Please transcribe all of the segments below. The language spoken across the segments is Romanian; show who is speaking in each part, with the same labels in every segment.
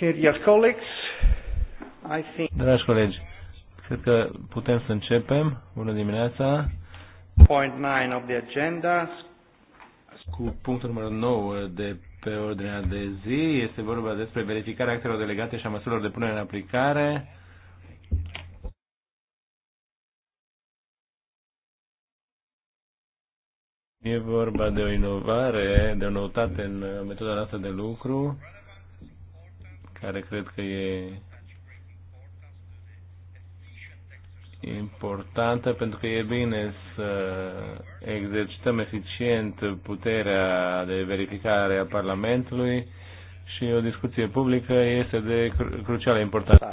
Speaker 1: Dragi
Speaker 2: colegi, cred că putem să începem. Bună dimineața! Point nine of the agenda. Cu punctul numărul 9 de pe ordinea de zi este vorba despre verificarea actelor delegate și a măsurilor de punere în aplicare. E vorba de o inovare, de o noutate în metoda noastră de lucru care cred că e importantă pentru că e bine să exercităm eficient puterea de verificare a Parlamentului și o discuție publică este de crucială importanță.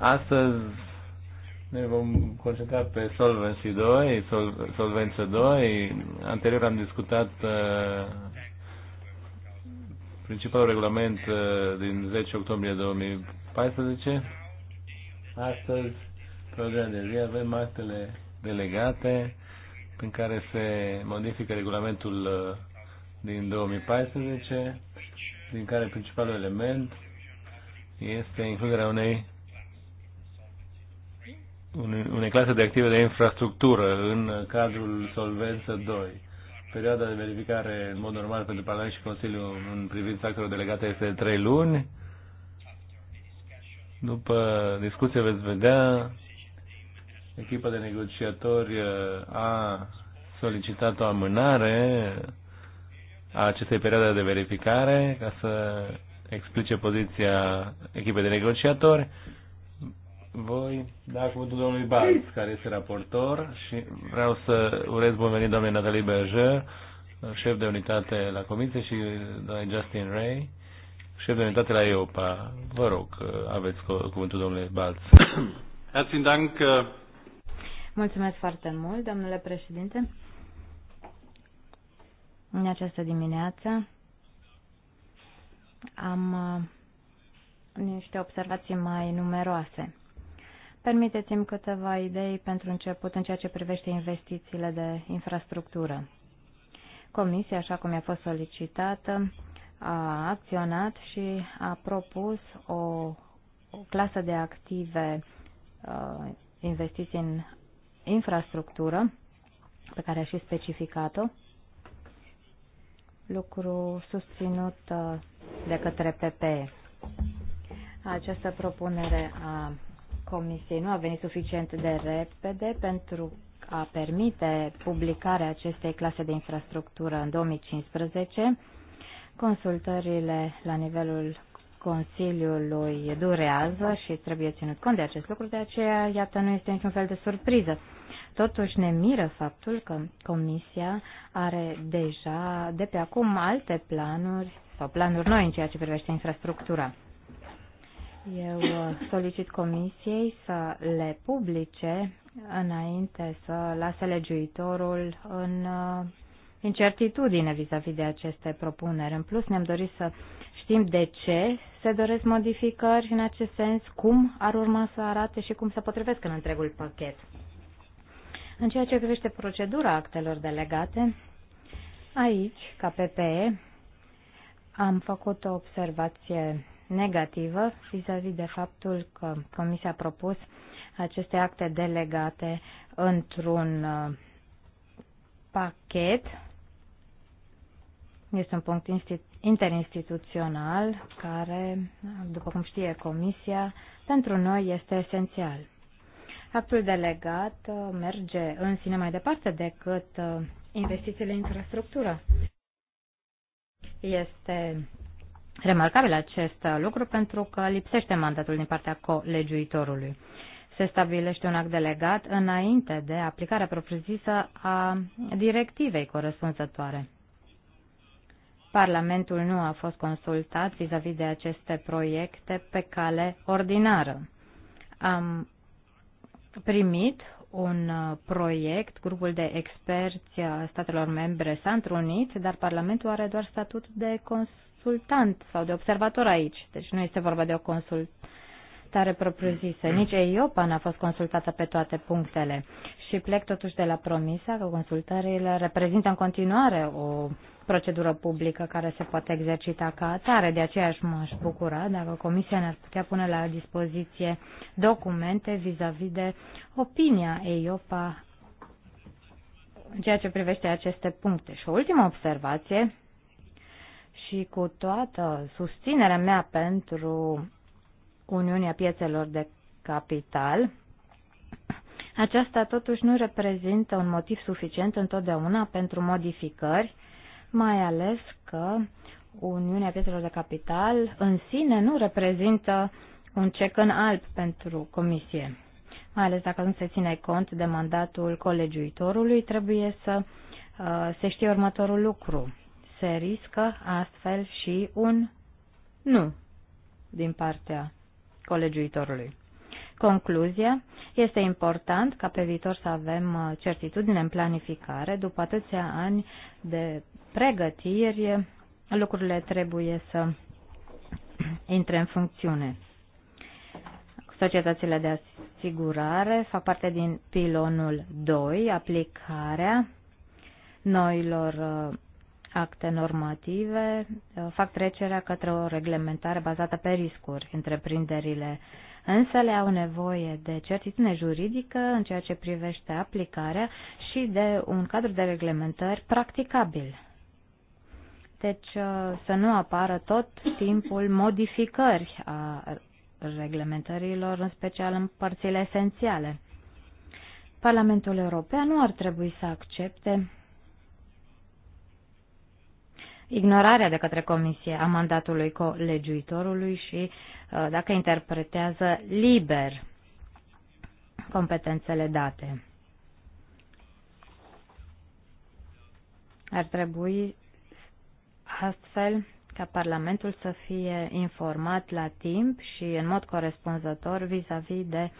Speaker 2: Astăzi ne vom concentra pe Solvency 2, Sol, Solvență 2. Anterior am discutat uh, principalul regulament uh, din 10 octombrie 2014. Astăzi, programul de zi, avem actele delegate prin care se modifică regulamentul uh, din 2014, din care principalul element este includerea unei unei clase de active de infrastructură în uh, cadrul Solvență 2. Perioada de verificare în mod normal pentru Parlament și Consiliu în privința actelor delegate este de 3 luni. După discuție veți vedea, echipa de negociatori uh, a solicitat o amânare a acestei perioade de verificare ca să explice poziția echipei de negociatori voi da cuvântul domnului Balț, care este raportor și vreau să urez bun venit doamnei Natalie Berger, șef de unitate la comisie și doamnei Justin Ray, șef de unitate la EOPA. Vă rog, aveți cuvântul domnului Balț. Herzlichen Dank. Uh,
Speaker 3: Mulțumesc foarte mult, domnule președinte. În această dimineață am uh, niște observații mai numeroase. Permiteți-mi câteva idei pentru început în ceea ce privește investițiile de infrastructură. Comisia, așa cum i-a fost solicitată, a acționat și a propus o, o clasă de active uh, investiții în infrastructură, pe care a și specificat-o, lucru susținut uh, de către PPE. Această propunere a Comisiei nu a venit suficient de repede pentru a permite publicarea acestei clase de infrastructură în 2015. Consultările la nivelul Consiliului durează și trebuie ținut cont de acest lucru, de aceea, iată, nu este niciun fel de surpriză. Totuși ne miră faptul că Comisia are deja de pe acum alte planuri sau planuri noi în ceea ce privește infrastructura. Eu uh, solicit comisiei să le publice înainte să lase legiuitorul în uh, incertitudine vis-a-vis -vis de aceste propuneri. În plus, ne-am dorit să știm de ce se doresc modificări în acest sens, cum ar urma să arate și cum se potrivesc în întregul pachet. În ceea ce privește procedura actelor delegate, aici, ca PPE, am făcut o observație negativă vis-a-vis -vis de faptul că Comisia a propus aceste acte delegate într-un uh, pachet. Este un punct interinstituțional care, după cum știe Comisia, pentru noi este esențial. Actul delegat uh, merge în sine mai departe decât uh, investițiile în infrastructură. Este remarcabil acest lucru pentru că lipsește mandatul din partea colegiuitorului. Se stabilește un act delegat înainte de aplicarea propriu-zisă a directivei corespunzătoare. Parlamentul nu a fost consultat vis-a-vis -vis de aceste proiecte pe cale ordinară. Am primit un proiect, grupul de experți a statelor membre s-a întrunit, dar Parlamentul are doar statut de consultat consultant sau de observator aici. Deci nu este vorba de o consultare propriu-zisă. Nici EIOPA n-a fost consultată pe toate punctele. Și plec totuși de la promisa că consultările reprezintă în continuare o procedură publică care se poate exercita ca atare. De aceea aș m-aș bucura dacă Comisia ne-ar putea pune la dispoziție documente vis-a-vis -vis de opinia EIOPA în ceea ce privește aceste puncte. Și o ultimă observație și cu toată susținerea mea pentru Uniunea Piețelor de Capital, aceasta totuși nu reprezintă un motiv suficient întotdeauna pentru modificări, mai ales că Uniunea Piețelor de Capital în sine nu reprezintă un cec în alb pentru Comisie. Mai ales dacă nu se ține cont de mandatul colegiuitorului, trebuie să uh, se știe următorul lucru se riscă astfel și un nu din partea colegiuitorului. Concluzia, este important ca pe viitor să avem uh, certitudine în planificare. După atâția ani de pregătiri, lucrurile trebuie să intre în funcțiune. Societățile de asigurare fac parte din pilonul 2, aplicarea noilor uh, acte normative uh, fac trecerea către o reglementare bazată pe riscuri. Întreprinderile însă le au nevoie de certitudine juridică în ceea ce privește aplicarea și de un cadru de reglementări practicabil. Deci uh, să nu apară tot timpul modificări a reglementărilor, în special în părțile esențiale. Parlamentul European nu ar trebui să accepte ignorarea de către Comisie a mandatului colegiuitorului și uh, dacă interpretează liber competențele date. Ar trebui astfel ca Parlamentul să fie informat la timp și în mod corespunzător vis-a-vis -vis de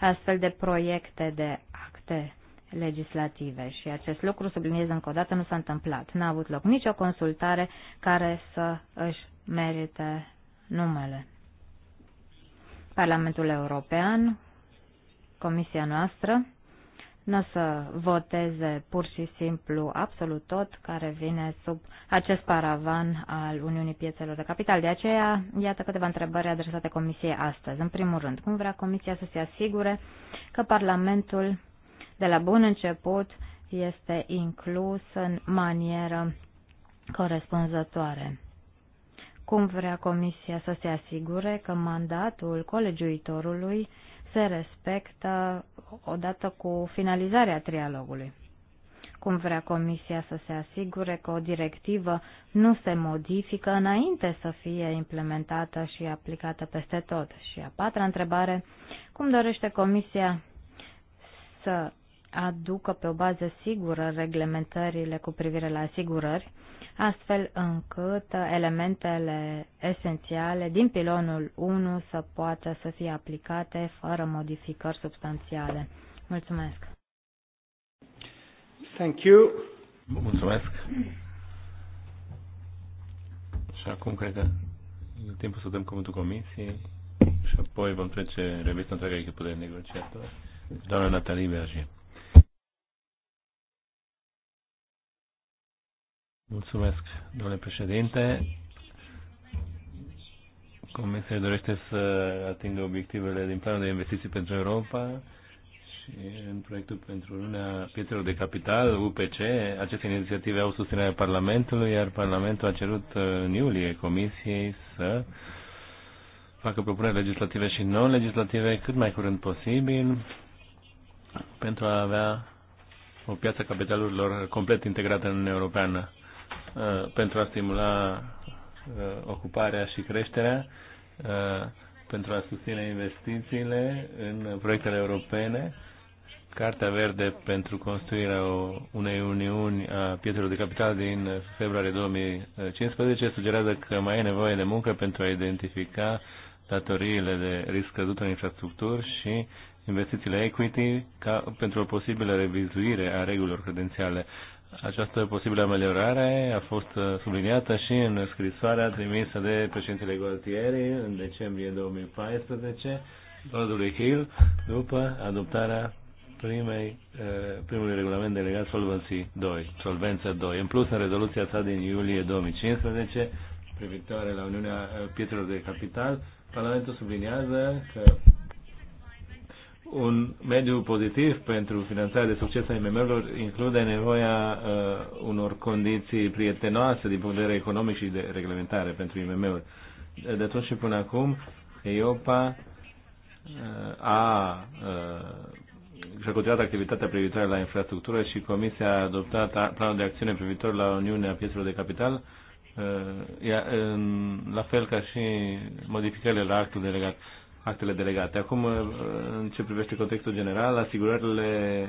Speaker 3: astfel de proiecte de acte legislative și acest lucru, subliniez încă o dată, nu s-a întâmplat. N-a avut loc nicio consultare care să își merite numele. Parlamentul European, Comisia noastră, nu o să voteze pur și simplu absolut tot care vine sub acest paravan al Uniunii Piețelor de Capital. De aceea, iată câteva întrebări adresate Comisiei astăzi. În primul rând, cum vrea Comisia să se asigure că Parlamentul de la bun început este inclus în manieră corespunzătoare. Cum vrea Comisia să se asigure că mandatul colegiuitorului se respectă odată cu finalizarea trialogului? Cum vrea Comisia să se asigure că o directivă nu se modifică înainte să fie implementată și aplicată peste tot? Și a patra întrebare, cum dorește Comisia să aducă pe o bază sigură reglementările cu privire la asigurări, astfel încât elementele esențiale din pilonul 1 să poată să fie aplicate fără modificări substanțiale. Mulțumesc! Thank
Speaker 1: you!
Speaker 2: Mulțumesc! Și acum cred că e timpul să dăm cuvântul comisiei și apoi vom trece în revistă întreaga echipă de negociatori. Doamna Natalie Berger. Mulțumesc, domnule președinte. Comisia dorește să atingă obiectivele din planul de investiții pentru Europa și în proiectul pentru Uniunea Pietrelor de Capital, UPC. Aceste inițiative au susținerea Parlamentului, iar Parlamentul a cerut uh, în iulie Comisiei să facă propuneri legislative și non-legislative cât mai curând posibil pentru a avea o piață capitalurilor complet integrată în Uniunea Europeană. Uh, pentru a stimula uh, ocuparea și creșterea, uh, pentru a susține investițiile în proiectele europene, Cartea Verde pentru construirea unei uniuni a pietrelor de capital din februarie 2015 sugerează că mai e nevoie de muncă pentru a identifica datoriile de risc scăzut în infrastructuri și investițiile equity ca pentru o posibilă revizuire a regulilor credențiale. Această posibilă ameliorare a fost uh, subliniată și în scrisoarea trimisă de președintele Gualtieri în decembrie 2014, Lordului Hill, după adoptarea primei, uh, primului regulament delegat Solvency 2, Solvență 2. În plus, în rezoluția sa din iulie 2015, privitoare la Uniunea uh, Pietrelor de Capital, Parlamentul subliniază că un mediu pozitiv pentru finanțarea de succes a IMM-urilor include nevoia uh, unor condiții prietenoase din punct de vedere economic și de reglementare pentru IMM-uri. De atunci și până acum, EIOPA uh, a uh, și-a continuat activitatea privitoare la infrastructură și Comisia a adoptat planul de acțiune privitor la Uniunea Piețelor de Capital, uh, la fel ca și modificările la actul delegat actele delegate. Acum, în ce privește contextul general, asigurările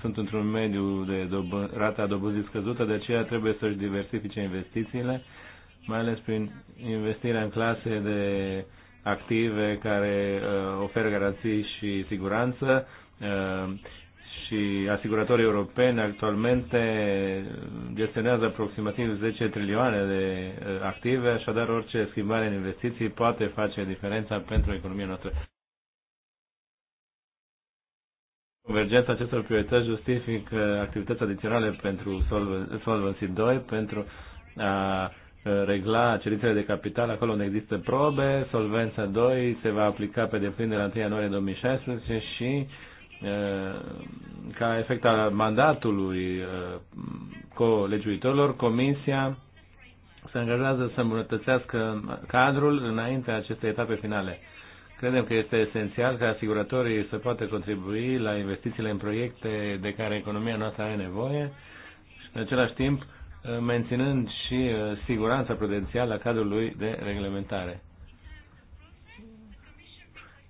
Speaker 2: sunt într-un mediu de dobă, rata dobânzii scăzută, de aceea trebuie să-și diversifice investițiile, mai ales prin investirea în clase de active care oferă garanții și siguranță, și asiguratorii europeni actualmente gestionează aproximativ 10 trilioane de uh, active, așadar orice schimbare în investiții poate face diferența pentru economia noastră. Convergența acestor priorități justifică activități adiționale pentru Solvency 2 pentru a uh, regla cerințele de capital acolo unde există probe. Solvența 2 se va aplica pe deplin de la 1 ianuarie 2016 și Uh, ca efect al mandatului uh, colegiuitorilor, Comisia se angajează să îmbunătățească cadrul înaintea acestei etape finale. Credem că este esențial ca asiguratorii să poată contribui la investițiile în proiecte de care economia noastră are nevoie și, în același timp, uh, menținând și siguranța prudențială a cadrului de reglementare.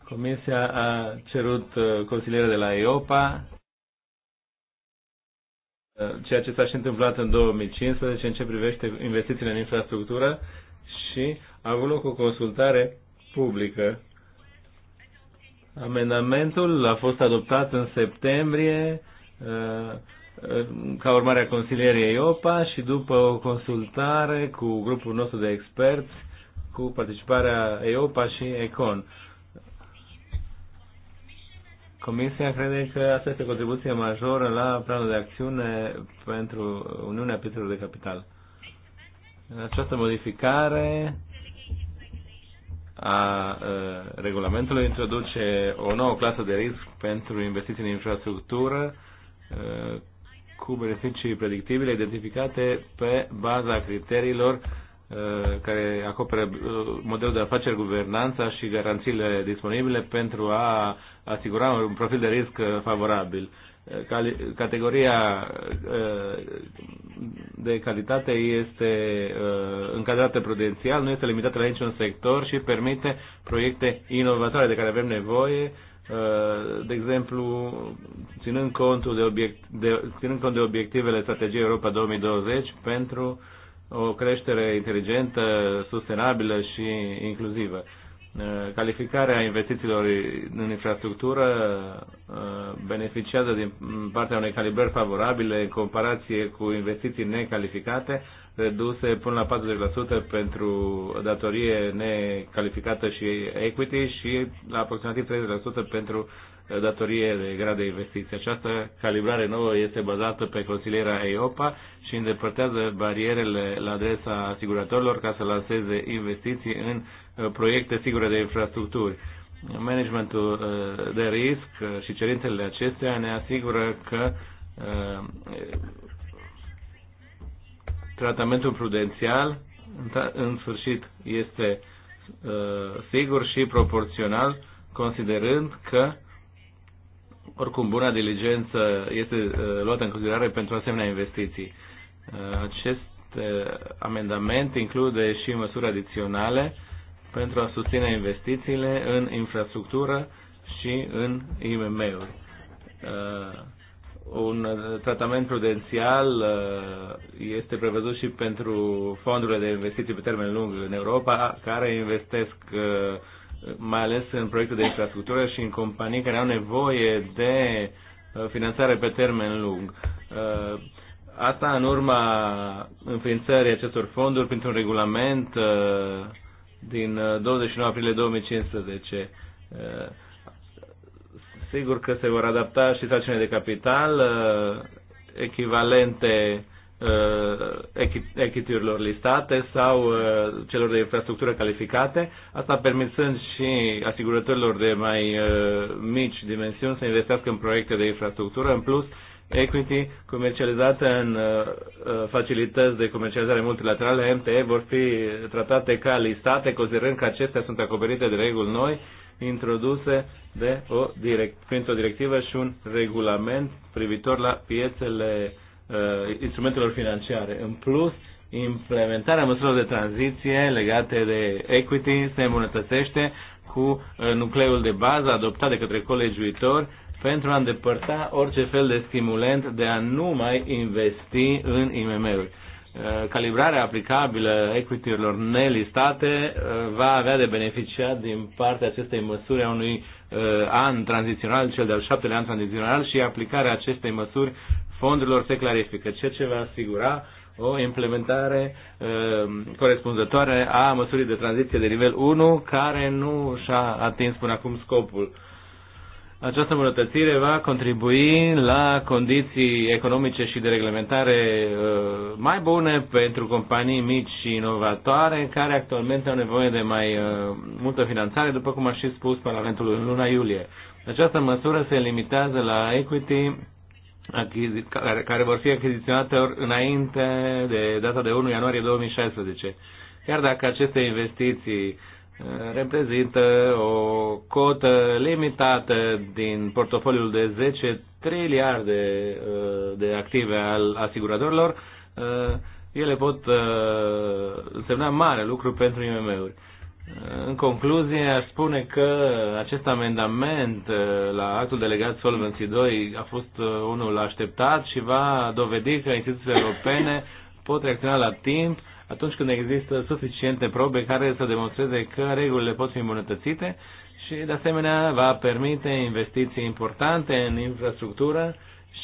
Speaker 2: Comisia a cerut uh, consilierea de la EOPA, uh, ceea ce s-a și întâmplat în 2015 în ce privește investițiile în infrastructură și a avut loc o consultare publică. Amendamentul a fost adoptat în septembrie uh, ca urmare a consilierii EOPA și după o consultare cu grupul nostru de experți cu participarea EOPA și ECON. Comisia crede că asta este contribuția majoră la planul de acțiune pentru Uniunea Piețelor de Capital. Această modificare a regulamentului introduce o nouă clasă de risc pentru investiții în infrastructură cu beneficii predictibile identificate pe baza criteriilor care acoperă modelul de afaceri, guvernanța și garanțiile disponibile pentru a asigura un profil de risc uh, favorabil. Uh, categoria uh, de calitate este încadrată prudențial, nu este limitată la niciun sector și permite proiecte inovatoare de care avem nevoie, de exemplu, ținând, cont de obiect, de, ținând cont de obiectivele strategiei Europa 2020 pentru o creștere inteligentă, sustenabilă și inclusivă. Uh, calificarea investițiilor în infrastructură uh, beneficiază din partea unei calibrări favorabile în comparație cu investiții necalificate, reduse până la 40% pentru datorie necalificată și equity și la aproximativ 30% pentru datorie de grad de investiție. Această calibrare nouă este bazată pe consiliera EIOPA și îndepărtează barierele la adresa asiguratorilor ca să lanseze investiții în uh, proiecte sigure de infrastructuri. Managementul uh, de risc uh, și cerințele acestea ne asigură că tratamentul prudențial în sfârșit este sigur și proporțional considerând că uh, oricum, buna diligență este uh, luată în considerare pentru asemenea investiții. Uh, acest uh, amendament include și măsuri adiționale pentru a susține investițiile în infrastructură și în IMM-uri. Un tratament prudențial este prevăzut și pentru fondurile de investiții pe termen lung în Europa, care investesc mai ales în proiecte de infrastructură și în companii care au nevoie de uh, finanțare pe termen lung. Uh, asta în urma înființării acestor fonduri printr-un regulament uh, din 29 aprilie 2015. Sigur că se vor adapta și sarcinile de capital echivalente Uh, equity listate sau uh, celor de infrastructură calificate, asta permisând și asigurătorilor de mai uh, mici dimensiuni să investească în proiecte de infrastructură, în plus equity comercializate în facilități de comercializare multilaterale, MTE, vor fi tratate ca listate, considerând că acestea sunt acoperite de reguli noi introduse de o direct, printr-o directivă și un regulament privitor la piețele uh, Uh, instrumentelor financiare. În plus, implementarea măsurilor de tranziție legate de equity se îmbunătățește cu uh, nucleul de bază adoptat de către viitor pentru a îndepărta orice fel de stimulent de a nu mai investi în IMM-uri. Uh, calibrarea aplicabilă equity-urilor nelistate va avea de beneficiat din partea acestei măsuri a unui an tranzițional, cel de-al șaptelea an tranzițional și aplicarea acestei măsuri fondurilor se clarifică, ceea ce va asigura o implementare uh, corespunzătoare a măsurii de tranziție de nivel 1 care nu și-a atins până acum scopul. Această îmbunătățire va contribui la condiții economice și de reglementare ehm, mai bune pentru companii mici și inovatoare care actualmente au nevoie de mai ehm, multă finanțare, după cum a și spus Parlamentul în luna iulie. Această măsură se limitează la equity care, vor fi achiziționate înainte de data de 1 ianuarie 2016. Chiar dacă aceste investiții uh, reprezintă o cotă limitată din portofoliul de 10 triliarde uh, de active al asiguratorilor, uh, ele pot însemna mare lucru pentru IMM-uri. În concluzie, aș spune că acest amendament uh, la actul delegat Solvency 2 a fost uh, unul așteptat și va dovedi că instituțiile europene pot reacționa la timp atunci când există suficiente probe care să demonstreze că regulile pot fi îmbunătățite și, de asemenea, va permite investiții importante în infrastructură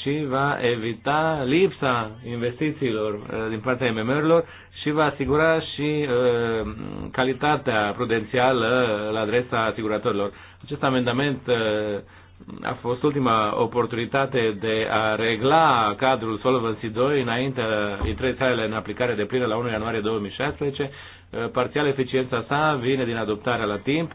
Speaker 2: și va evita lipsa investițiilor uh, din partea mmr urilor și va asigura și uh, calitatea prudențială la adresa asiguratorilor. Acest amendament uh, a fost ultima oportunitate de a regla cadrul Solvency 2 înainte intrării sale în aplicare de plină la 1 ianuarie 2016. Parțial eficiența sa vine din adoptarea la timp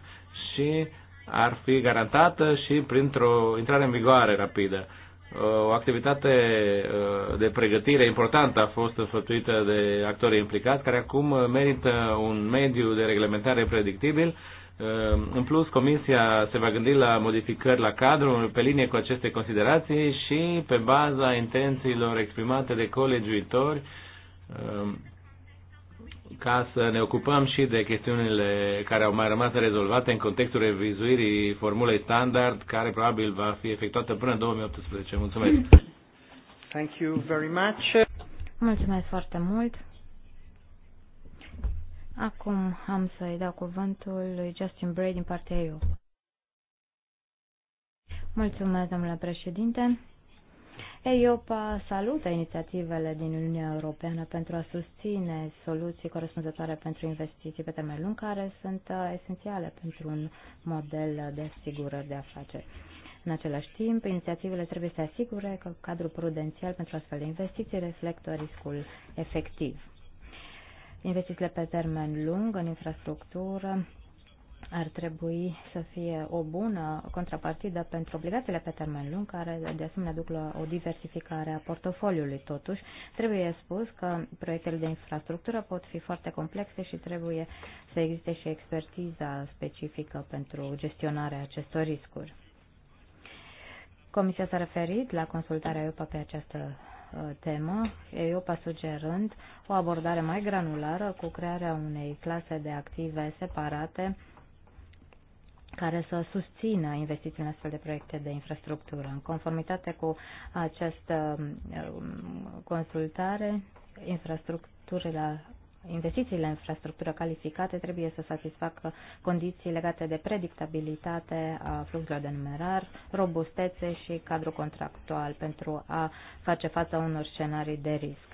Speaker 2: și ar fi garantată și printr-o intrare în vigoare rapidă o activitate uh, de pregătire importantă a fost înfăptuită de actorii implicați, care acum merită un mediu de reglementare predictibil. Uh, în plus, Comisia se va gândi la modificări la cadru pe linie cu aceste considerații și pe baza intențiilor exprimate de colegiuitori uh, ca să ne ocupăm și de chestiunile care au mai rămas rezolvate în contextul revizuirii formulei standard, care probabil va fi efectuată până în 2018. Mulțumesc! Thank you very
Speaker 3: much. Mulțumesc foarte mult! Acum am să-i dau cuvântul lui Justin Bray din partea eu. Mulțumesc, domnule președinte. EIOPA salută inițiativele din Uniunea Europeană pentru a susține soluții corespunzătoare pentru investiții pe termen lung, care sunt uh, esențiale pentru un model de asigurări de afaceri. În același timp, inițiativele trebuie să asigure că cadrul prudențial pentru astfel de investiții reflectă riscul efectiv. Investițiile pe termen lung în infrastructură ar trebui să fie o bună contrapartidă pentru obligațiile pe termen lung, care de asemenea duc la o diversificare a portofoliului. Totuși, trebuie spus că proiectele de infrastructură pot fi foarte complexe și trebuie să existe și expertiza specifică pentru gestionarea acestor riscuri. Comisia s-a referit la consultarea EUPA pe această uh, temă, EUPA sugerând o abordare mai granulară cu crearea unei clase de active separate care să susțină investițiile în astfel de proiecte de infrastructură. În conformitate cu această um, consultare, infrastructurile investițiile în infrastructură calificate trebuie să satisfacă condiții legate de predictabilitate a fluxurilor de numerar, robustețe și cadru contractual pentru a face față unor scenarii de risc.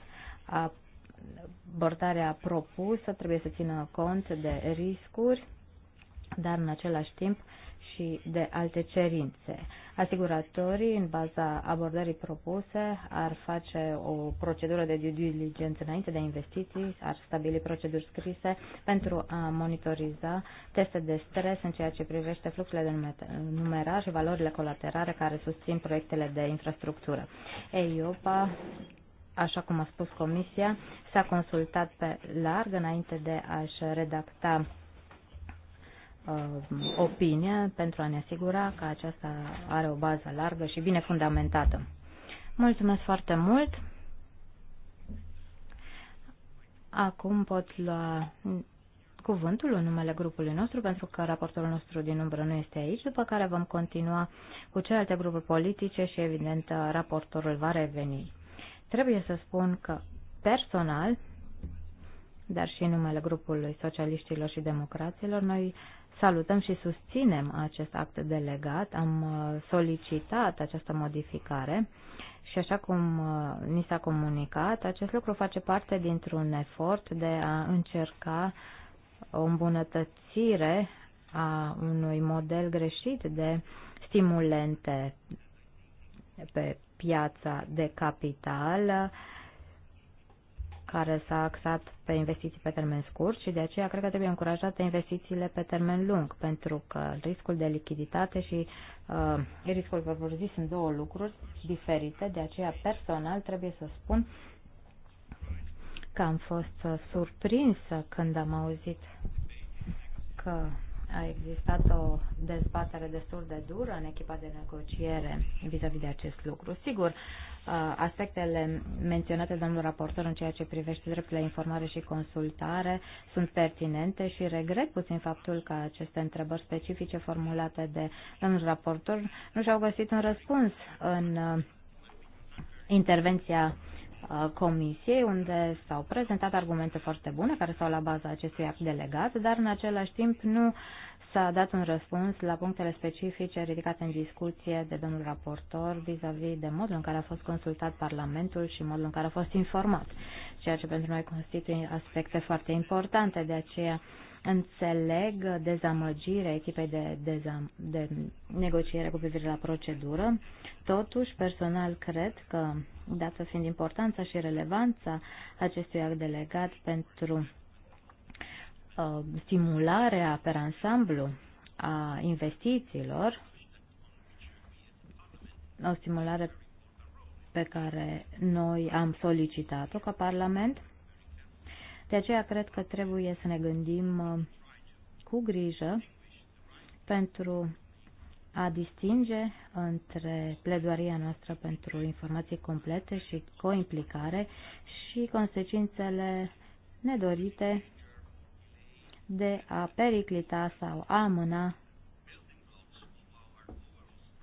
Speaker 3: Abordarea propusă trebuie să țină cont de riscuri dar în același timp și de alte cerințe. Asiguratorii, în baza abordării propuse, ar face o procedură de due diligence înainte de investiții, ar stabili proceduri scrise pentru a monitoriza teste de stres în ceea ce privește fluxurile de numerar și valorile colaterare care susțin proiectele de infrastructură. EIOPA așa cum a spus Comisia, s-a consultat pe larg înainte de a-și redacta Uh, opinie pentru a ne asigura că aceasta are o bază largă și bine fundamentată. Mulțumesc foarte mult! Acum pot lua cuvântul în numele grupului nostru, pentru că raportorul nostru din umbră nu este aici, după care vom continua cu celelalte grupuri politice și, evident, raportorul va reveni. Trebuie să spun că personal, dar și în numele grupului socialiștilor și democraților, noi salutăm și susținem acest act delegat. Am uh, solicitat această modificare și așa cum uh, ni s-a comunicat, acest lucru face parte dintr-un efort de a încerca o îmbunătățire a unui model greșit de stimulente pe piața de capital care s-a axat pe investiții pe termen scurt și de aceea cred că trebuie încurajate investițiile pe termen lung, pentru că riscul de lichiditate și uh, riscul vor zis sunt două lucruri diferite, de aceea personal trebuie să spun că am fost surprinsă când am auzit că a existat o dezbatere destul de dură în echipa de negociere vis-a-vis -vis de acest lucru. Sigur, aspectele menționate de domnul raportor în ceea ce privește dreptul la informare și consultare sunt pertinente și regret puțin faptul că aceste întrebări specifice formulate de domnul raportor nu și-au găsit un răspuns în intervenția Uh, comisiei, unde s-au prezentat argumente foarte bune care s-au la baza acestui act delegat, dar în același timp nu s-a dat un răspuns la punctele specifice ridicate în discuție de domnul raportor vis-a-vis -vis de modul în care a fost consultat Parlamentul și modul în care a fost informat, ceea ce pentru noi constituie aspecte foarte importante. De aceea Înțeleg dezamăgirea echipei de, dezam, de negociere cu privire la procedură. Totuși, personal, cred că, dată fiind importanța și relevanța acestui act delegat pentru uh, stimularea per ansamblu a investițiilor, o stimulare pe care noi am solicitat-o ca Parlament, de aceea cred că trebuie să ne gândim uh, cu grijă pentru a distinge între pledoaria noastră pentru informații complete și coimplicare și consecințele nedorite de a periclita sau a amâna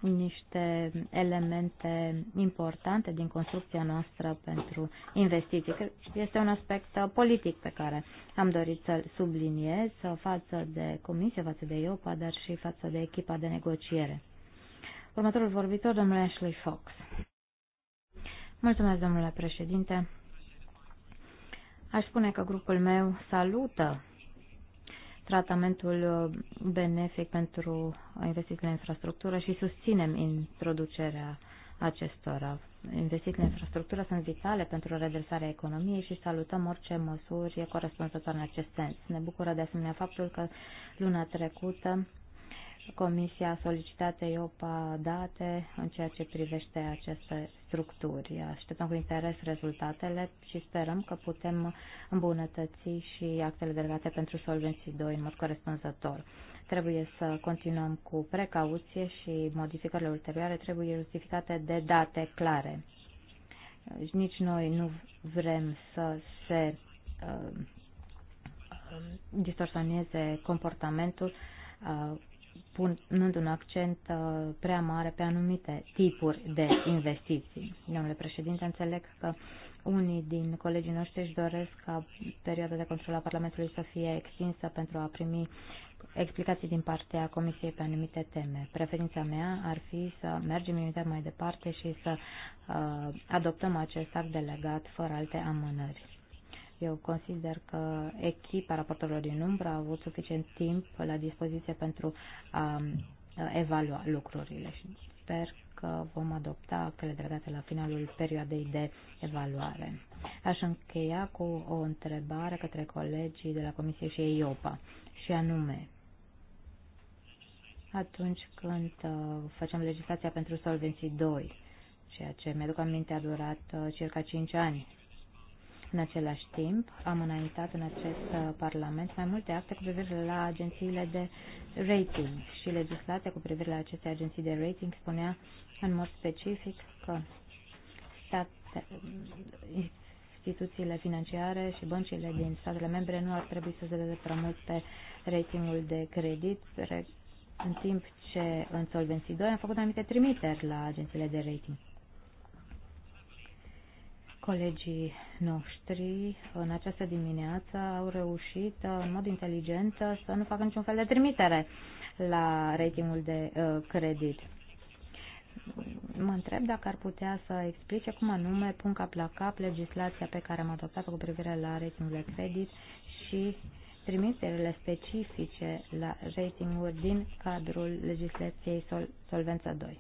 Speaker 3: niște elemente importante din construcția noastră pentru investiții. Este un aspect politic pe care am dorit să-l subliniez față de Comisie, față de IOPA, dar și față de echipa de negociere. Următorul vorbitor, domnul Ashley Fox. Mulțumesc, domnule președinte. Aș spune că grupul meu salută tratamentul uh, benefic pentru investițiile în infrastructură și susținem introducerea acestora. Investițiile în infrastructură sunt vitale pentru redresarea economiei și salutăm orice măsuri corespunzătoare în acest sens. Ne bucură de asemenea faptul că luna trecută Comisia a solicitat EIOPA date în ceea ce privește aceste structuri. Așteptăm cu interes rezultatele și sperăm că putem îmbunătăți și actele delegate pentru Solvency 2 în mod corespunzător. Trebuie să continuăm cu precauție și modificările ulterioare trebuie justificate de date clare. Nici noi nu vrem să se uh, distorsioneze comportamentul uh, punând un accent uh, prea mare pe anumite tipuri de investiții. Domnule președinte, înțeleg că unii din colegii noștri își doresc ca perioada de control a Parlamentului să fie extinsă pentru a primi explicații din partea Comisiei pe anumite teme. Preferința mea ar fi să mergem imediat mai departe și să uh, adoptăm acest act delegat fără alte amânări. Eu consider că echipa raportorilor din umbră a avut suficient timp la dispoziție pentru a evalua lucrurile și sper că vom adopta cele delegate la finalul perioadei de evaluare. Aș încheia cu o întrebare către colegii de la Comisie și EIOPA, și anume, atunci când uh, facem legislația pentru Solvenții 2, ceea ce mi-aduc aminte a durat uh, circa 5 ani în același timp, am înaintat în acest uh, Parlament mai multe acte cu privire la agențiile de rating și legislația cu privire la aceste agenții de rating spunea în mod specific că state, instituțiile financiare și băncile din statele membre nu ar trebui să se dea prea mult pe ratingul de credit, în timp ce în Solvency 2 am făcut anumite trimiteri la agențiile de rating. Colegii noștri în această dimineață au reușit uh, în mod inteligent uh, să nu facă niciun fel de trimitere la ratingul de uh, credit. Mă întreb dacă ar putea să explice cum anume pun cap la cap legislația pe care am adoptat-o cu privire la ratingul de credit și trimiterile specifice la ratinguri din cadrul legislației Sol Solvență 2.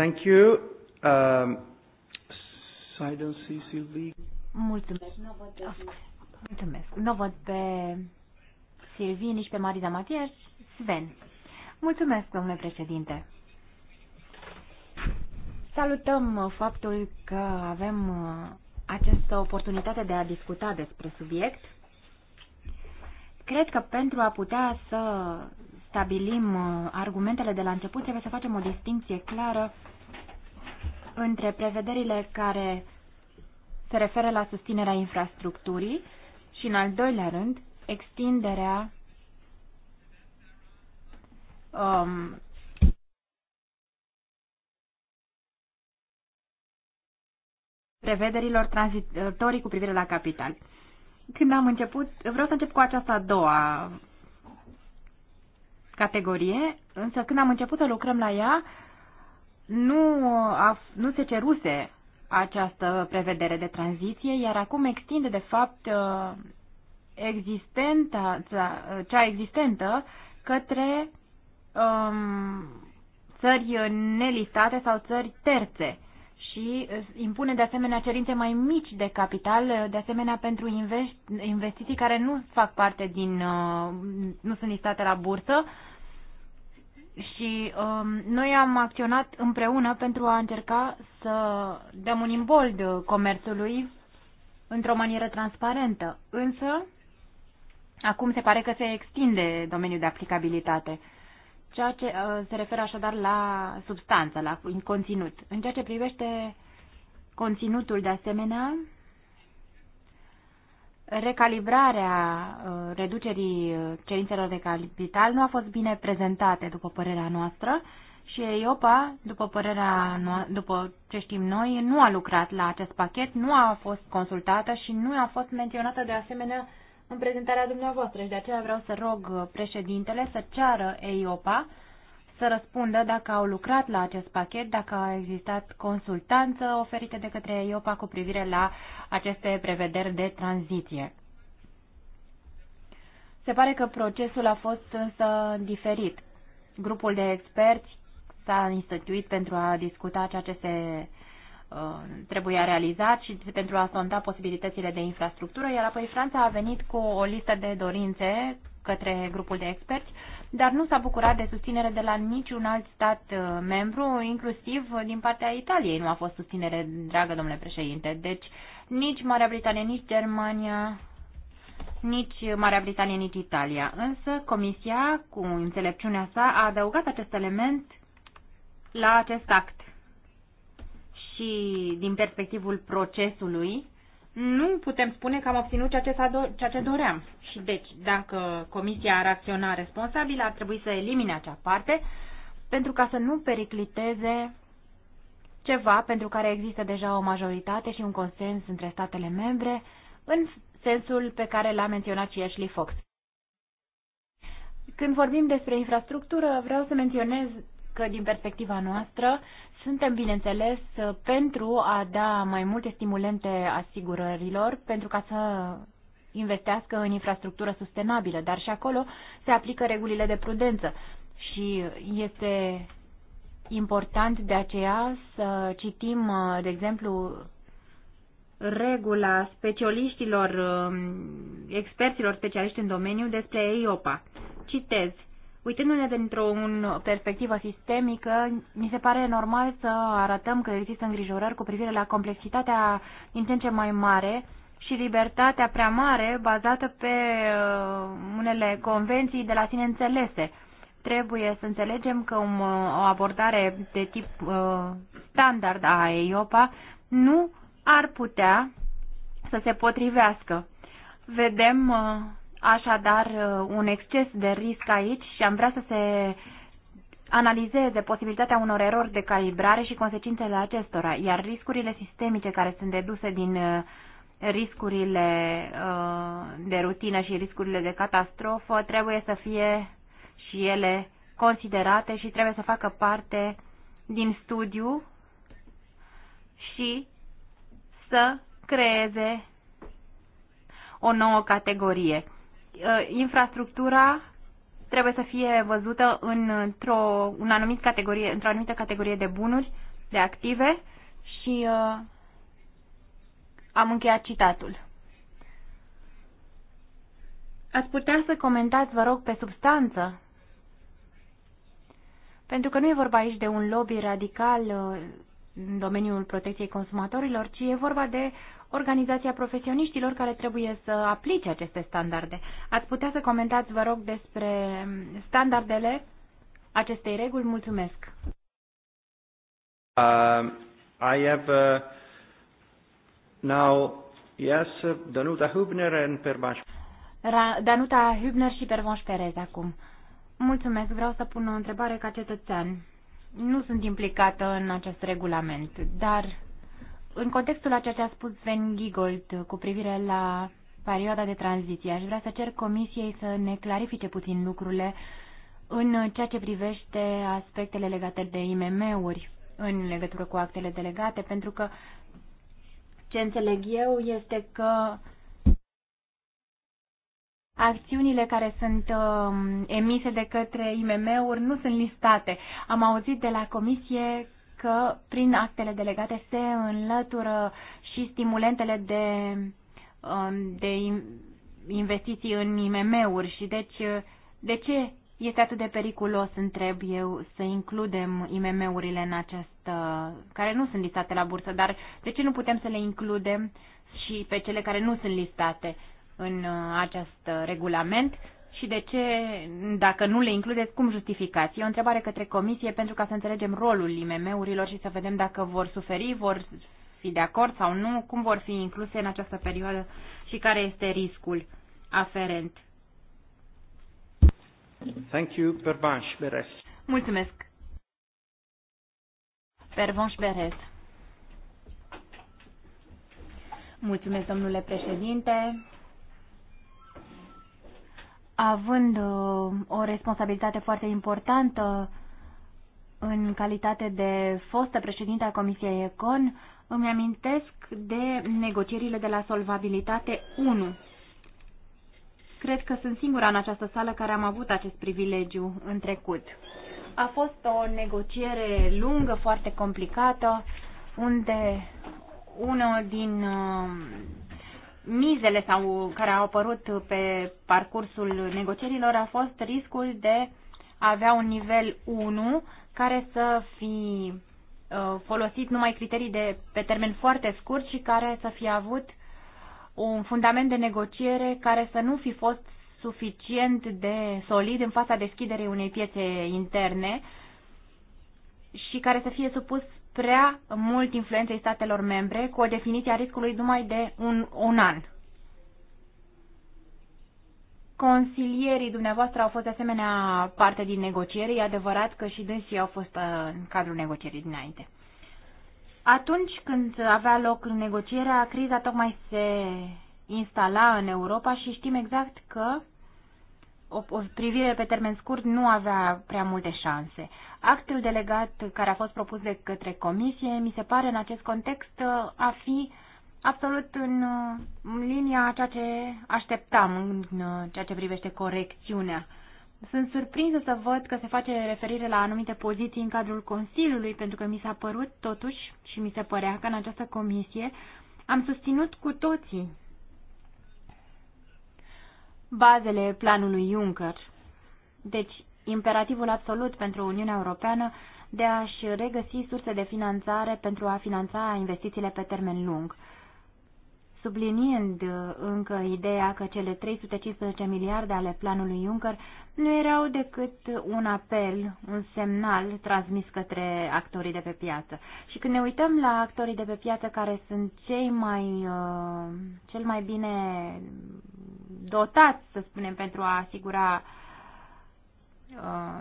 Speaker 1: Thank you.
Speaker 4: Um, so I don't see Sylvie.
Speaker 3: Mulțumesc. Nu văd Mulțumesc. Nu văd pe Sylvie, nici pe Mariza Matias. Sven. Mulțumesc, domnule președinte. Salutăm faptul că avem uh, această oportunitate de a discuta despre subiect. Cred că pentru a putea să stabilim uh, argumentele de la început, trebuie să facem o distinție clară între prevederile care se referă la susținerea infrastructurii și, în al doilea rând, extinderea um, prevederilor tranzitorii cu privire la capital. Când am început, vreau să încep cu aceasta a doua categorie, însă când am început să lucrăm la ea, nu, a, nu se ceruse această prevedere de tranziție, iar acum extinde, de fapt, uh, existenta, uh, cea existentă către um, țări nelistate sau țări terțe și uh, impune de asemenea cerințe mai mici de capital, de asemenea pentru investiții care nu fac parte din, nu sunt listate la bursă și um, noi am acționat împreună pentru a încerca să dăm un imbold comerțului într-o manieră transparentă. Însă, acum se pare că se extinde domeniul de aplicabilitate, ceea ce uh, se referă așadar la substanță, la conținut. În ceea ce privește conținutul de asemenea, recalibrarea uh, reducerii uh, cerințelor de capital nu a fost bine prezentate, după părerea noastră, și EIOPA, după părerea după ce știm noi, nu a lucrat la acest pachet, nu a fost consultată și nu a fost menționată de asemenea în prezentarea dumneavoastră și de aceea vreau să rog uh, președintele să ceară EIOPA să răspundă dacă au lucrat la acest pachet, dacă a existat consultanță oferită de către EIOPA cu privire la aceste prevederi de tranziție. Se pare că procesul a fost însă diferit. Grupul de experți s-a instituit pentru a discuta ceea ce se uh, trebuia realizat și pentru a sonda posibilitățile de infrastructură, iar apoi Franța a venit cu o listă de dorințe către grupul de experți dar nu s-a bucurat de susținere de la niciun alt stat uh, membru, inclusiv uh, din partea Italiei nu a fost susținere, dragă domnule președinte. Deci nici Marea Britanie, nici Germania, nici Marea Britanie, nici Italia. Însă Comisia, cu înțelepciunea sa, a adăugat acest element la acest act. Și din perspectivul procesului, nu putem spune că am obținut ceea ce, do- ceea ce doream. Și deci, dacă comisia ar acționa responsabil, ar trebui să elimine acea parte pentru ca să nu pericliteze ceva pentru care există deja o majoritate și un consens între statele membre în sensul pe care l-a menționat și Ashley Fox. Când vorbim despre infrastructură, vreau să menționez că din perspectiva noastră suntem, bineînțeles, pentru a da mai multe stimulente asigurărilor, pentru ca să investească în infrastructură sustenabilă, dar și acolo se aplică regulile de prudență și este important de aceea să citim, de exemplu, regula specialiștilor, um, experților specialiști în domeniu despre EIOPA. Citez, Uitându-ne dintr-o perspectivă sistemică, mi se pare normal să arătăm că există îngrijorări cu privire la complexitatea din ce în ce mai mare și libertatea prea mare bazată pe uh, unele convenții de la sine înțelese. Trebuie să înțelegem că uh, o abordare de tip uh, standard a EIOPA nu ar putea să se potrivească. Vedem așadar uh, un exces de risc aici și am vrea să se analizeze posibilitatea unor erori de calibrare și consecințele acestora, iar riscurile sistemice care sunt deduse din uh, riscurile uh, de rutină și riscurile de catastrofă trebuie să fie și ele considerate și trebuie să facă parte din studiu și să creeze o nouă categorie. Ă, infrastructura trebuie să fie văzută într-o un anumit categorie, într-o anumită categorie de bunuri, de active și uh, am încheiat citatul. Ați putea să comentați, vă rog, pe substanță? Pentru că nu e vorba aici de un lobby radical ă, în domeniul protecției consumatorilor, ci e vorba de organizația profesioniștilor care trebuie să aplice aceste standarde. Ați putea să comentați, vă rog, despre standardele acestei reguli? Mulțumesc!
Speaker 1: Uh, I have uh, now, yes, uh, Danuta Hübner and permaș.
Speaker 3: Danuta Hübner și Pervanș Perez acum. Mulțumesc, vreau să pun o întrebare ca cetățean. Nu sunt implicată în acest regulament, dar în contextul a ceea ce a spus Sven Giegold cu privire la perioada de tranziție, aș vrea să cer Comisiei să ne clarifice puțin lucrurile în ceea ce privește aspectele legate de IMM-uri în legătură cu actele delegate, pentru că ce înțeleg eu este că acțiunile care sunt uh, emise de către IMM-uri nu sunt listate. Am auzit de la comisie că prin actele delegate se înlătură și stimulentele de, um, de investiții în IMM-uri și deci de ce este atât de periculos, întreb eu, să includem IMM-urile în această, care nu sunt listate la bursă, dar de ce nu putem să le includem și pe cele care nu sunt listate în uh, acest regulament? și de ce, dacă nu le includeți, cum justificați? E o întrebare către comisie pentru ca să înțelegem rolul IMM-urilor și să vedem dacă vor suferi, vor fi de acord sau nu, cum vor fi incluse în această perioadă și care este riscul aferent.
Speaker 1: Thank you, Pervanș Beres.
Speaker 3: Mulțumesc. Pervanș Beres. Mulțumesc, domnule președinte având uh, o responsabilitate foarte importantă în calitate de fostă președinte a Comisiei Econ, îmi amintesc de negocierile de la Solvabilitate 1. Cred că sunt singura în această sală care am avut acest privilegiu în trecut. A fost o negociere lungă, foarte complicată, unde unul din uh, mizele sau care au apărut pe parcursul negocierilor a fost riscul de a avea un nivel 1 care să fi uh, folosit numai criterii de, pe termen foarte scurt și care să fi avut un fundament de negociere care să nu fi fost suficient de solid în fața deschiderii unei piețe interne și care să fie supus prea mult influenței statelor membre cu o definiție a riscului numai de un, un an. Consilierii dumneavoastră au fost de asemenea parte din negocieri. E adevărat că și dânsii au fost uh, în cadrul negocierii dinainte. Atunci când avea loc negocierea, criza tocmai se instala în Europa și știm exact că o, o privire pe termen scurt nu avea prea multe șanse. Actul delegat care a fost propus de către comisie mi se pare în acest context uh, a fi absolut în uh, linia ceea ce așteptam în uh, ceea ce privește corecțiunea. Sunt surprinsă să văd că se face referire la anumite poziții în cadrul Consiliului, pentru că mi s-a părut totuși și mi se părea că în această comisie am susținut cu toții bazele planului Juncker. Deci, imperativul absolut pentru Uniunea Europeană de a-și regăsi surse de finanțare pentru a finanța investițiile pe termen lung. Subliniind uh, încă ideea că cele 315 miliarde ale planului Juncker nu erau decât un apel, un semnal transmis către actorii de pe piață. Și când ne uităm la actorii de pe piață care sunt cei mai, uh, cel mai bine dotați, să spunem, pentru a asigura uh, Uh,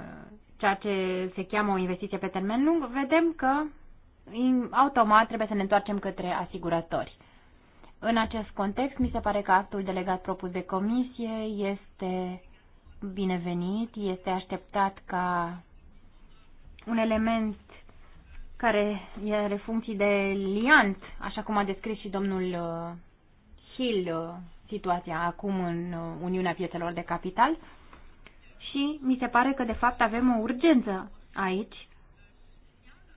Speaker 3: ceea ce se cheamă o investiție pe termen lung, vedem că automat trebuie să ne întoarcem către asigurători. În acest context, mi se pare că actul delegat propus de comisie este binevenit, este așteptat ca un element care are funcții de liant, așa cum a descris și domnul uh, Hill uh, situația acum în Uniunea Piețelor de Capital, și mi se pare că de fapt avem o urgență aici,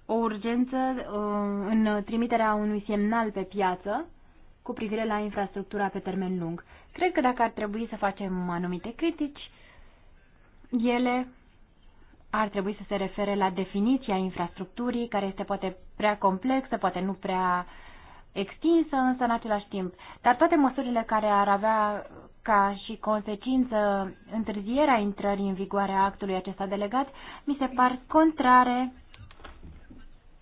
Speaker 3: o urgență uh, în trimiterea unui semnal pe piață cu privire la infrastructura pe termen lung. Cred că dacă ar trebui să facem anumite critici, ele ar trebui să se refere la definiția infrastructurii, care este poate prea complexă, poate nu prea extinsă, însă în același timp. Dar toate măsurile care ar avea ca și consecință întârzierea intrării în vigoare a actului acesta delegat, mi se par contrare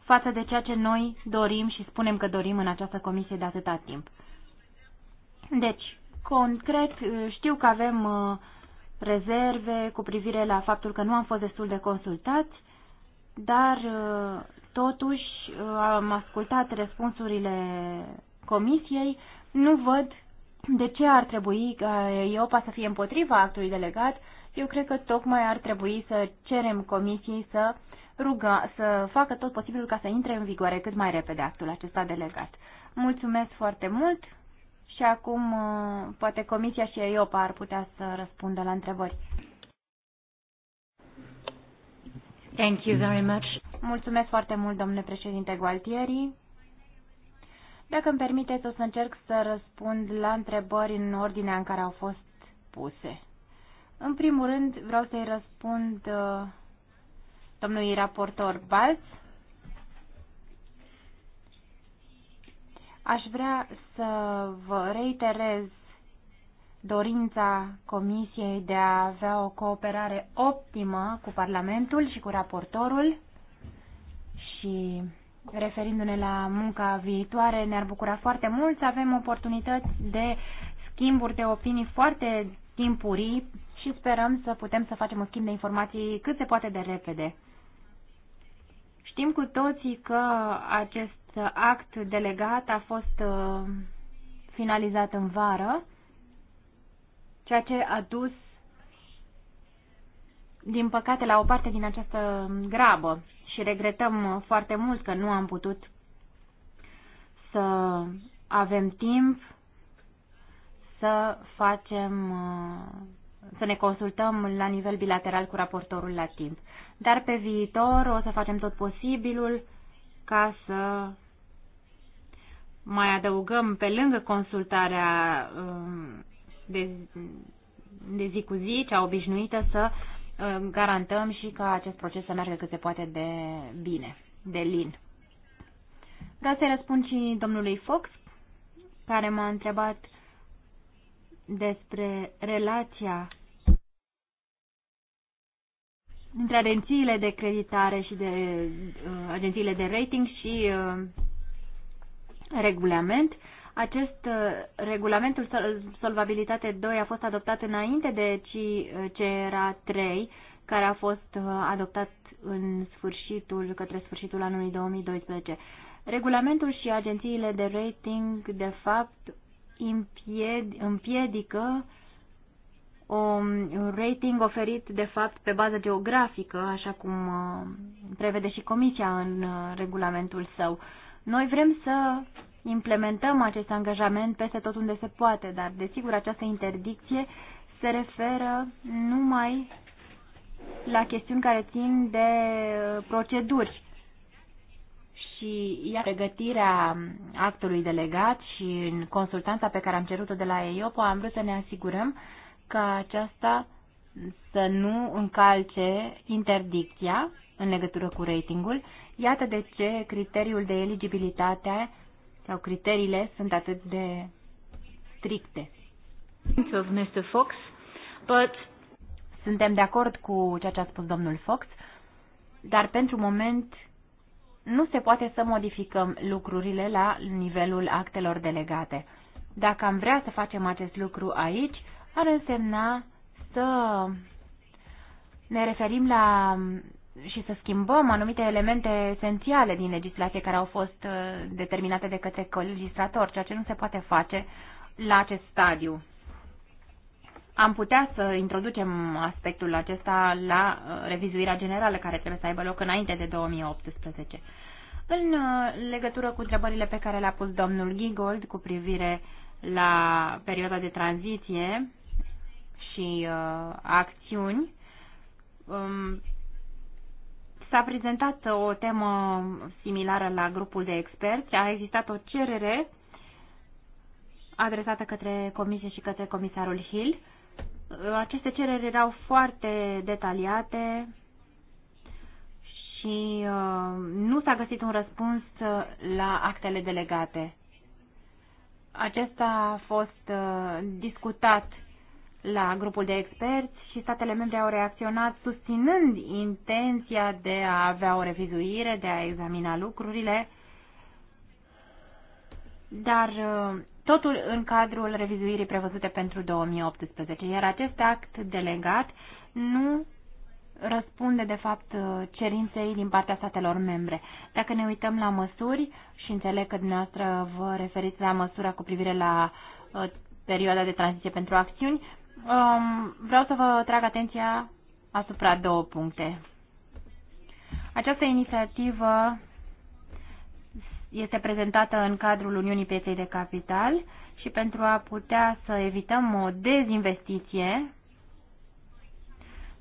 Speaker 3: față de ceea ce noi dorim și spunem că dorim în această comisie de atâta timp. Deci, concret, știu că avem uh, rezerve cu privire la faptul că nu am fost destul de consultați, dar uh, totuși uh, am ascultat răspunsurile comisiei, nu văd de ce ar trebui ca uh, EIOPA să fie împotriva actului delegat? Eu cred că tocmai ar trebui să cerem comisiei să rugă, să facă tot posibilul ca să intre în vigoare cât mai repede actul acesta delegat. Mulțumesc foarte mult și acum uh, poate comisia și EIOPA ar putea să răspundă la întrebări. Thank you very much. Mulțumesc foarte mult, domnule președinte Gualtieri. Dacă îmi permiteți, o să încerc să răspund la întrebări în ordinea în care au fost puse. În primul rând, vreau să-i răspund uh, domnului raportor Balț. Aș vrea să vă reiterez dorința Comisiei de a avea o cooperare optimă cu Parlamentul și cu raportorul și referindu-ne la munca viitoare, ne-ar bucura foarte mult să avem oportunități de schimburi de opinii foarte timpurii și sperăm să putem să facem un schimb de informații cât se poate de repede. Știm cu toții că acest act delegat a fost uh, finalizat în vară, ceea ce a dus din păcate, la o parte din această grabă și regretăm foarte mult că nu am putut să avem timp să facem, să ne consultăm la nivel bilateral cu raportorul la timp. Dar pe viitor o să facem tot posibilul ca să mai adăugăm pe lângă consultarea um, de, de zi cu zi, cea obișnuită, să garantăm și ca acest proces să meargă cât se poate de bine, de lin. Vreau să-i răspund și domnului Fox, care m-a întrebat despre relația dintre agențiile de creditare și de uh, agențiile de rating și uh, regulament. Uh, acest uh, regulamentul solvabilitate 2 a fost adoptat înainte de CERA uh, 3, care a fost uh, adoptat în sfârșitul, către sfârșitul anului 2012. Regulamentul și agențiile de rating, de fapt, împiedică un um, rating oferit, de fapt, pe bază geografică, așa cum prevede și Comisia în regulamentul său. Noi vrem să implementăm acest angajament peste tot unde se poate, dar desigur această interdicție se referă numai la chestiuni care țin de uh, proceduri și iar pregătirea actului delegat și în consultanța pe care am cerut-o de la EIOPO am vrut să ne asigurăm că aceasta să nu încalce interdicția în legătură cu ratingul. Iată de ce criteriul de eligibilitate sau criteriile sunt atât de stricte. Of Mr. Fox, but... Suntem de acord cu ceea ce a spus domnul Fox, dar pentru moment nu se poate să modificăm lucrurile la nivelul actelor delegate. Dacă am vrea să facem acest lucru aici, ar însemna să ne referim la și să schimbăm anumite elemente esențiale din legislație care au fost uh, determinate de către legislator, ceea ce nu se poate face la acest stadiu. Am putea să introducem aspectul acesta la uh, revizuirea generală care trebuie să aibă loc înainte de 2018. În uh, legătură cu întrebările pe care le-a pus domnul Gigold cu privire la perioada de tranziție și uh, acțiuni, um, S-a prezentat o temă similară la grupul de experți. A existat o cerere adresată către comisie și către comisarul Hill. Aceste cereri erau foarte detaliate și uh, nu s-a găsit un răspuns uh, la actele delegate. Acesta a fost uh, discutat la grupul de experți și statele membre au reacționat susținând intenția de a avea o revizuire, de a examina lucrurile, dar uh, totul în cadrul revizuirii prevăzute pentru 2018, iar acest act delegat nu răspunde, de fapt, uh, cerinței din partea statelor membre. Dacă ne uităm la măsuri, și înțeleg că dumneavoastră vă referiți la măsura cu privire la uh, perioada de tranziție pentru acțiuni, um, vreau să vă trag atenția asupra două puncte. Această inițiativă este prezentată în cadrul Uniunii Pieței de Capital și pentru a putea să evităm o dezinvestiție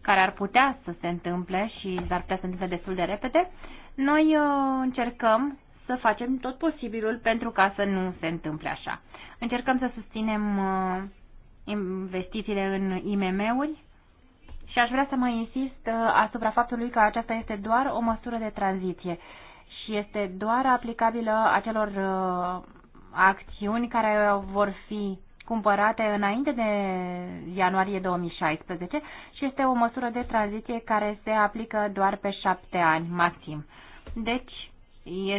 Speaker 3: care ar putea să se întâmple și ar putea să se întâmple destul de repede, noi uh, încercăm să facem tot posibilul pentru ca să nu se întâmple așa. Încercăm să susținem uh, investițiile în IMM-uri și aș vrea să mai insist uh, asupra faptului că aceasta este doar o măsură de tranziție și este doar aplicabilă acelor uh, acțiuni care vor fi cumpărate înainte de ianuarie 2016 și este o măsură de tranziție care se aplică doar pe șapte ani maxim. Deci,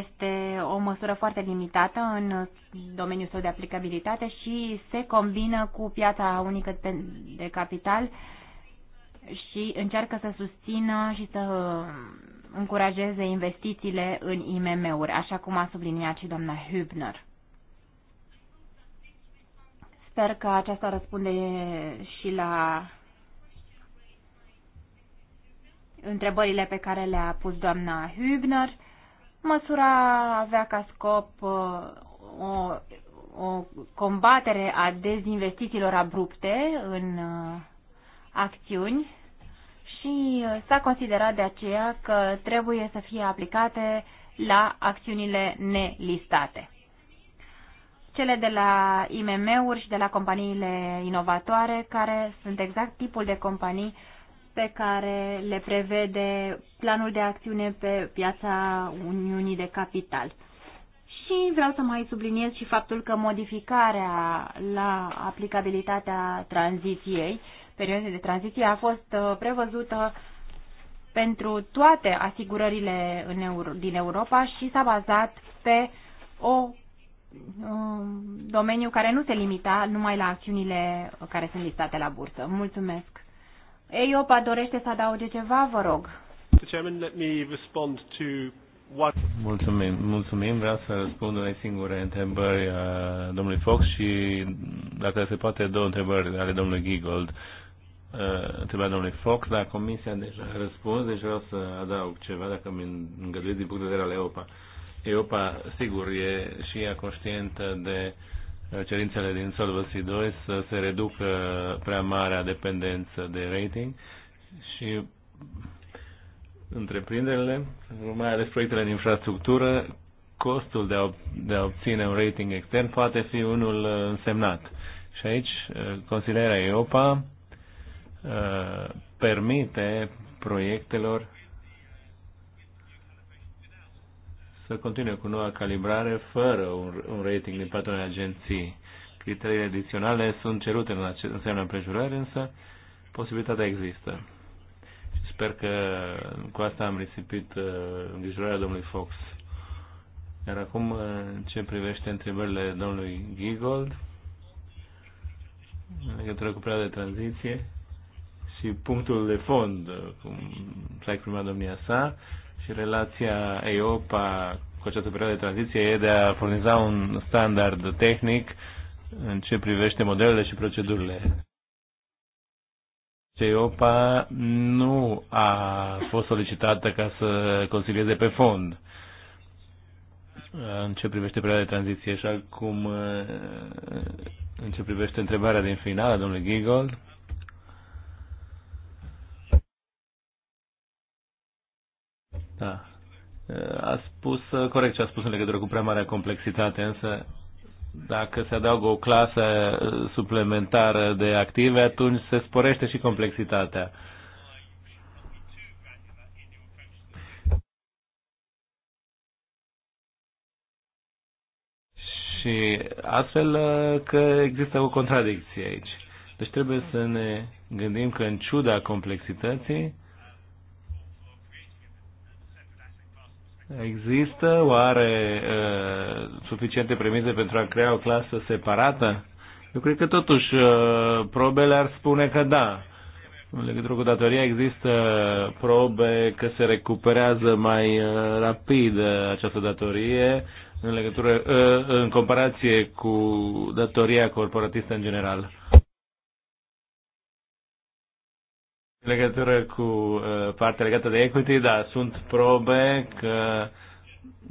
Speaker 3: este o măsură foarte limitată în domeniul său de aplicabilitate și se combină cu piața unică de capital și încearcă să susțină și să încurajeze investițiile în IMM-uri, așa cum a subliniat și doamna Hübner. Sper că aceasta răspunde și la întrebările pe care le-a pus doamna Hübner Măsura avea ca scop uh, o, o combatere a dezinvestițiilor abrupte în uh, acțiuni și uh, s-a considerat de aceea că trebuie să fie aplicate la acțiunile nelistate. Cele de la IMM-uri și de la companiile inovatoare, care sunt exact tipul de companii pe care le prevede planul de acțiune pe piața Uniunii de Capital. Și vreau să mai subliniez și faptul că modificarea la aplicabilitatea tranziției, perioadei de tranziție, a fost uh, prevăzută pentru toate asigurările în Euro, din Europa și s-a bazat pe o um, domeniu care nu se limita numai la acțiunile care sunt listate la bursă. Mulțumesc! EIOPA dorește să adauge ceva, vă rog.
Speaker 2: Mulțumim, mulțumim. Vreau să răspund unei singure întrebări a domnului Fox și, dacă se poate, două întrebări ale domnului Giggold. Întrebarea domnului Fox, dar comisia deja a răspuns, deci vreau să adaug ceva, dacă mi îngăduiți din punct de vedere al EOPA. EOPA, sigur, e și ea conștientă de uh, cerințele din Solvency 2 să se reducă prea marea dependență de rating și întreprinderile, mai ales proiectele de infrastructură, costul de a, de a obține un rating extern poate fi unul uh, însemnat. Și aici uh, Consilierea EOPA uh, permite proiectelor să continue cu noua calibrare fără un, un rating din partea unei agenții. Criteriile adiționale sunt cerute în în semnul împrejurări, însă posibilitatea există. Și sper că cu asta am risipit uh, îngrijorarea domnului Fox. Iar acum, uh, în ce privește întrebările domnului Gigold, în legătură cu perioada de tranziție și punctul de fond, uh, cum s-a exprimat domnia sa, și relația EIOPA cu această perioadă de tranziție e de a furniza un standard tehnic în ce privește modelele și procedurile. EIOPA nu a fost solicitată ca să consilieze pe fond în ce privește perioada de tranziție și cum în ce privește întrebarea din final a domnului Gigol Da. A spus corect ce a spus în legătură cu prea marea complexitate, însă dacă se adaugă o clasă uh, suplimentară de active, atunci se sporește și complexitatea. Și astfel uh, că există o contradicție aici. Deci trebuie să ne gândim că în ciuda complexității, Există oare uh, suficiente premize pentru a crea o clasă separată? Eu cred că totuși uh, probele ar spune că da. În legătură cu datoria există probe că se recuperează mai uh, rapid această datorie în, legătură, uh, în comparație cu datoria corporatistă în general. În legătură cu uh, partea legată de equity, da, sunt probe că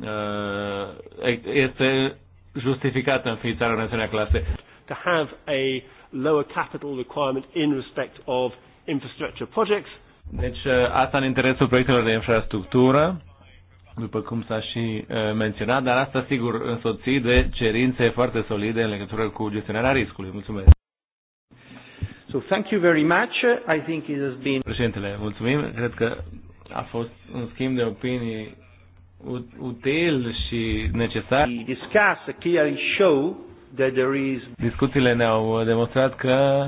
Speaker 2: uh, este justificată înființarea unei asemenea clase. To have a lower capital requirement in respect of infrastructure projects. Deci uh, asta în interesul proiectelor de infrastructură, după cum s-a și uh, menționat, dar asta sigur însoțit de cerințe foarte solide în legătură cu gestionarea riscului. Mulțumesc! So thank you very much. I think it has been... Președintele, mulțumim. Cred că a fost un schimb de opinii util și necesar. We discuss clearly show that there is... Discuțiile ne-au demonstrat că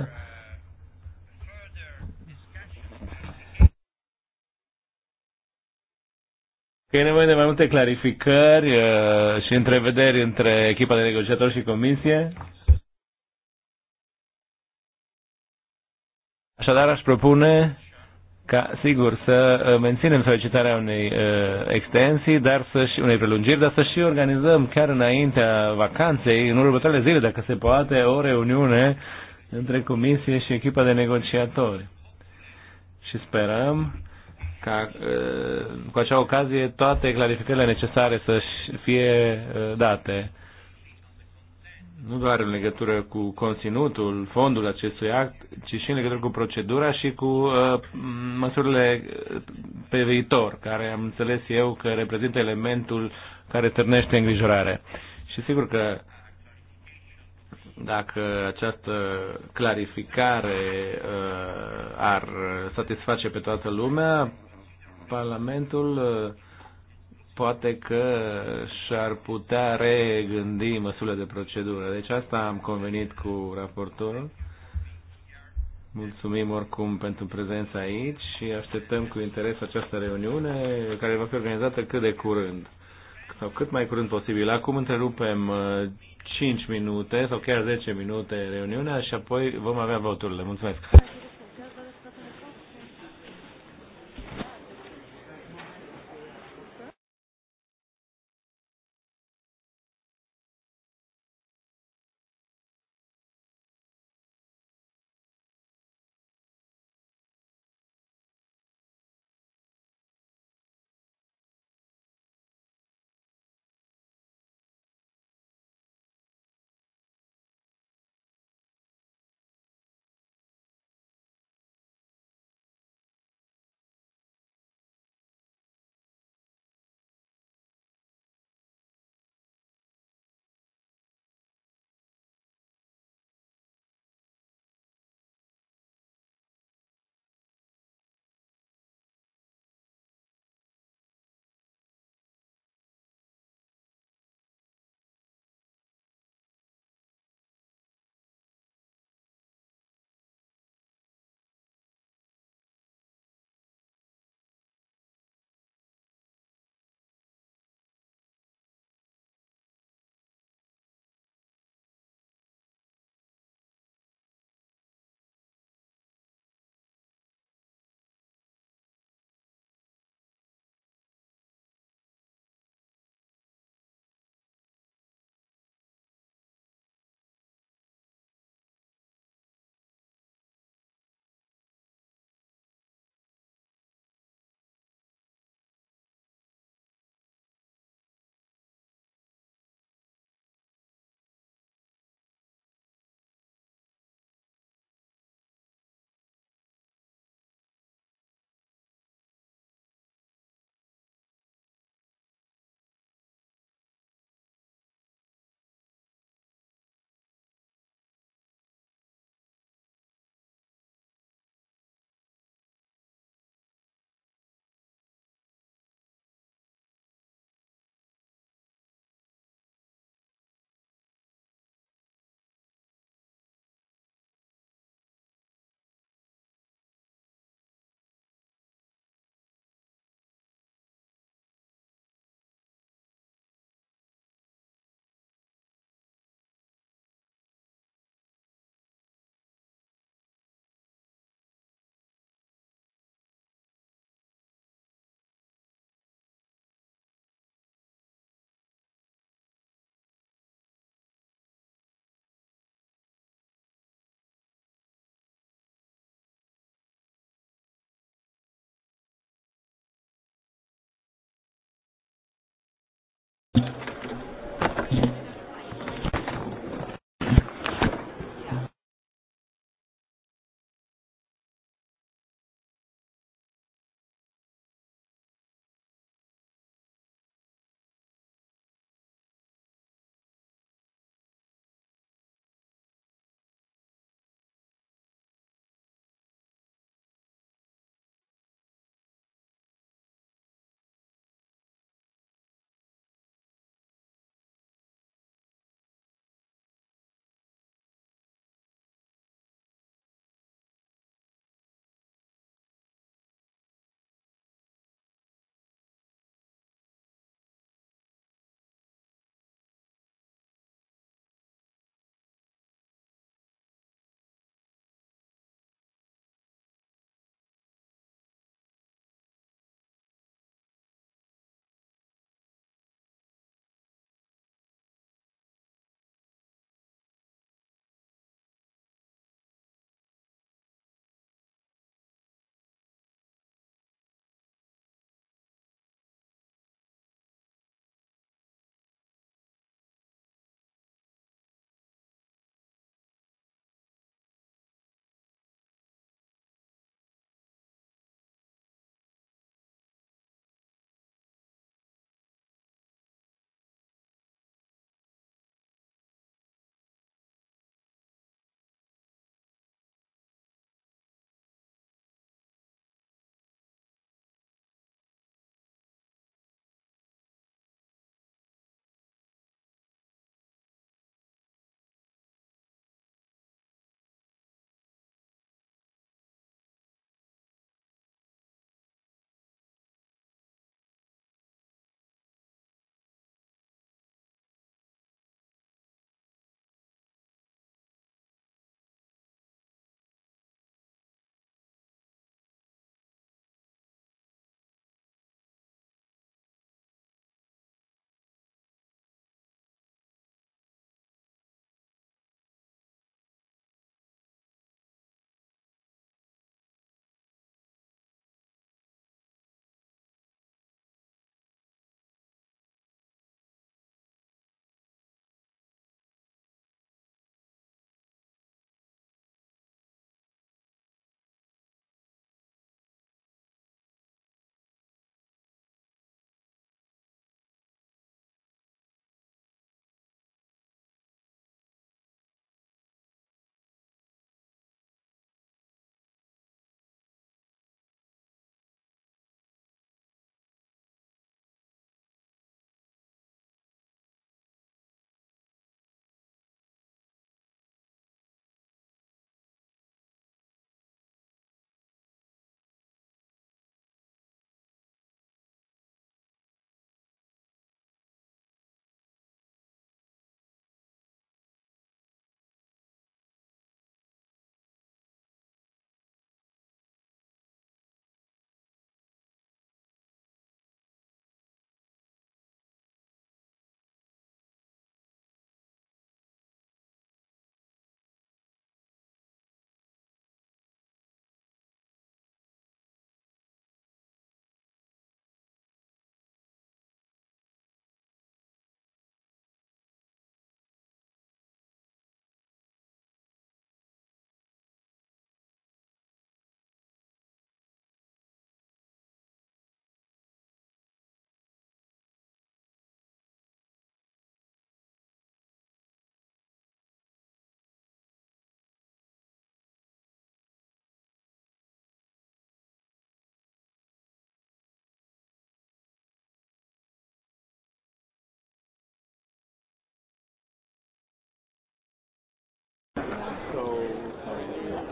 Speaker 2: că e nevoie de mai multe clarificări uh, și întrevederi între echipa de negociatori și comisie. Așadar, aș propune ca, sigur, să uh, menținem solicitarea unei uh, extensii, dar să și, unei prelungiri, dar să și organizăm chiar înaintea vacanței, în următoarele zile, dacă se poate, o reuniune între comisie și echipa de negociatori. Și sperăm ca uh, cu acea ocazie toate clarificările necesare să fie uh, date nu doar în legătură cu conținutul, fondul acestui act, ci și în legătură cu procedura și cu uh, măsurile uh, pe viitor, care am înțeles eu că reprezintă elementul care târnește îngrijorare. Și sigur că dacă această clarificare uh, ar satisface pe toată lumea, Parlamentul uh, poate că și-ar putea regândi măsurile de procedură. Deci asta am convenit cu raportorul. Mulțumim oricum pentru prezența aici și așteptăm cu interes această reuniune care va fi organizată cât de curând sau cât mai curând posibil. Acum întrerupem 5 uh, minute sau chiar 10 minute reuniunea și apoi vom avea voturile. Mulțumesc!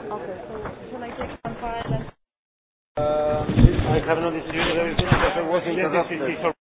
Speaker 4: Okay, so can I take some file and... Uh, um, I have not distributed everything, but I was interrupted.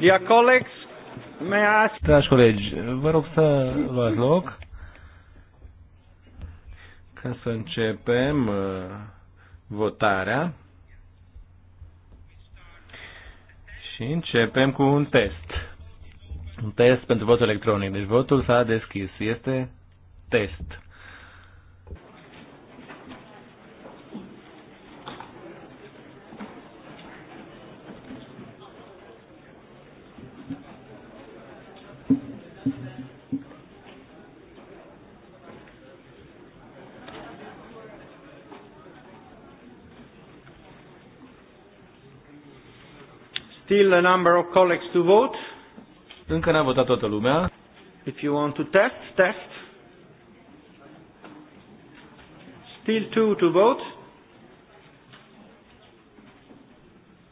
Speaker 4: Dear colleagues,
Speaker 2: may I ask... Dragi colegi, vă rog să luați loc ca să începem uh, votarea și începem cu un test. Un test pentru votul electronic. Deci votul s-a deschis. Este test.
Speaker 1: still a number of colleagues to vote. Încă n-a votat toată lumea. If you want to test, test. Still two to vote.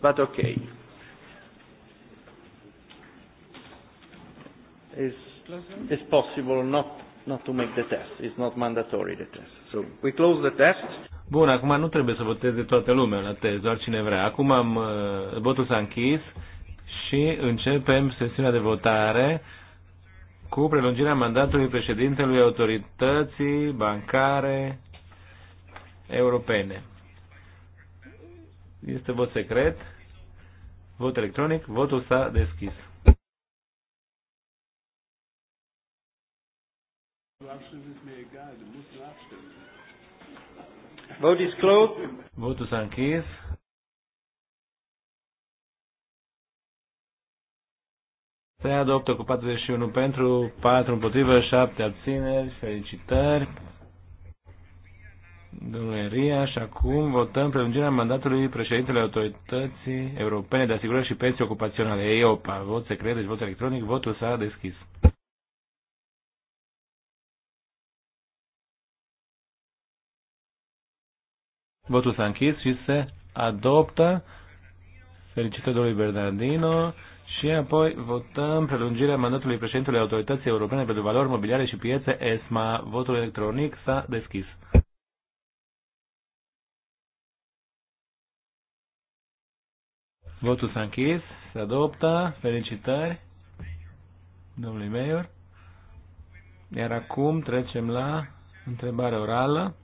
Speaker 1: But okay. Is is possible not not to make the test. It's
Speaker 2: not mandatory the test. So we close the test. Bun, acum nu trebuie să voteze toată lumea la test, doar cine vrea. Acum am, uh, votul s-a închis și începem sesiunea de votare cu prelungirea mandatului președintelui autorității bancare europene. Este vot secret, vot electronic, votul s-a deschis. Absolut Vote is closed. Vote s-a Se adoptă cu 41 pentru, 4 împotrivă, 7 abțineri. Felicitări. Domnule Ria, și acum votăm prelungirea mandatului președintele Autorității Europene de Asigurări și Pensii Ocupaționale, EIOPA. Vot secret, deci vot electronic, votul s-a deschis. Votul s-a închis și se adoptă. Felicitări domnului Bernardino. Și apoi votăm prelungirea mandatului președintelui Autorității Europene pentru Valori Mobiliare și Piețe, ESMA. Votul electronic s-a deschis. Votul s-a închis, se adoptă, felicitări domnului Meior. Iar acum trecem la întrebare orală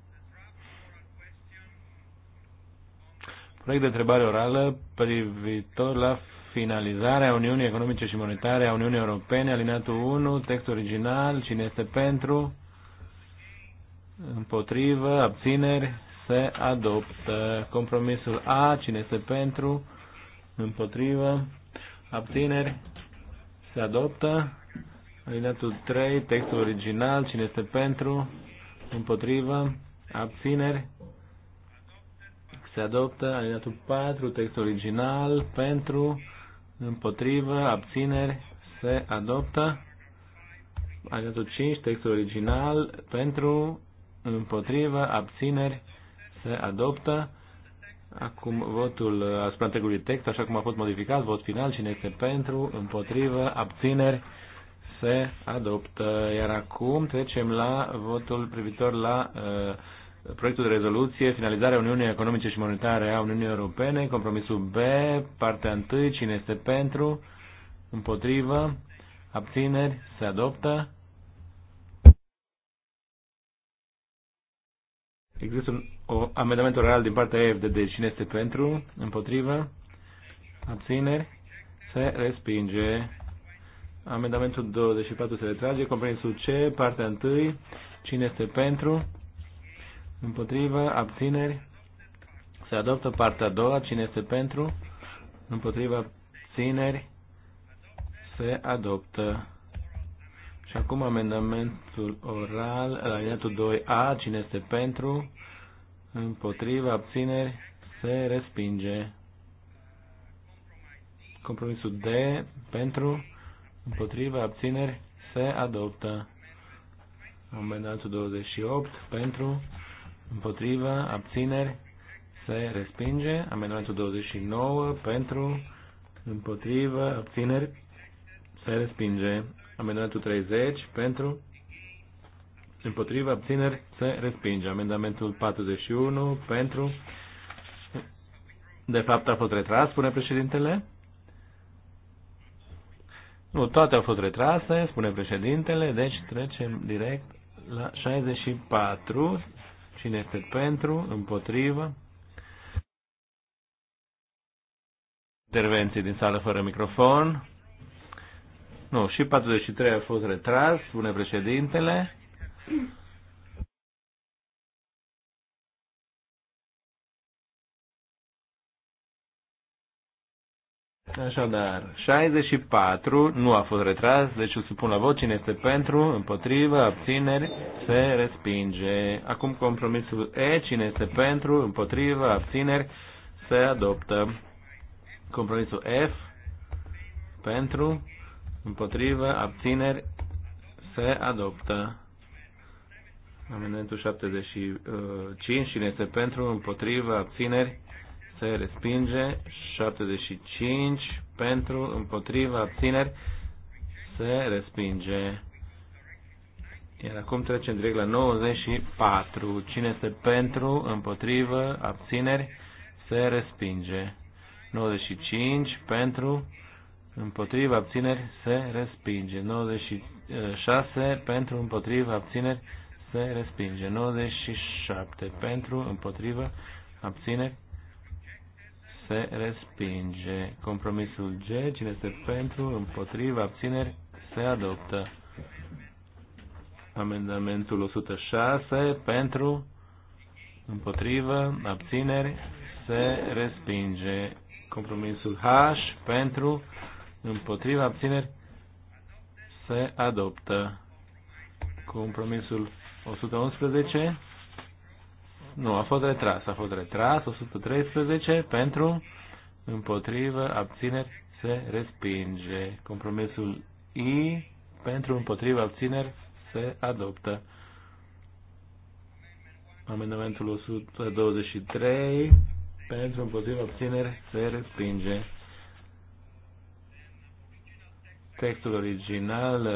Speaker 2: Proiect de întrebare orală privitor la finalizarea Uniunii Economice și Monetare a Uniunii Europene, alinatul 1, text original, cine este pentru, împotrivă, abțineri, se adoptă. Compromisul A, cine este pentru, împotrivă, abțineri, se adoptă. Alinatul 3, textul original, cine este pentru, împotrivă, abțineri, se adoptă alineatul 4, text original, pentru, împotrivă, abțineri, se adoptă alineatul 5, text original, pentru, împotrivă, abțineri, se adoptă. Acum votul asupra întregului text, așa cum a fost modificat, vot final, cine este pentru, împotrivă, abțineri, se adoptă. Iar acum trecem la votul privitor la uh, proiectul de rezoluție, finalizarea Uniunii Economice și Monetare a Uniunii Europene, compromisul B, partea 1, cine este pentru, împotrivă, abțineri, se adoptă. Există un o, amendament oral din partea FDD, cine este pentru, împotrivă, abțineri, se respinge. Amendamentul 24 se retrage, compromisul C, partea 1, cine este pentru, Împotrivă, abțineri. Se adoptă partea a doua. Cine este pentru? Împotrivă, abțineri. Se adoptă. Și acum amendamentul oral, alineatul 2A. Cine este pentru? Împotrivă, abțineri. Se respinge. Compromisul D. Pentru? Împotrivă, abțineri. Se adoptă. Amendamentul 28. Pentru? împotriva, abțineri, se respinge. Amendamentul 29 pentru, împotriva, abțineri, se respinge. Amendamentul 30 pentru, împotriva, abțineri, se respinge. Amendamentul 41 pentru, de fapt a fost retras, spune președintele. Nu, toate au fost retrase, spune președintele, deci trecem direct la 64 Cine este pentru? Împotrivă? Intervenții din sală fără microfon. Nu, și 43 a fost retras, spune președintele. Așadar, 64 nu a fost retras, deci îl supun la vot. Cine este pentru, împotrivă, abțineri, se respinge. Acum compromisul E, cine este pentru, împotrivă, abțineri, se adoptă. Compromisul F, pentru, împotrivă, abțineri, se adoptă. Amendamentul 75, cine este pentru, împotrivă, abțineri, se respinge, 75 pentru, împotriva, abțineri, se respinge. Iar acum trecem direct la 94. Cine este pentru, împotriva abțineri, se respinge. 95 pentru, împotriva, abțineri, se respinge. 96 pentru, împotriva, abțineri, se respinge. 97 pentru, împotriva, abțineri, se respinge. Compromisul G, cine este pentru, împotriva, abțineri, se adoptă. Amendamentul 106, pentru, împotrivă, abțineri, se respinge. Compromisul H, pentru, împotriva, abțineri, se adoptă. Compromisul 111, nu, a fost retras. A fost retras. 113 pentru, împotrivă, abțineri, se respinge. Compromisul I pentru, împotrivă, abțineri, se adoptă. Amendamentul 123 pentru, împotrivă, abțineri, se respinge. Textul original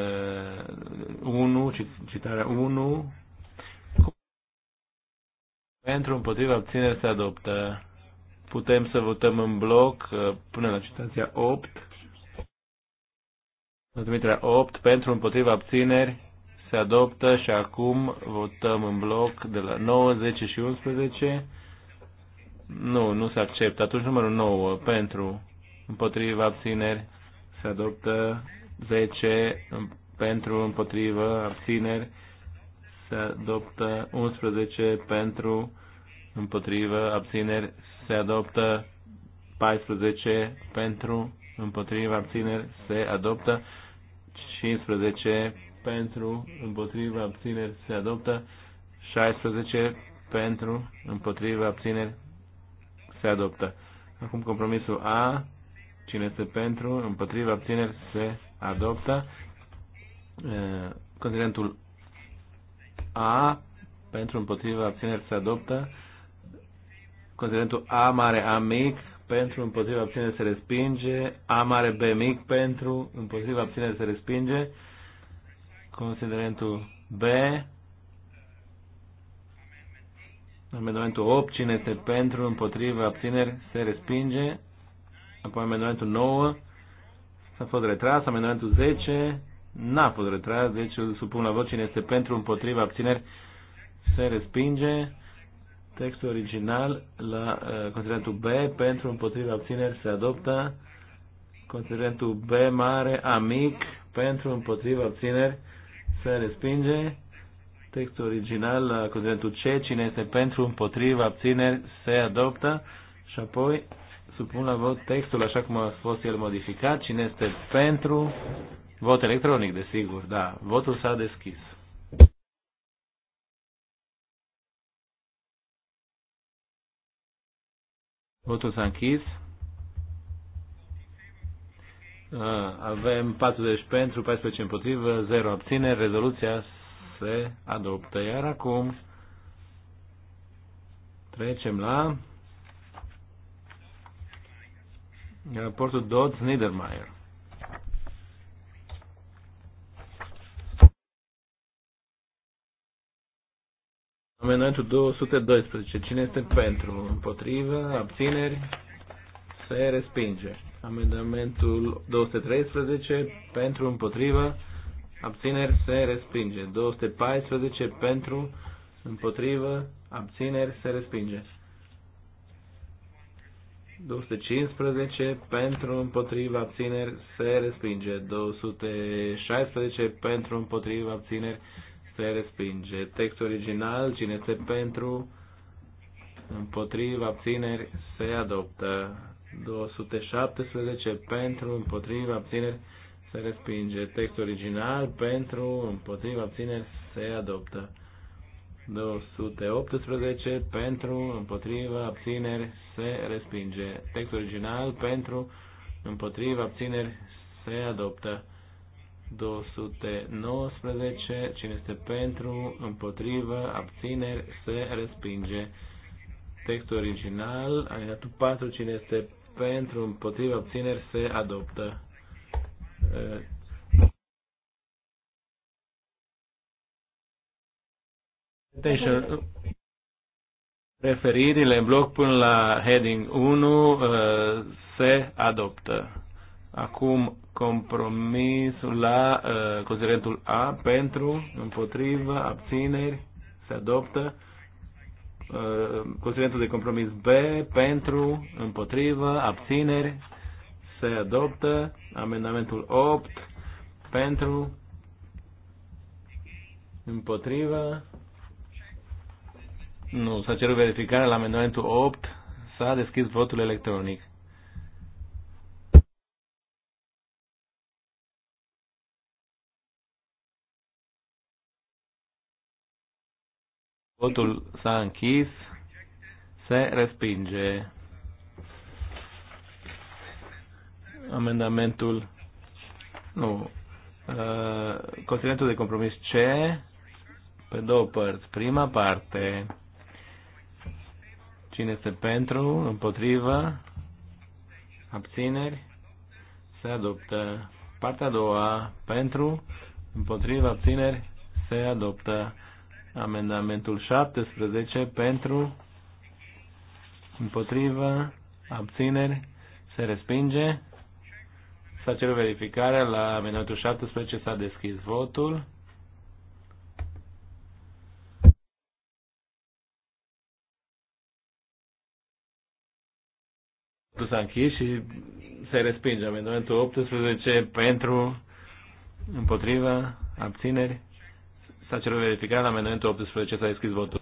Speaker 2: 1, uh, citarea 1 pentru împotriva abțineri se adoptă. Putem să votăm în bloc uh, până la citația 8. Trimiterea 8. Pentru împotriva abțineri se adoptă și acum votăm în bloc de la 9, 10 și 11. Nu, nu se acceptă. Atunci numărul 9 pentru împotriva abțineri se adoptă 10 pentru împotriva abțineri se adoptă 11 pentru, împotrivă, abțineri, se adoptă 14 pentru, împotrivă, abțineri, se adoptă 15 pentru, împotrivă, abțineri, se adoptă 16 pentru, împotrivă, abțineri, se adoptă. Acum compromisul A, cine este pentru, împotrivă, abțineri, se adoptă. Eh, continentul a pentru împotriva abțineri se adoptă. Considerentul A mare A mic pentru împotriva abțineri se respinge. A mare B mic pentru împotriva abțineri se respinge. Considerentul B Amendamentul 8, cine este pentru, împotriva, abțineri, se respinge. Apoi amendamentul 9, s-a fost retras. Amendamentul 10, N-a fost retras, deci îl supun la vot cine este pentru, împotriva, abțineri, se respinge. Textul original la uh, considerentul B, pentru, împotriva, abțineri, se adoptă. Considerentul B mare, amic, pentru, împotriva, abțineri, se respinge. Textul original la considerentul C, cine este pentru, împotriva, abțineri, se adoptă. Și apoi supun la vot textul așa cum a fost el modificat. Cine este pentru, Vot electronic, desigur, da. Votul s-a deschis. Votul s-a închis. Uh, avem 40 pentru, 14 împotrivă, 0 abține. Rezoluția se adoptă. Iar acum trecem la raportul Dodds-Niedermayer. Amendamentul 212. Cine este pentru? Împotrivă? Abțineri? Se respinge. Amendamentul 213. Pentru? Împotrivă? Abțineri? Se respinge. 214. Pentru? Împotrivă? Abțineri? Se respinge. 215 pentru Împotrivă? abțineri se respinge. 216 pentru Împotrivă? abțineri se se respinge. Text original, cine este pentru, împotriva, abțineri, se adoptă. 217 pentru, împotriva, abțineri, se respinge. Text original, pentru, împotriva, abțineri, se adoptă. 218 pentru, împotriva, abțineri, se respinge. Text original pentru, împotriva, abțineri, se adoptă. 219, cine este pentru, împotrivă, abțineri, se respinge. Textul original, alineatul 4, cine este pentru, împotrivă, abțineri, se adoptă.
Speaker 4: Attention.
Speaker 2: Referirile în bloc până la heading 1 uh, se adoptă. Acum Compromisul la uh, considerentul A pentru, împotriva abțineri, se adoptă. Uh, considerentul de compromis B pentru, împotrivă, abțineri, se adoptă. Amendamentul 8 pentru, împotrivă. Nu, s-a cerut verificarea la amendamentul 8. S-a deschis votul electronic. Votul s-a închis. Se respinge. Amendamentul. Nu. Uh, de compromis C pe două părți. Prima parte. Cine este pentru, împotrivă, abțineri, se adoptă. Partea a doua, pentru, împotrivă, abțineri, se adoptă. Amendamentul 17 pentru, împotrivă, abțineri, se respinge. S-a cerut verificarea. La amendamentul 17 s-a deschis votul. Votul s-a închis și se respinge. Amendamentul 18 pentru, împotriva, abțineri, S-a cerut verificarea la amendamentul 18, s-a deschis votul.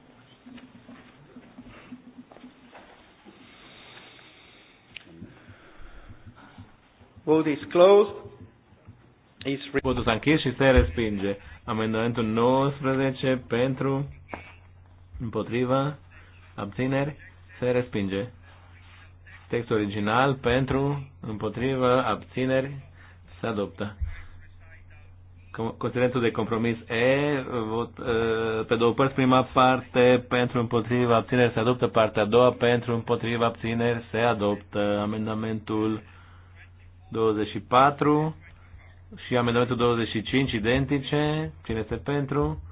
Speaker 2: Vote is closed. Votul s-a închis și se respinge. Amendamentul 19 pentru, împotriva, abțineri, se respinge. Text original pentru, împotriva, abțineri, se adoptă. Considerentul de compromis E, vot, pe două părți, prima parte pentru împotriva abțineri se adoptă, partea a doua pentru împotriva abțineri se adoptă. Amendamentul 24 și amendamentul 25 identice. Cine este pentru?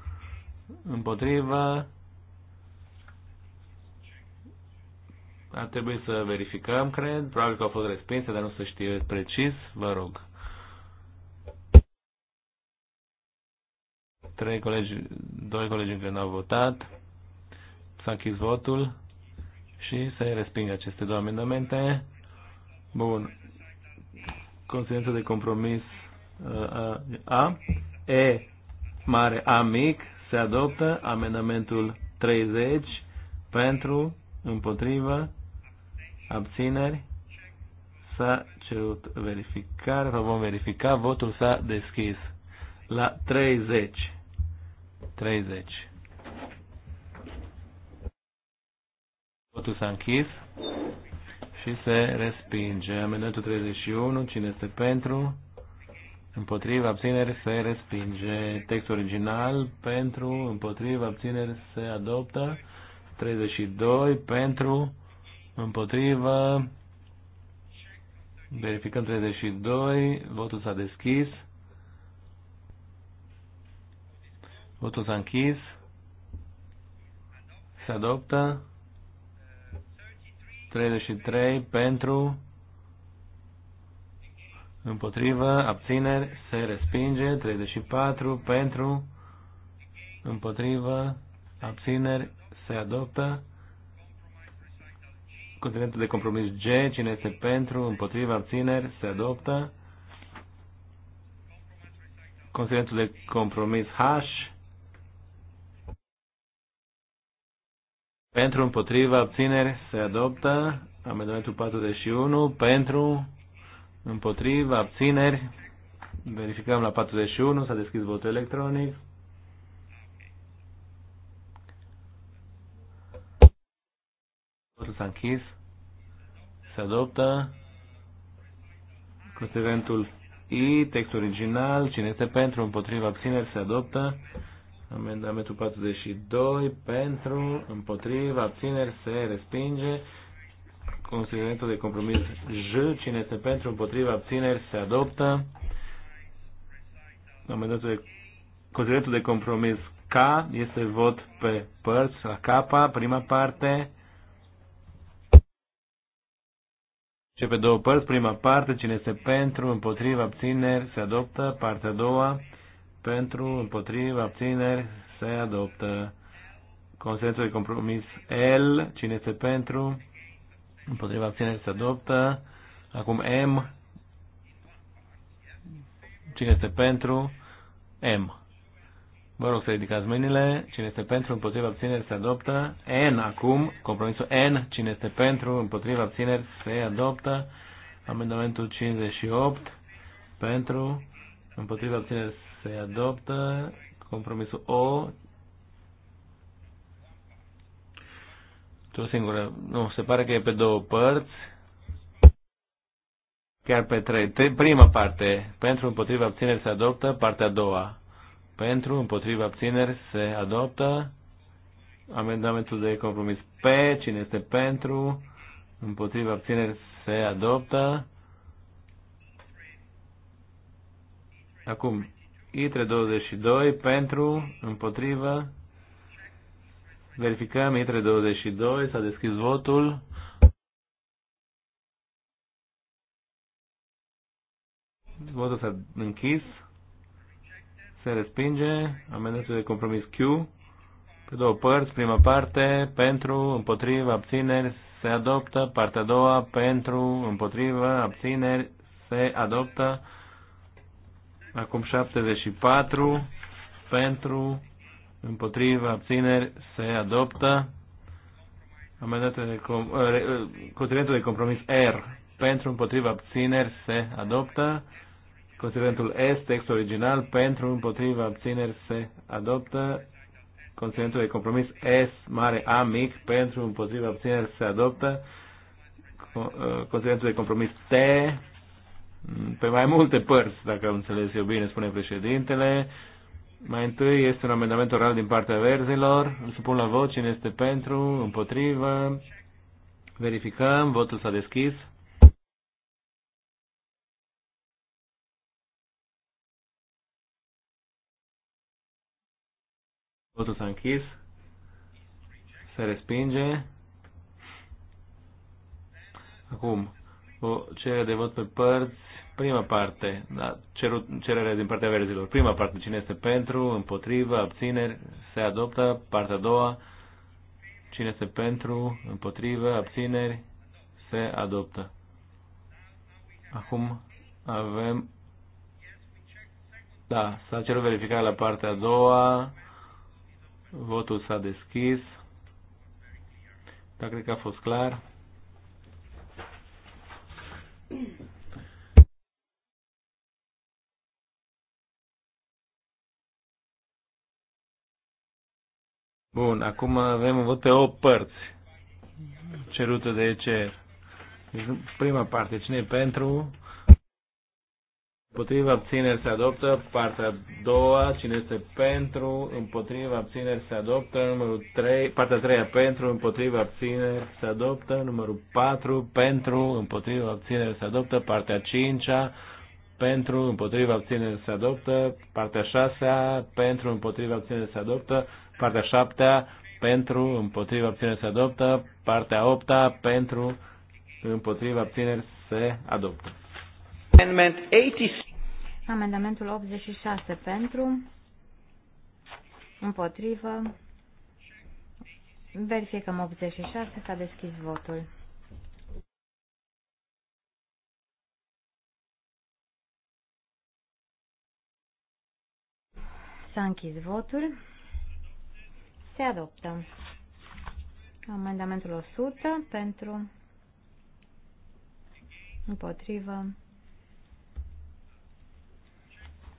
Speaker 2: Împotriva? Ar trebui să verificăm, cred. Probabil că au fost respinse, dar nu se știe precis. Vă rog. Trei colegi, doi colegi încă n-au votat. S-a închis votul și se resping aceste două amendamente. Bun. Consistență de compromis a, uh, a, E mare A mic se adoptă amendamentul 30 pentru, împotrivă, abțineri. S-a cerut verificare, vom verifica, votul s-a deschis la 30. 30. Votul s-a închis și se respinge. Amendamentul 31, cine este pentru? Împotriva abțineri se respinge. Textul original pentru, împotriva abțineri se adoptă. 32 pentru, împotriva. Verificăm 32, votul s-a deschis. Votul s-a închis. Se adoptă. 33 pentru. Împotrivă. Abțineri. Se respinge. 34 pentru. Împotrivă. Abțineri. Se adoptă. Continentul de compromis G. Cine este pentru? Împotrivă. Abțineri. Se adoptă. Considerentul de compromis H Pentru, împotriva, abțineri, se adoptă. Amendamentul 41. Pentru, împotriva, abțineri. Verificăm la 41. S-a deschis votul electronic. Votul s-a închis. Se adoptă. Considerentul I, text original, cine este pentru, împotriva, abțineri, se adoptă. Amendamentul 42 pentru, împotriva, abțineri, se respinge. Considerentul de compromis J, cine este pentru, împotriva, abțineri, se adoptă. Amendamentul de, considerentul de compromis K este vot pe părți, la K, prima parte. Ce pe două părți, prima parte, cine este pentru, împotriva, abțineri, se adoptă. Partea a doua pentru, împotriva, abțineri, se adoptă. Consensul de compromis L, cine este pentru, împotriva, abțineri, se adoptă. Acum M, cine este pentru, M. Vă rog să ridicați mâinile. Cine este pentru, împotriva, abțineri, se adoptă. N acum, compromisul N, cine este pentru, împotriva, abțineri, se adoptă. Amendamentul 58, pentru, împotriva, abțineri, se adoptă compromisul O. Tu singură. Nu, se pare că e pe două părți. Chiar pe trei. Prima parte. Pentru împotriva abțineri se adoptă. Partea a doua. Pentru împotriva abțineri se adoptă. Amendamentul de compromis P. Cine este pentru? Împotriva abțineri se adoptă. Acum, ITRE 22 pentru, împotrivă. Verificăm ITRE 22, s-a deschis votul. Votul s-a închis. Se respinge amendamentul de compromis Q. Pe două părți, prima parte, pentru, împotrivă, abțineri, se adoptă. Partea a doua, pentru, împotrivă, abțineri, se adoptă. Acum 74 pentru, împotriva, abțineri, se adoptă. Amendatul de, ă, ă, de compromis R pentru, împotriva, abțineri, se adoptă. Considerentul S, text original, pentru, împotriva, abțineri, se adoptă. Considerentul de compromis S, mare A, mic, pentru, împotriva, abțineri, se adoptă. Ă, Considerentul de compromis T, pe mai multe părți, dacă am înțeles eu bine, spune președintele. Mai întâi este un amendament oral din partea verzilor. Îl supun la vot cine este pentru, împotrivă. Verificăm, votul s-a deschis. Votul s-a închis. Se respinge. Acum, o cerere de vot pe părți Prima parte, da, cererea din partea verzilor. Prima parte, cine este pentru, împotrivă, abțineri, se adoptă. Partea a doua, cine este pentru, împotrivă, abțineri, se adoptă. Acum avem... Da, s-a cerut verificarea la partea a doua. Votul s-a deschis. Da, cred că a fost clar. Bun, acum avem un o pe 8 părți cerută de ce? Deci, prima parte, cine e pentru? Împotriva abțineri se adoptă. Partea a doua, cine este pentru? Împotriva abțineri se adoptă. Numărul 3, partea a treia pentru, împotriva abțineri se adoptă. Numărul 4, pentru, împotriva abțineri se adoptă. Partea a cincea, pentru, împotriva abțineri se adoptă. Partea a șasea, pentru, împotriva abțineri se adoptă. Partea 7 pentru, împotriva abțineri se adoptă. Partea 8 pentru, împotriva abțineri se adoptă. Amendment
Speaker 3: 86. Amendamentul 86 pentru, împotrivă, verificăm 86, s-a deschis votul. S-a închis votul. Se adoptă. Amendamentul 100 pentru împotrivă.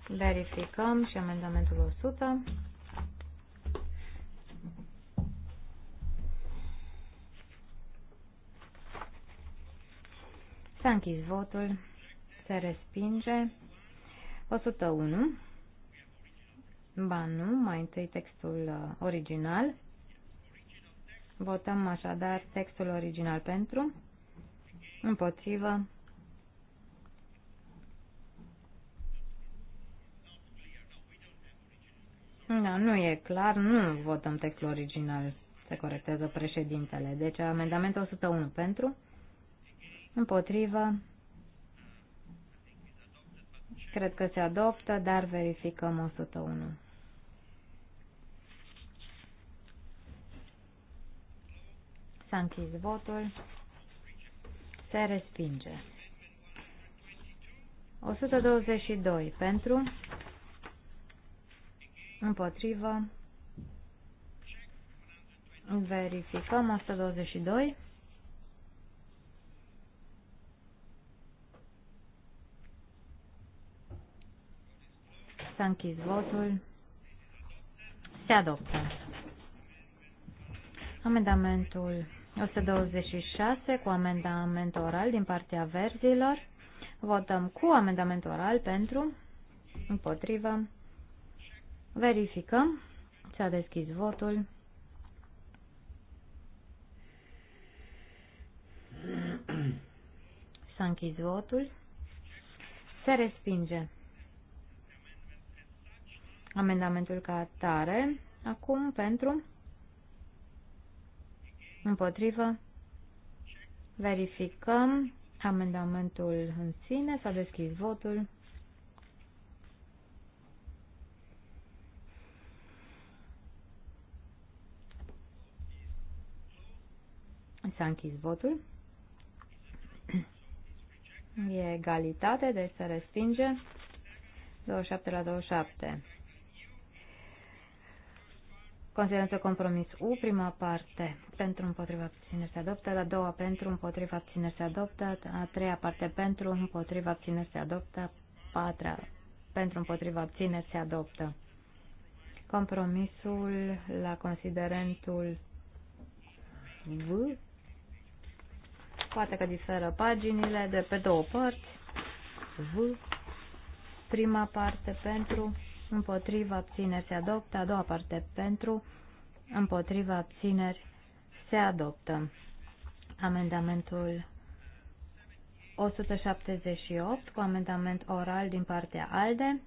Speaker 3: Verificăm și amendamentul 100. S-a închis votul. Se respinge. 101 Ba nu, mai întâi textul uh, original. Votăm așadar textul original pentru, împotrivă, Da, nu e clar, nu votăm textul original, se corectează președintele. Deci amendamentul 101 pentru, împotrivă, cred că se adoptă, dar verificăm 101. S-a închis votul. Se respinge. 122 pentru, împotrivă, verificăm 122. S-a închis votul. Se adoptă. Amendamentul 126 cu amendament oral din partea verzilor. Votăm cu amendament oral pentru, împotrivă. Verificăm. S-a deschis votul. S-a închis votul. Se respinge. Amendamentul ca atare. Acum pentru Împotrivă. Verificăm amendamentul în sine. S-a deschis votul. S-a închis votul. E egalitate, deci se respinge 27 la 27. Considerentul compromis U, prima parte pentru împotriva abține se adoptă, a doua pentru împotriva abține se adoptă, a treia parte pentru împotriva abține se adoptă, a patra pentru împotriva abține se adoptă. Compromisul la considerentul V poate că diferă paginile de pe două părți. V prima parte pentru împotriva abțineri se adoptă, a doua parte pentru, împotriva abțineri se adoptă. Amendamentul 178 cu amendament oral din partea ALDE.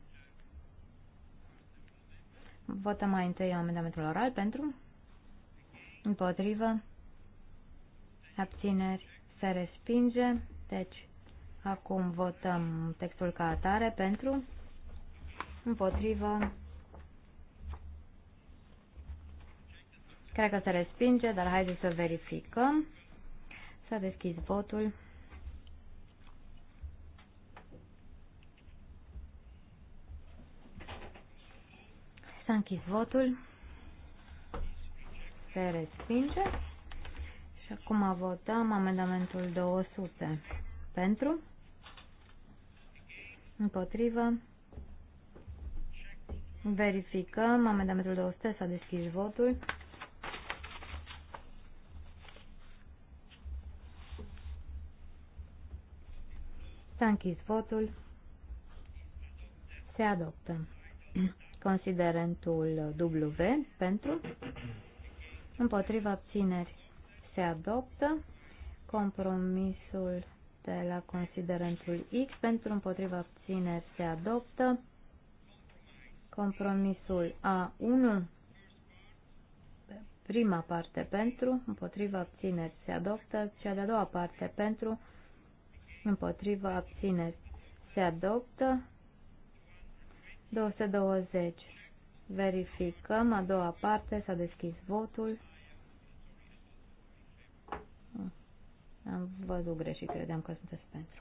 Speaker 3: Votăm mai întâi amendamentul oral pentru, împotrivă, abțineri, se respinge. Deci, acum votăm textul ca atare pentru, Împotrivă. Cred că se respinge, dar haideți să verificăm. S-a deschis votul. S-a închis votul. Se respinge. Și acum votăm amendamentul 200. Pentru? Împotrivă? Verificăm. Amendamentul 200 s-a deschis votul. S-a închis votul. Se adoptă. Considerentul W pentru. Împotriva abțineri se adoptă. Compromisul de la considerentul X pentru împotriva abțineri se adoptă. Compromisul A1, prima parte pentru, împotriva abțineri se adoptă, cea de-a doua parte pentru, împotriva abțineri se adoptă, 220. Verificăm, a doua parte s-a deschis votul. Am văzut greșit, credeam că sunteți pentru.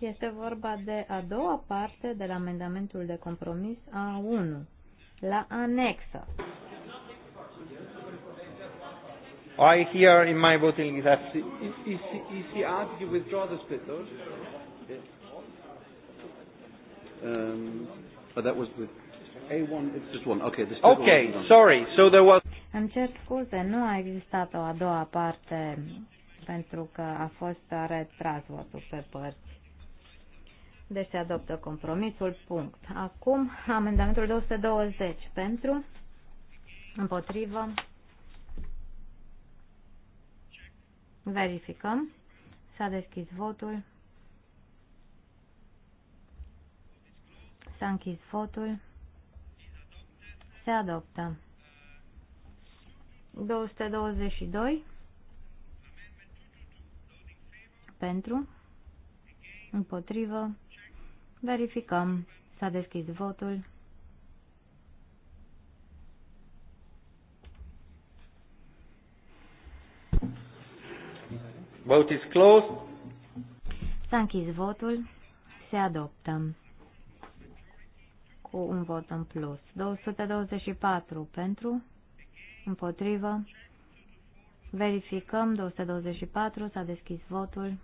Speaker 3: Este vorba de a doua parte de la amendamentul de compromis A1, la anexă.
Speaker 4: I hear
Speaker 1: in my voting that
Speaker 4: is he asked you withdraw the split vote?
Speaker 1: Um, but that was with A1, it's just one. Okay, the split Okay, one. sorry. So there was
Speaker 3: Îmi cer scuze, nu a existat o a doua parte pentru că a fost retras votul pe părți. Deci se adoptă compromisul. Punct. Acum amendamentul 220 pentru, împotrivă, verificăm. S-a deschis votul. S-a închis votul. Se adoptă. 222 pentru, împotrivă, Verificăm. S-a deschis votul.
Speaker 1: Vote is closed.
Speaker 3: S-a închis votul. Se adoptă. Cu un vot în plus. 224 pentru. Împotrivă. Verificăm. 224. S-a deschis votul.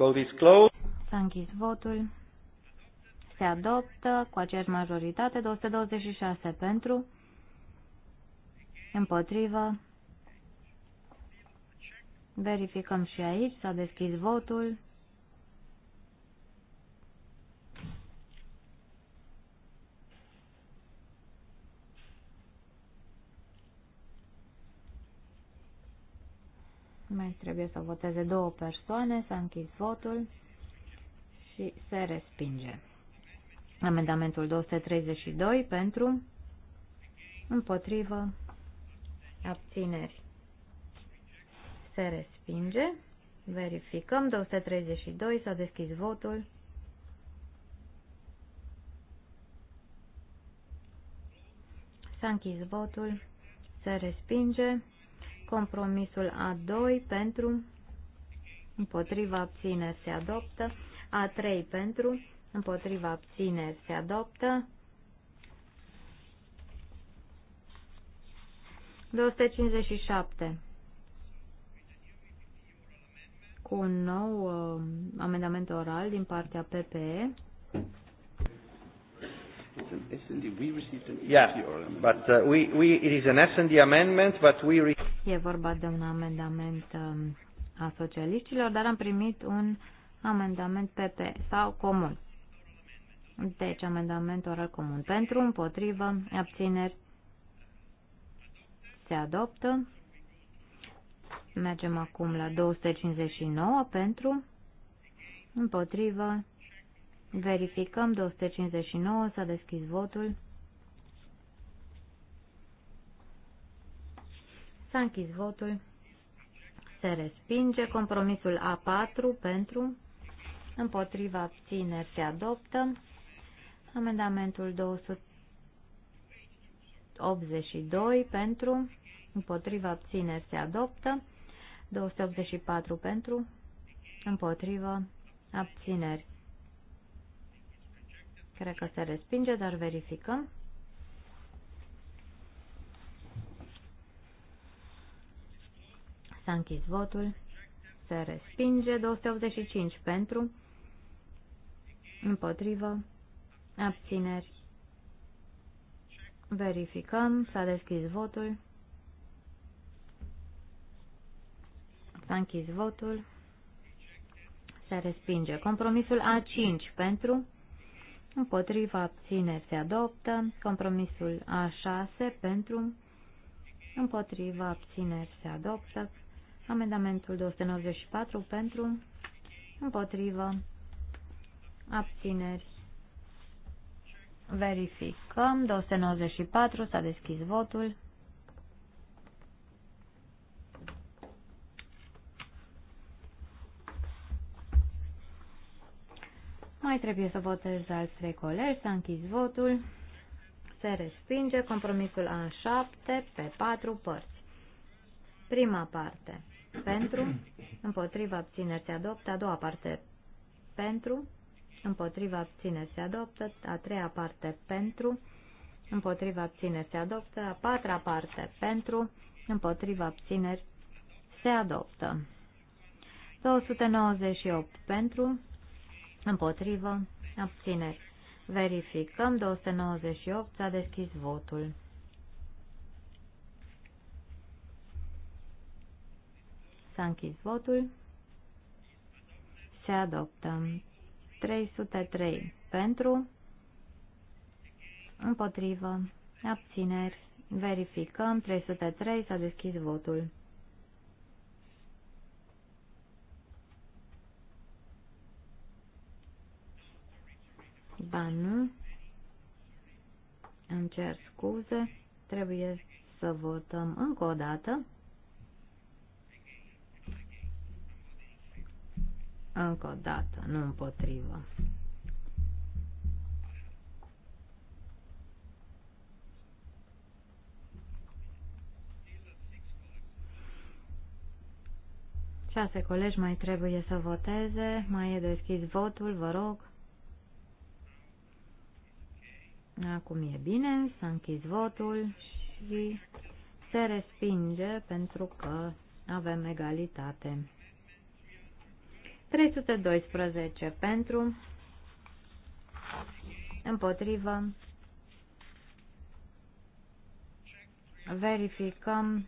Speaker 1: Vote is closed.
Speaker 3: S-a închis votul. Se adoptă cu aceeași majoritate 226 pentru, împotrivă. Verificăm și aici, s-a deschis votul. Mai trebuie să voteze două persoane, s-a închis votul și se respinge. Amendamentul 232 pentru, împotrivă, abțineri. Se respinge. Verificăm. 232 s-a deschis votul. S-a închis votul. Se respinge. Compromisul A2 pentru, împotriva abține se adoptă. A3 pentru, împotriva abține se adoptă. 257. Cu un nou uh, amendament oral din partea PPE.
Speaker 4: an SND. We received an yeah, but uh,
Speaker 1: we, we, it is an SND amendment, but we...
Speaker 3: E vorba de un amendament um, a socialiștilor, dar am primit un amendament PP sau comun. Deci, amendament oral comun. Pentru, împotrivă, abțineri, se adoptă. Mergem acum la 259 pentru, împotrivă, verificăm 259, s-a deschis votul. S-a închis votul. Se respinge. Compromisul A4 pentru. Împotriva abțineri se adoptă. Amendamentul 282 pentru. Împotriva abțineri se adoptă. 284 pentru. Împotriva abțineri. Cred că se respinge, dar verificăm. S-a închis votul. Se respinge. 285 pentru. Împotrivă. Abțineri. Verificăm. S-a deschis votul. S-a închis votul. Se respinge. Compromisul A5 pentru. Împotriva abțineri se adoptă. Compromisul A6 pentru. Împotriva abțineri se adoptă. Amendamentul 294 pentru, împotrivă, abțineri. Verificăm. 294 s-a deschis votul. Mai trebuie să votez alți trei colegi, s-a închis votul. Se respinge compromisul A7 pe patru părți. Prima parte pentru, împotriva abțineri se adoptă, a doua parte pentru, împotriva abțineri se adoptă, a treia parte pentru, împotriva abțineri se adoptă, a patra parte pentru, împotriva abțineri se adoptă. 298 pentru, împotrivă, abțineri. Verificăm, 298 s-a deschis votul. S-a închis votul. Se adoptă. 303 pentru, împotrivă, abțineri, verificăm, 303 s-a deschis votul. Ba nu, îmi cer scuze, trebuie să votăm încă o dată. Încă o dată, nu împotrivă. Șase colegi mai trebuie să voteze. Mai e deschis votul, vă rog. Acum e bine, s-a închis votul și se respinge pentru că avem egalitate. 312 pentru, împotrivă, verificăm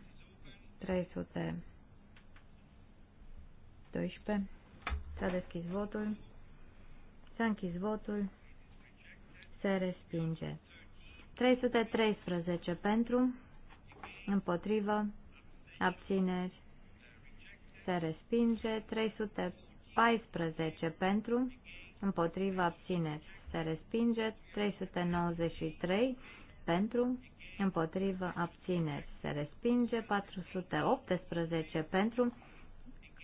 Speaker 3: 312, s-a deschis votul, s-a închis votul, se respinge. 313 pentru, împotrivă, abțineri, se respinge, 300 14 pentru, împotriva abțineri se respinge, 393 pentru, împotriva abțineri se respinge, 418 pentru,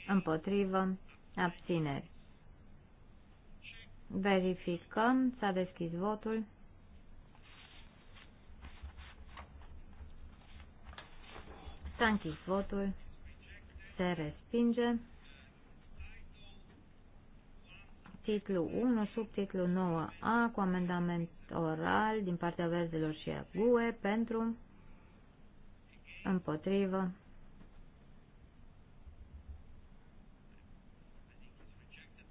Speaker 3: împotriva abțineri. Verificăm, s-a deschis votul. S-a închis votul. Se respinge. titlu 1, subtitlu 9A, cu amendament oral din partea verzilor și a GUE pentru împotrivă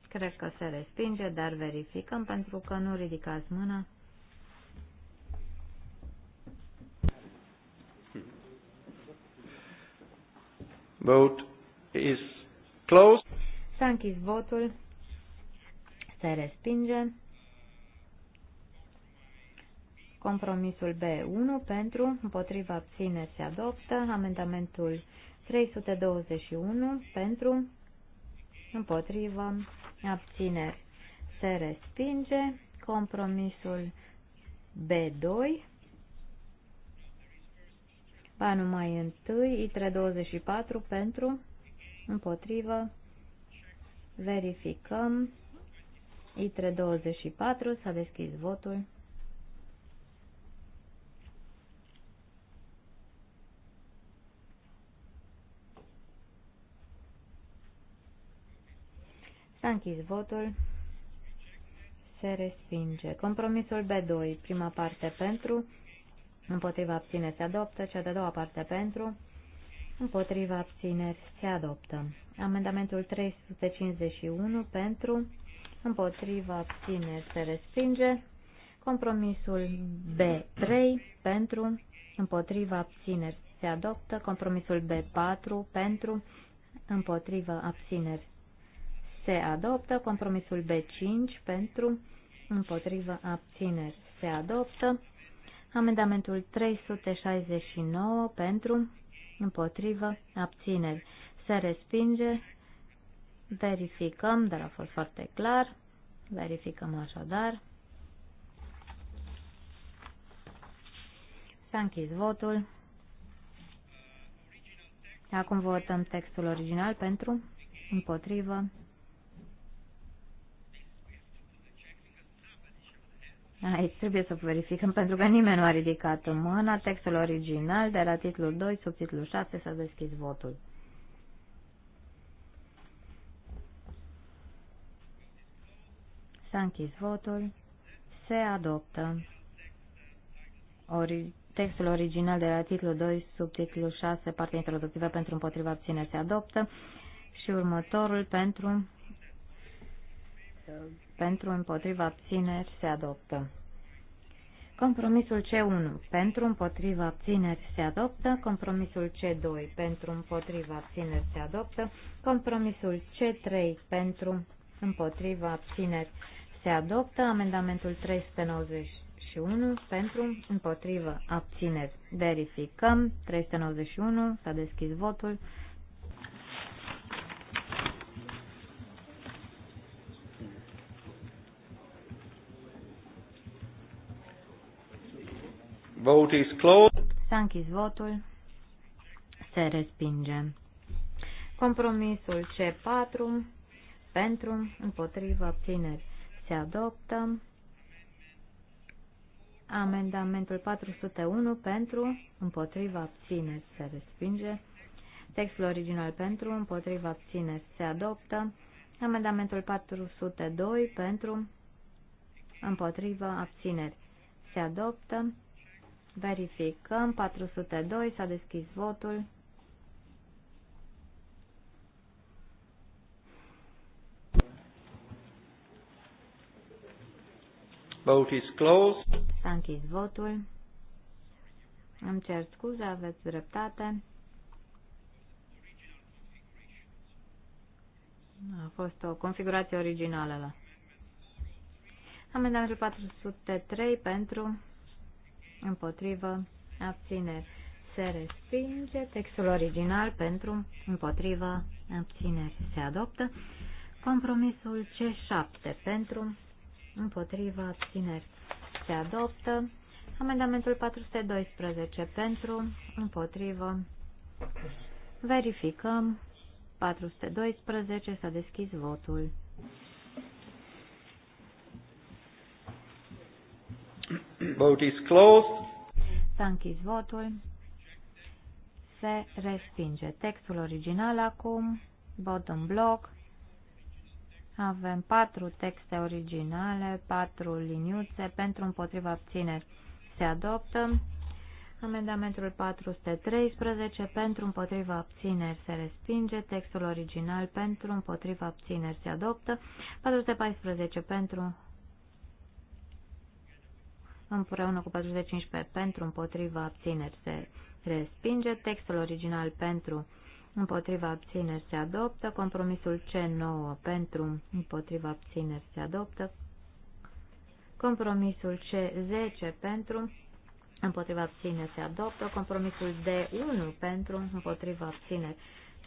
Speaker 3: Cred că se respinge, dar verificăm pentru că nu ridicați mâna.
Speaker 1: Vote is closed.
Speaker 3: S-a închis votul se respinge. Compromisul B1 pentru, împotriva abține se adoptă. Amendamentul 321 pentru, împotriva abțineri se respinge. Compromisul B2 banul mai întâi, ITRE 24 pentru, împotrivă, verificăm I324 s-a deschis votul. S-a închis votul. Se respinge. Compromisul B2, prima parte pentru, împotriva abține se adoptă, cea de-a doua parte pentru, Împotriva abțineri se adoptă. Amendamentul 351 pentru. Împotriva abțineri se respinge. Compromisul B3 pentru. Împotriva abțineri se adoptă. Compromisul B4 pentru. Împotriva abțineri se adoptă. Compromisul B5 pentru. Împotriva abțineri se adoptă. Amendamentul 369 pentru împotrivă, abțineri, se respinge, verificăm, dar a fost foarte clar, verificăm așadar. S-a închis votul. Acum votăm textul original pentru, împotrivă, Aici trebuie să verificăm pentru că nimeni nu a ridicat mâna. Textul original de la titlul 2, sub titlul 6, s-a deschis votul. S-a închis votul. Se adoptă. Ori, textul original de la titlul 2, sub titlul 6, partea introductivă pentru împotriva abține se adoptă și următorul pentru pentru împotriva abțineri se adoptă. Compromisul C1 pentru împotriva abțineri se adoptă, compromisul C2 pentru împotriva abțineri se adoptă, compromisul C3 pentru împotriva abțineri se adoptă, amendamentul 391 pentru împotriva abțineri. Verificăm 391, s-a deschis votul. Vote is closed. S-a închis votul. Se respinge. Compromisul C4 pentru, împotriva, obțineri se adoptă. Amendamentul 401 pentru, împotriva, obțineri se respinge. Textul original pentru, împotriva, obțineri se adoptă. Amendamentul 402 pentru, împotriva, obțineri se adoptă. Verificăm. 402. S-a deschis votul.
Speaker 1: Vote is closed.
Speaker 3: S-a închis votul. Îmi cer scuze, aveți dreptate. A fost o configurație originală la. Amendamentul 403 pentru împotrivă, abțineri. Se respinge textul original pentru, împotrivă, abțineri. Se adoptă compromisul C7 pentru, împotrivă, abțineri. Se adoptă amendamentul 412 pentru, împotrivă, verificăm. 412 s-a deschis votul.
Speaker 1: Vote is closed.
Speaker 3: S-a închis votul. Se respinge. Textul original acum. Vot în bloc. Avem patru texte originale, patru liniuțe pentru împotriva abțineri. Se adoptă. Amendamentul 413 pentru împotriva abțineri se respinge, textul original pentru împotriva abțineri se adoptă, 414 pentru împreună cu 415 pentru, împotriva, abțineri se respinge, textul original pentru, împotriva, abțineri se adoptă, compromisul C9 pentru, împotriva, abțineri se adoptă, compromisul C10 pentru, împotriva, abțineri se adoptă, compromisul D1 pentru, împotriva, abțineri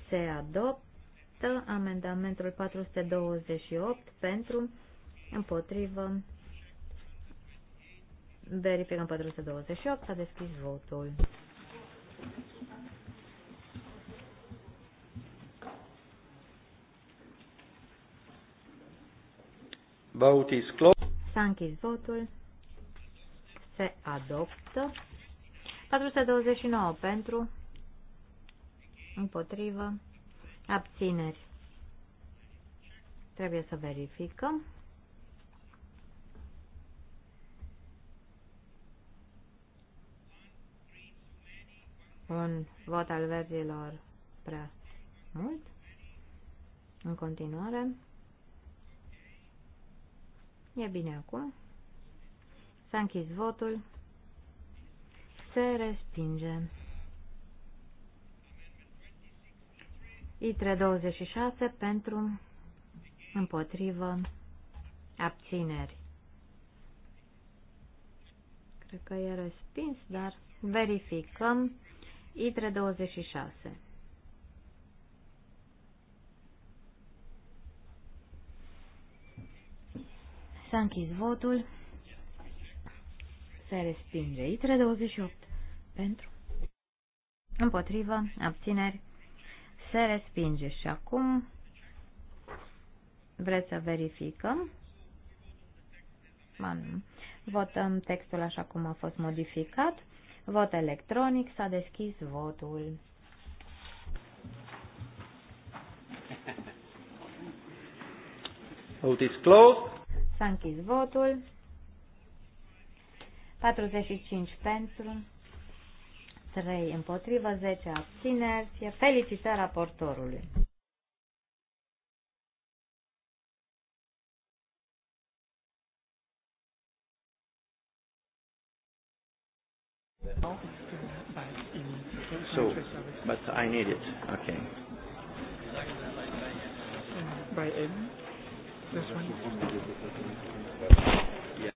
Speaker 3: se adoptă, amendamentul 428 pentru, împotrivă, Verificăm 428, s-a deschis votul. Vote is S-a închis votul. Se adoptă. 429 pentru. Împotrivă. Abțineri. Trebuie să verificăm. un vot al verzilor prea mult. În continuare. E bine acum. S-a închis votul. Se respinge. ITRE 26 pentru împotrivă abțineri. Cred că e respins, dar verificăm. ITRE 26. S-a închis votul. Se respinge. ITRE 28. Pentru. Împotrivă. Abțineri. Se respinge. Și acum vreți să verificăm? Man, Votăm textul așa cum a fost modificat. Vot electronic, s-a deschis votul.
Speaker 1: Vote is closed.
Speaker 3: S-a închis votul. 45 pentru, 3 împotrivă, 10 abțineri. Felicitări raportorului.
Speaker 4: So, but I need it. Okay. By M? This one? Yeah.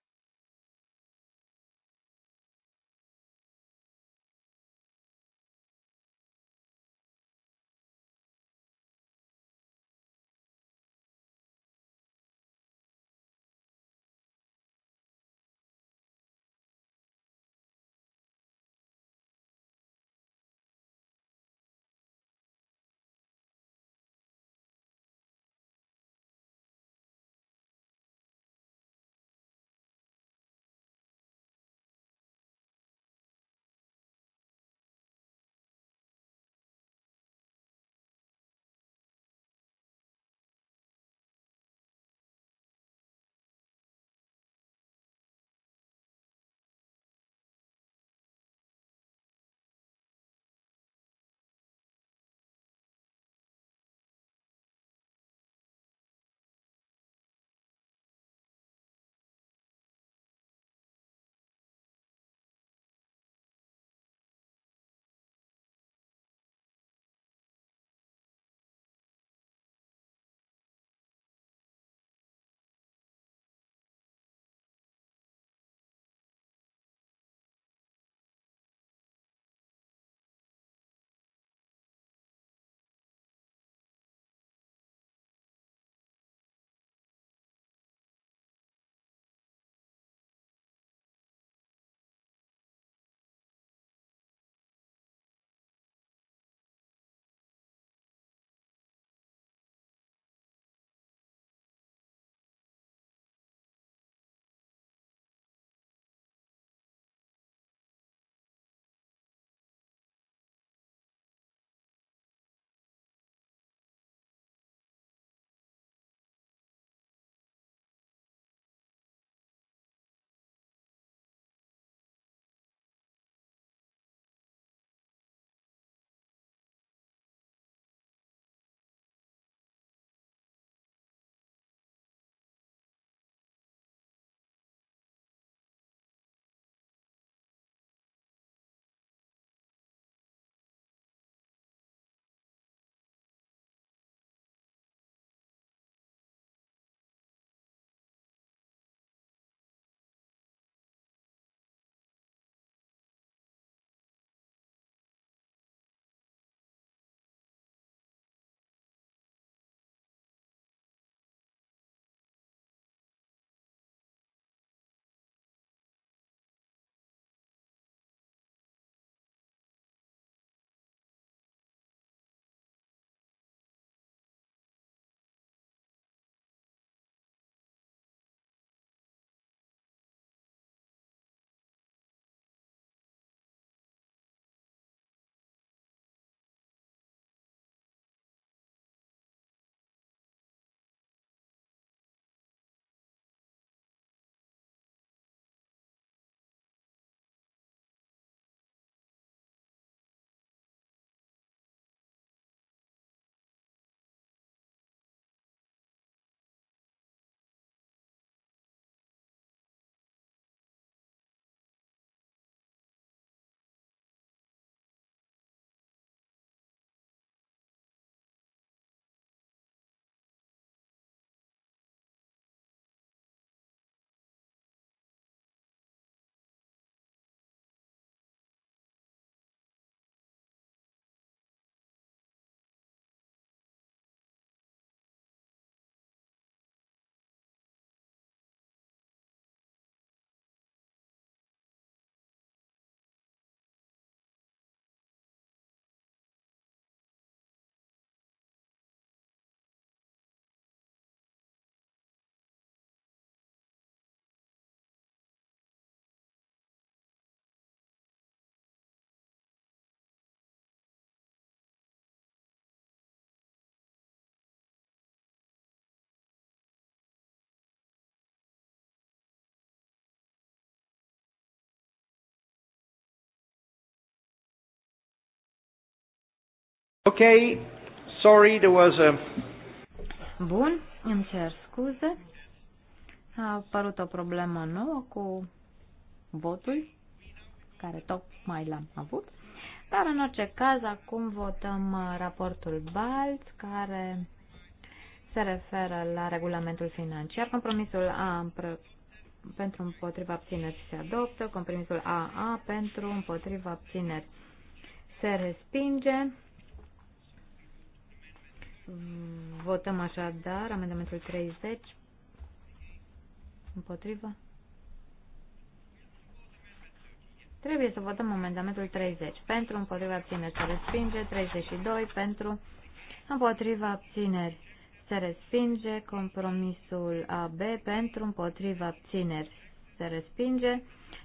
Speaker 3: Okay, sorry, there was a... Bun, îmi cer scuze. A apărut o problemă nouă cu votul care tocmai l-am avut. Dar în orice caz, acum votăm uh, raportul BALT, care se referă la regulamentul financiar. Compromisul A pentru împotriva abțineri se adoptă, compromisul AA pentru împotriva abțineri se respinge. Votăm așadar amendamentul 30. Împotrivă? Trebuie să votăm amendamentul 30. Pentru, împotriva, abțineri, se respinge. 32, pentru, împotriva, abțineri, se respinge. Compromisul AB, pentru, împotriva, abțineri, se respinge.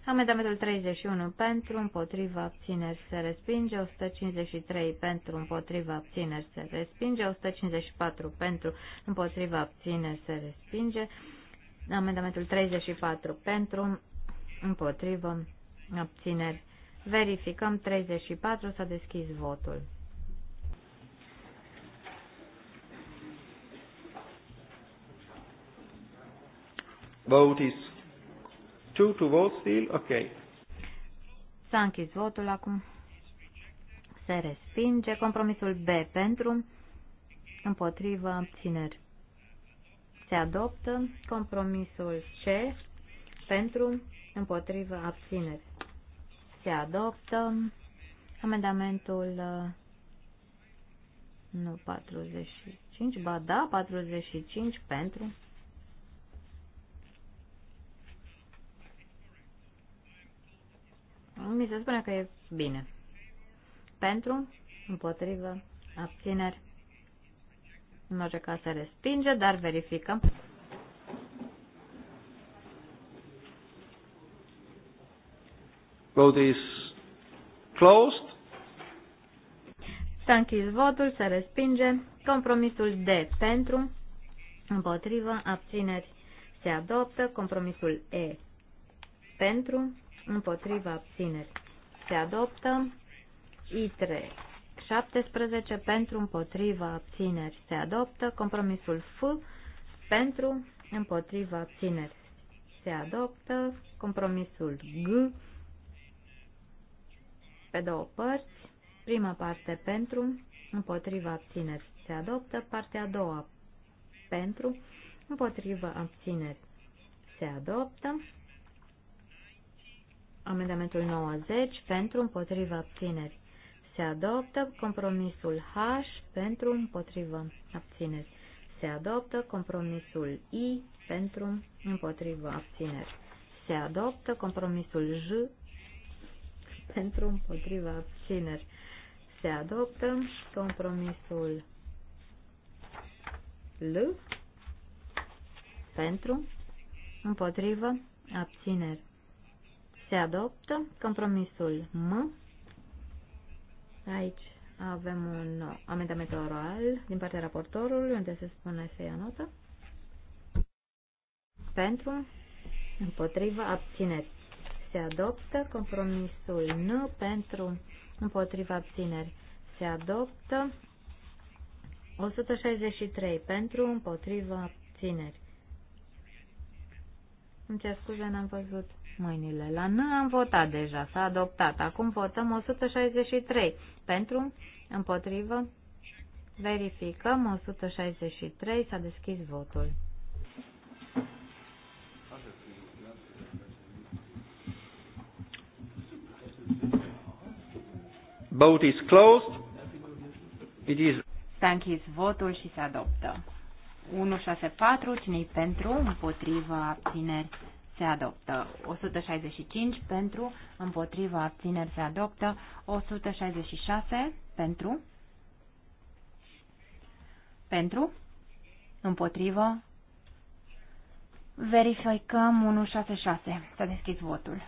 Speaker 3: Amendamentul 31 pentru, împotriva abțineri se respinge, 153 pentru, împotriva abțineri se respinge, 154 pentru, împotriva abțineri se respinge, amendamentul 34 pentru, împotrivă abțineri. Verificăm 34, s-a deschis votul.
Speaker 1: Vote is Two to vote still? Okay.
Speaker 3: S-a închis votul acum. Se respinge compromisul B pentru, împotrivă, abțineri. Se adoptă compromisul C pentru, împotrivă, abțineri. Se adoptă amendamentul uh, nu 45, ba da, 45 pentru, Mi se spune că e bine. Pentru, împotrivă, abțineri. În orice caz se respinge, dar verificăm.
Speaker 1: Vote is closed.
Speaker 3: S-a închis votul, se respinge. Compromisul D pentru, împotrivă, abțineri se adoptă. Compromisul E pentru, împotriva abțineri se adoptă. I3 17 pentru împotriva abțineri se adoptă. Compromisul F pentru împotriva abțineri se adoptă. Compromisul G pe două părți. Prima parte pentru împotriva abțineri se adoptă. Partea a doua pentru împotriva abțineri se adoptă. Amendamentul 90 pentru împotriva abțineri se adoptă. Compromisul H pentru împotriva abțineri se adoptă. Compromisul I pentru împotriva abțineri se adoptă. Compromisul J pentru împotriva abțineri se adoptă. Compromisul L pentru împotriva abțineri se adoptă. Compromisul M. Aici avem un amendament oral din partea raportorului, unde se spune să ia notă. Pentru, împotriva, abțineri. Se adoptă compromisul N pentru, împotriva, abțineri. Se adoptă 163 pentru, împotriva, abțineri. Îmi cer scuze, n-am văzut mâinile. La N am votat deja, s-a adoptat. Acum votăm 163. Pentru, împotrivă, verificăm 163, s-a deschis votul. Vote is closed. It is... Thank you. votul și se adoptă. 164, cine pentru, împotriva, abțineri, se adoptă. 165 pentru, împotriva, abțineri, se adoptă. 166 pentru, pentru, împotrivă, verificăm 166. S-a deschis votul.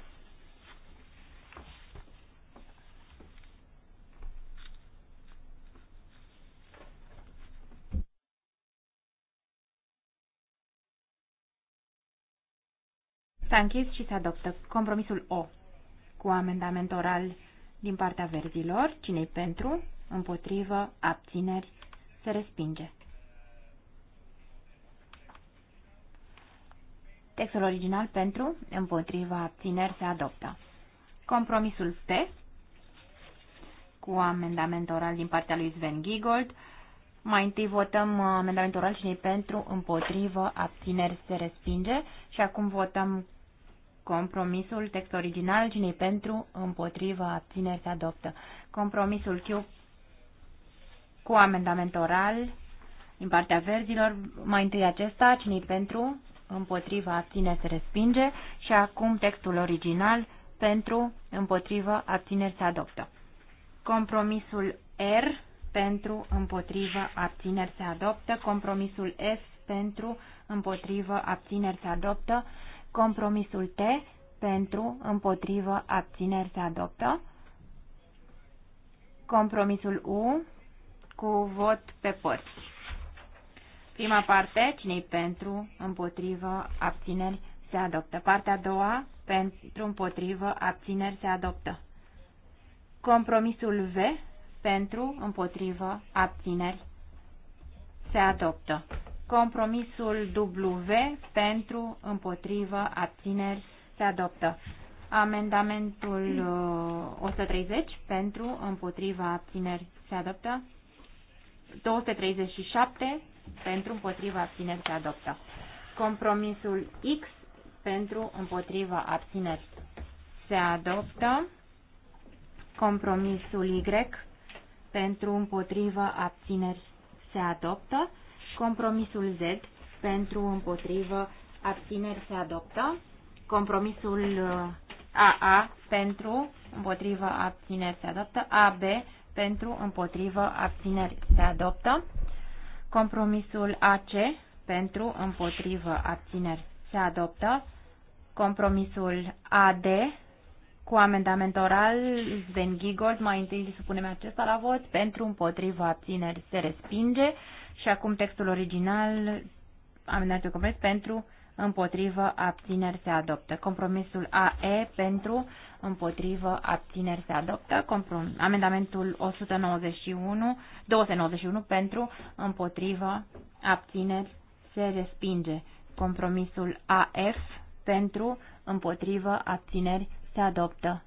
Speaker 3: S-a închis și se adoptă. Compromisul O cu amendament oral din partea verzilor. Cine-i pentru? Împotrivă? Abțineri? Se respinge. Textul original pentru, împotrivă, abțineri se adoptă. Compromisul T, cu amendament oral din partea lui Sven Giegold. Mai întâi votăm uh, amendamentul oral cine pentru, împotrivă, abțineri se respinge și acum votăm Compromisul, text original, cine pentru, împotriva abțineri, se adoptă. Compromisul Q cu amendament oral din partea verzilor, mai întâi acesta, cine pentru, împotriva abțineri, se respinge și acum textul original, pentru, împotriva abțineri, se adoptă. Compromisul R pentru, împotriva abțineri, se adoptă. Compromisul S pentru, împotriva abțineri, se adoptă. Compromisul T pentru, împotrivă, abțineri se adoptă. Compromisul U cu vot pe părți. Prima parte, cine pentru, împotrivă, abțineri se adoptă. Partea a doua, pentru, împotrivă, abțineri se adoptă. Compromisul V pentru, împotrivă, abțineri se adoptă. Compromisul W pentru, împotrivă, abțineri se adoptă. Amendamentul 130 uh, pentru, împotriva, abțineri se adoptă. 237 pentru, împotriva, abțineri se adoptă. Compromisul X pentru, împotriva, abțineri se adoptă. Compromisul Y pentru, împotriva, abțineri se adoptă. Compromisul Z pentru împotrivă abțineri se adoptă. Compromisul AA uh, pentru împotrivă abțineri se adoptă. AB pentru împotrivă abțineri se adoptă. Compromisul AC pentru împotrivă abțineri se adoptă. Compromisul AD cu amendament oral, Sven Gigold, mai întâi supunem acesta la vot, pentru împotriva abțineri se respinge. Și acum textul original, amendatul complet pentru, împotrivă, abțineri se adoptă. Compromisul AE pentru, împotrivă, abțineri se adoptă. Comprom amendamentul 191, 291 pentru, împotrivă, abțineri se respinge. Compromisul AF pentru, împotrivă, abțineri se adoptă.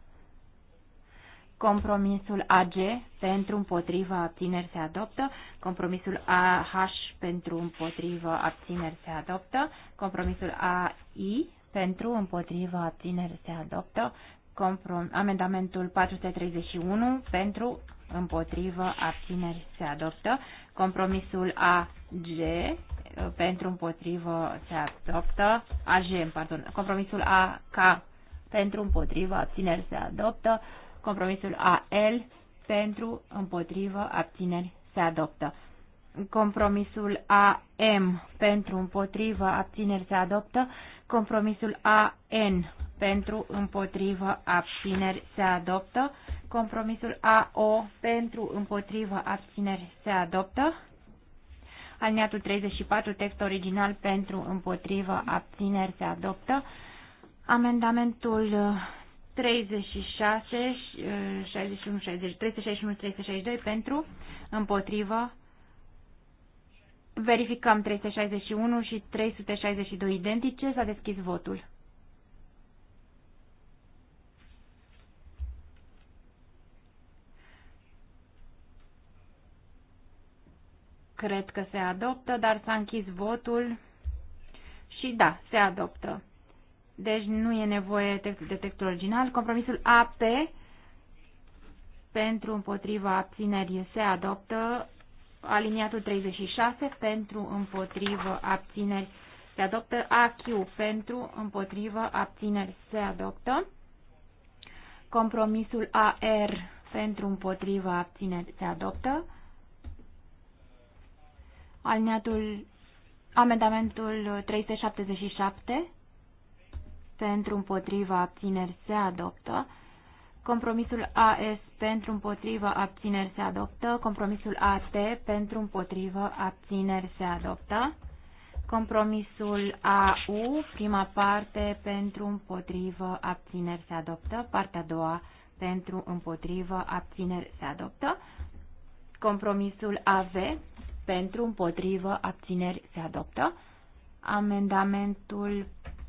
Speaker 3: Compromisul AG pentru împotriva abțineri se adoptă. Compromisul AH pentru împotriva abțineri se adoptă. Compromisul AI pentru împotriva abțineri se adoptă. Comprom amendamentul 431 pentru împotrivă abțineri se adoptă. Compromisul AG uh, pentru împotrivă se adoptă. AG, pardon. Compromisul AK pentru împotrivă abțineri se adoptă. Compromisul AL pentru, împotrivă, abțineri se adoptă. Compromisul AM pentru, împotrivă, abțineri se adoptă. Compromisul AN pentru, împotrivă, abțineri se adoptă. Compromisul AO pentru, împotrivă, abțineri se adoptă. Alineatul 34, text original pentru, împotrivă, abțineri se adoptă. Amendamentul 36, 61, 60, 361, 362 pentru, împotrivă. Verificăm 361 și 362 identice. S-a deschis votul. Cred că se adoptă, dar s-a închis votul și da, se adoptă. Deci nu e nevoie de textul original. Compromisul AP pentru împotriva abținerii se adoptă. Aliniatul 36 pentru împotriva abțineri se adoptă. AQ pentru împotriva abțineri se adoptă. Compromisul AR pentru împotriva abțineri se adoptă. Alineatul, amendamentul 377 pentru împotriva abțineri se adoptă. Compromisul AS pentru împotriva abțineri se adoptă. Compromisul AT pentru împotriva abțineri se adoptă. Compromisul AU, prima parte pentru împotrivă abțineri se adoptă, partea a doua pentru împotrivă abțineri se adoptă. Compromisul AV pentru împotrivă abțineri se adoptă. Amendamentul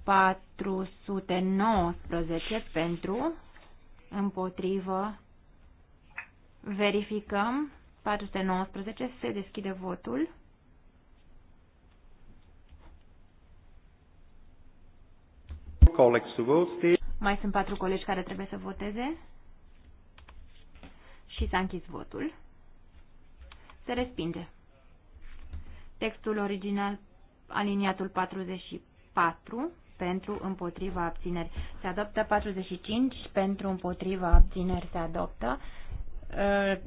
Speaker 3: 419 pentru, împotrivă, verificăm, 419, se deschide votul. Mai sunt patru colegi care trebuie să voteze. Și s-a închis votul. Se respinge. Textul original, aliniatul 44, pentru împotriva abțineri se adoptă, 45 uh, pentru împotriva abțineri se adoptă,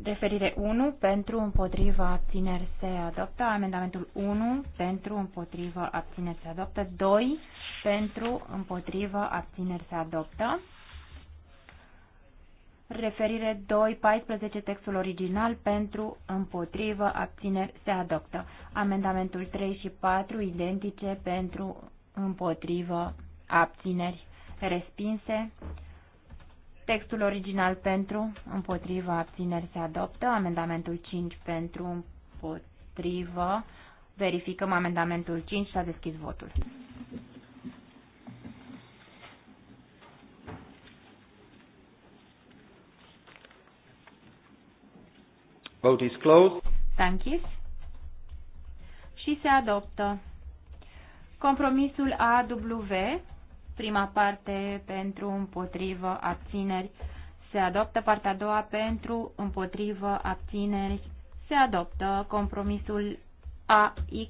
Speaker 3: referire 1 pentru împotriva abțineri se adoptă, amendamentul 1 pentru împotriva abțineri se adoptă, 2 pentru împotriva abțineri se adoptă, referire 2, 14, textul original pentru, împotrivă, abțineri, se adoptă. Amendamentul 3 și 4, identice pentru, împotrivă, abțineri, respinse. Textul original pentru, împotrivă, abțineri se adoptă. Amendamentul 5 pentru, împotrivă. Verificăm amendamentul 5, și a deschis votul.
Speaker 1: Vote is closed.
Speaker 3: S-a închis și se adoptă. Compromisul AW, prima parte pentru, împotrivă, abțineri, se adoptă. Partea a doua pentru, împotrivă, abțineri, se adoptă. Compromisul AX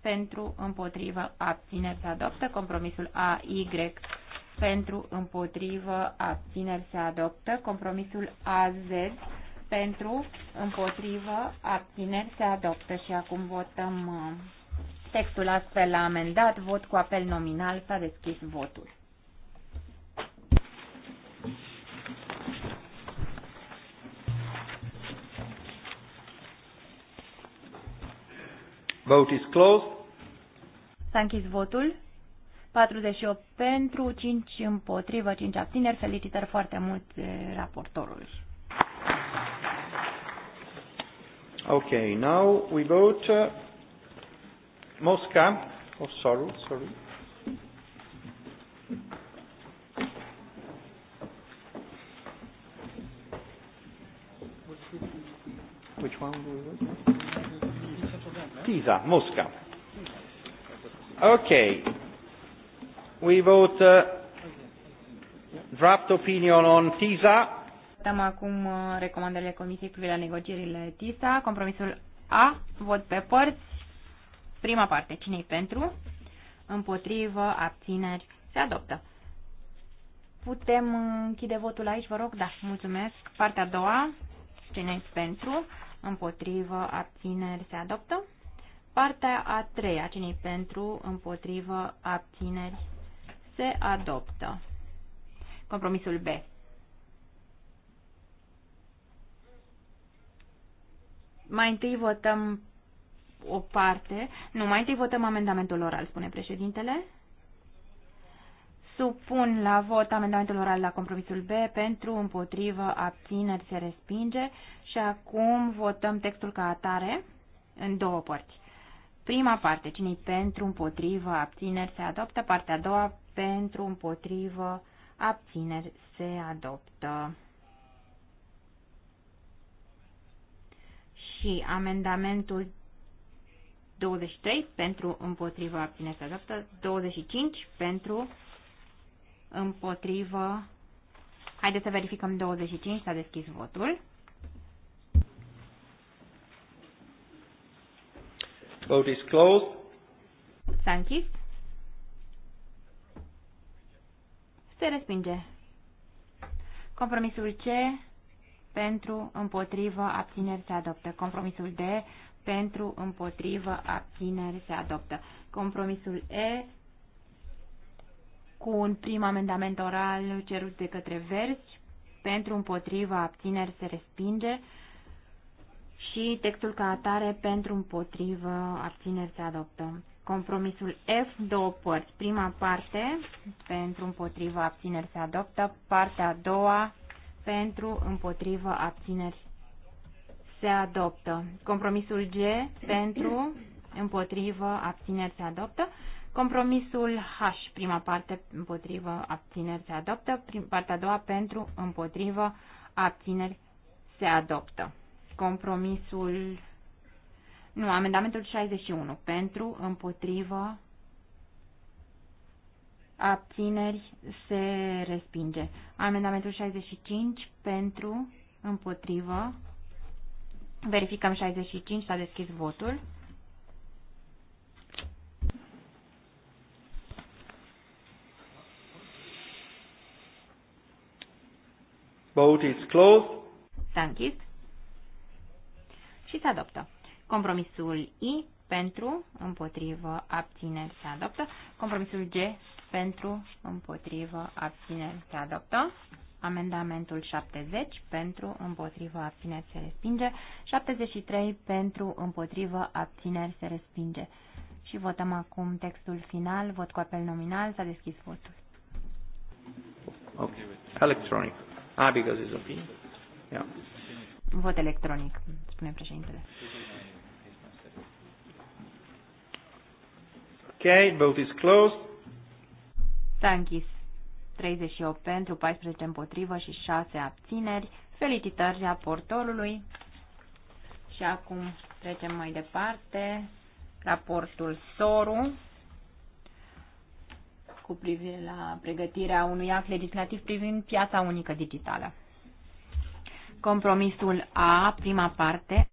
Speaker 3: pentru, împotrivă, abțineri, se adoptă. Compromisul AY pentru, împotrivă, abțineri, se adoptă. Compromisul AZ pentru, împotrivă, abțineri, se adoptă. Și acum votăm uh, Textul astfel a amendat, vot cu apel nominal, s-a deschis votul.
Speaker 1: Vote is closed.
Speaker 3: S-a închis votul. 48 pentru, 5 împotrivă, 5 abțineri. Felicitări foarte mult eh, raportorului.
Speaker 1: Okay, now we vote uh, Mosca. Oh, sorry, sorry.
Speaker 4: Which one we it? Pisa, Mosca. Okay.
Speaker 1: We vote uh, draft opinion on TISA.
Speaker 3: Votăm acum uh, recomandările Comisiei privind la negocierile TISA. Compromisul A, vot pe părți. Prima parte, cine pentru? Împotrivă, abțineri, se adoptă. Putem închide votul aici, vă rog? Da, mulțumesc. Partea a doua, cine pentru? Împotrivă, abțineri, se adoptă. Partea a treia, cine pentru? Împotrivă, abțineri, se adoptă. Compromisul B. Mai întâi votăm o parte. Nu, mai întâi votăm amendamentul oral, spune președintele. Supun la vot amendamentul oral la compromisul B pentru, împotrivă, abțineri, se respinge și acum votăm textul ca atare în două părți. Prima parte, cine pentru, împotrivă, abțineri, se adoptă. Partea a doua, pentru, împotrivă, abțineri, se adoptă. Și amendamentul 23 pentru împotriva abțineri adoptă, 25 pentru împotrivă. Haideți să verificăm 25, s-a deschis votul.
Speaker 1: Vote is closed.
Speaker 3: S-a închis. Se respinge. Compromisul C pentru, împotrivă, abțineri se adoptă. Compromisul D pentru, împotrivă, abțineri, se adoptă. Compromisul E cu un prim amendament oral cerut de către verzi, pentru, împotrivă, abțineri, se respinge și textul ca atare pentru, împotrivă, abțineri, se adoptă. Compromisul F, două părți. Prima parte, pentru, împotrivă, abțineri, se adoptă. Partea a doua, pentru, împotrivă, abțineri, se adoptă. Compromisul G pentru, împotrivă, abțineri se adoptă. Compromisul H, prima parte, împotrivă, abțineri se adoptă. Partea a doua, pentru, împotrivă, abțineri se adoptă. Compromisul, nu, amendamentul 61, pentru, împotrivă, abțineri se respinge. Amendamentul 65, pentru, împotrivă, Verificăm 65, s-a deschis votul.
Speaker 1: Vote is closed.
Speaker 3: S-a închis și se adoptă. Compromisul I pentru, împotrivă, abțineri se adoptă. Compromisul G pentru, împotrivă, abțineri se adoptă. Amendamentul 70 pentru împotrivă abțineri se respinge. 73 pentru împotrivă abțineri se respinge. Și votăm acum textul final. Vot cu apel nominal. S-a deschis votul. Okay. Electronic. Ah, because it's okay. Yeah. Vot electronic, spune președintele. Okay, vote is closed. Thank you. 38 pentru, 14 împotrivă și 6 abțineri. Felicitări raportorului. Și acum trecem mai departe. Raportul SORU cu privire la pregătirea unui act legislativ privind piața unică digitală. Compromisul A, prima parte,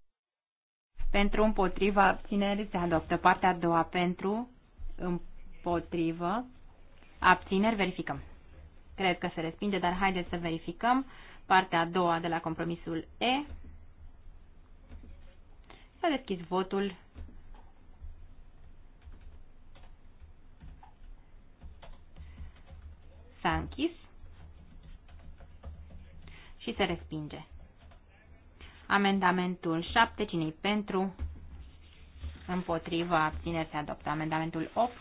Speaker 3: pentru împotriva abțineri se adoptă. Partea a doua pentru împotrivă abțineri verificăm. Cred că se respinge, dar haideți să verificăm. Partea a doua de la compromisul E. S-a deschis votul. S-a închis și se respinge. Amendamentul 7, cine pentru? Împotriva, abține, se adoptă. Amendamentul 8,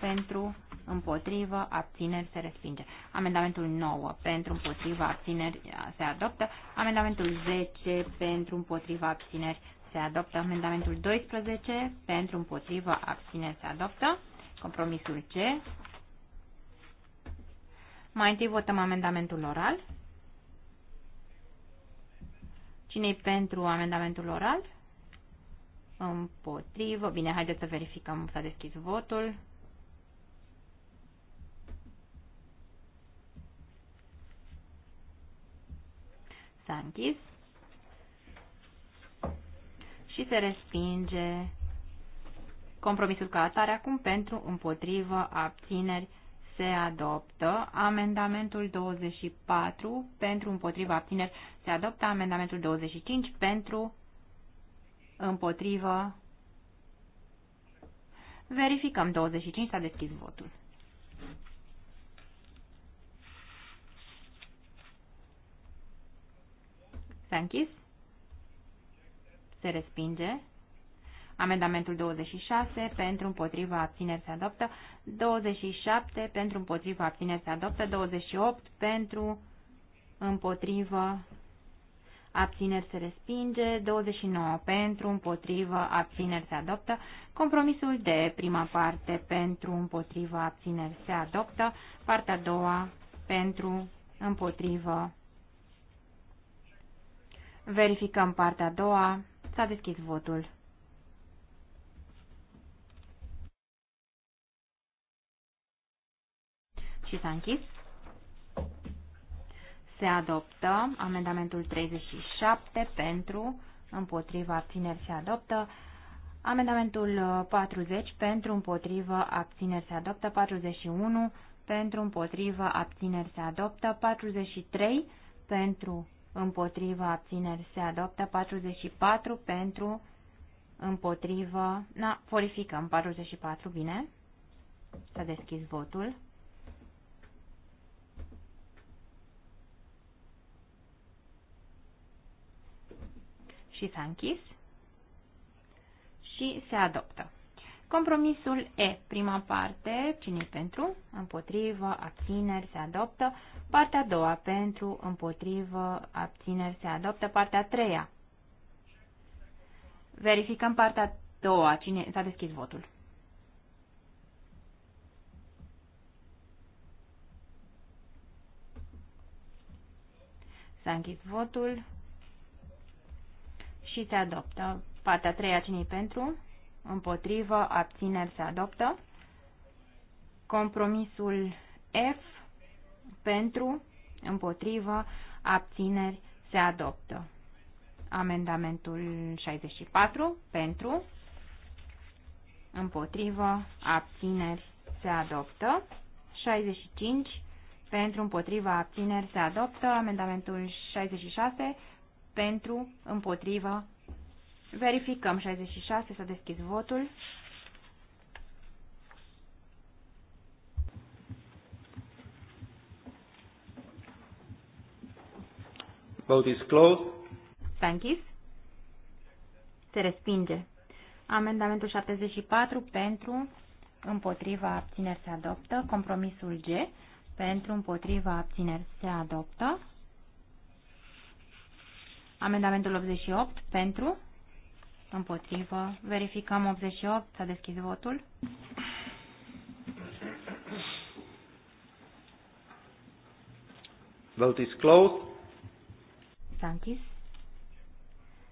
Speaker 3: pentru, împotrivă, abțineri, se respinge. Amendamentul 9, pentru, împotrivă, abțineri, se adoptă. Amendamentul 10, pentru, împotrivă, abțineri, se adoptă. Amendamentul 12, pentru, împotrivă, abțineri, se adoptă. Compromisul C. Mai întâi votăm amendamentul oral. Cine-i pentru amendamentul oral? Împotrivă. Bine, haideți să verificăm. S-a deschis votul. S-a închis. Și se respinge compromisul ca atare acum pentru împotrivă abțineri se adoptă amendamentul 24 pentru împotriva abțineri, se adoptă amendamentul 25 pentru împotrivă. Verificăm 25, s-a deschis votul. S-a închis. Se respinge. Amendamentul 26 pentru împotriva abțineri se adoptă, 27 pentru împotriva abțineri se adoptă, 28 pentru împotriva abțineri se respinge, 29 pentru împotriva abțineri se adoptă, compromisul de prima parte pentru împotriva abțineri se adoptă, partea a doua pentru împotriva Verificăm partea a doua. S-a deschis votul. Și s-a închis. Se adoptă amendamentul 37 pentru, împotriva, abțineri se adoptă. Amendamentul 40 pentru, împotrivă, abțineri se adoptă. 41 pentru, împotrivă, abțineri se adoptă. 43 pentru, împotrivă, abțineri se adoptă, 44 pentru, împotrivă, na, forificăm 44, bine, s-a deschis votul. Și s-a închis și se adoptă. Compromisul E, prima parte, cine pentru, împotrivă, abțineri, se adoptă. Partea a doua, pentru, împotrivă, abțineri, se adoptă. Partea a treia. Verificăm partea a doua, cine s-a deschis votul. S-a închis votul și se adoptă. Partea a treia, cine pentru? împotrivă, abțineri se adoptă. Compromisul F pentru, împotrivă, abțineri se adoptă. Amendamentul 64 pentru, împotrivă, abțineri se adoptă. 65 pentru, împotrivă, abțineri se adoptă. Amendamentul 66 pentru, împotrivă, Verificăm 66, să deschis votul.
Speaker 1: Vote is closed.
Speaker 3: Thank you. Se respinge. Amendamentul 74 pentru, împotriva abțineri se adoptă. Compromisul G pentru, împotriva abțineri se adoptă. Amendamentul 88 pentru, Împotrivă. Verificăm 88. S-a deschis votul.
Speaker 1: Vote is closed.
Speaker 3: S-a închis.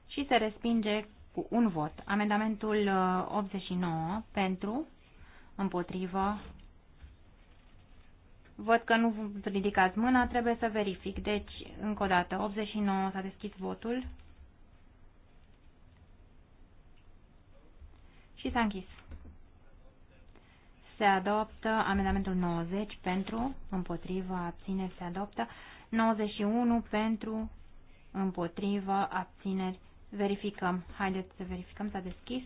Speaker 3: Și se respinge cu un vot. Amendamentul 89 uh, pentru, împotrivă. Văd că nu ridicați mâna, trebuie să verific. Deci, încă o dată, 89 s-a deschis votul. Și s-a închis. Se adoptă amendamentul 90 pentru, împotrivă, abțineri, se adoptă. 91 pentru, împotrivă, abțineri, verificăm. Haideți să verificăm, s-a deschis.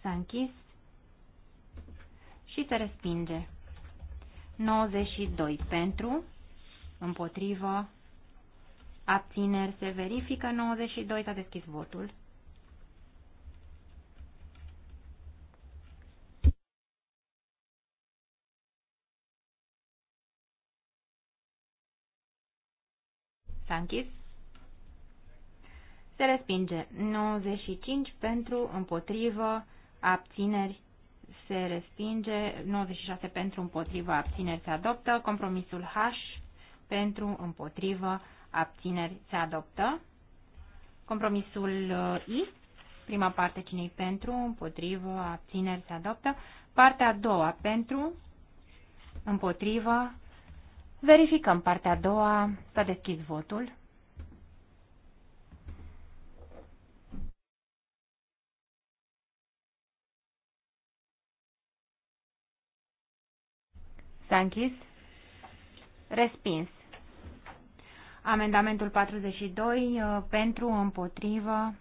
Speaker 3: S-a închis și se respinge. 92 pentru, împotrivă, Abțineri se verifică. 92 s-a deschis votul. S-a închis. Se respinge. 95 pentru, împotrivă, abțineri se respinge. 96 pentru, împotrivă, abțineri se adoptă. Compromisul H pentru, împotrivă, abțineri abțineri, se adoptă. Compromisul uh, I, prima parte cine pentru, împotrivă, abțineri, se adoptă. Partea a doua pentru, împotrivă, verificăm partea a doua, s-a deschis votul. S-a închis. Respins. Amendamentul 42 uh, pentru, împotrivă.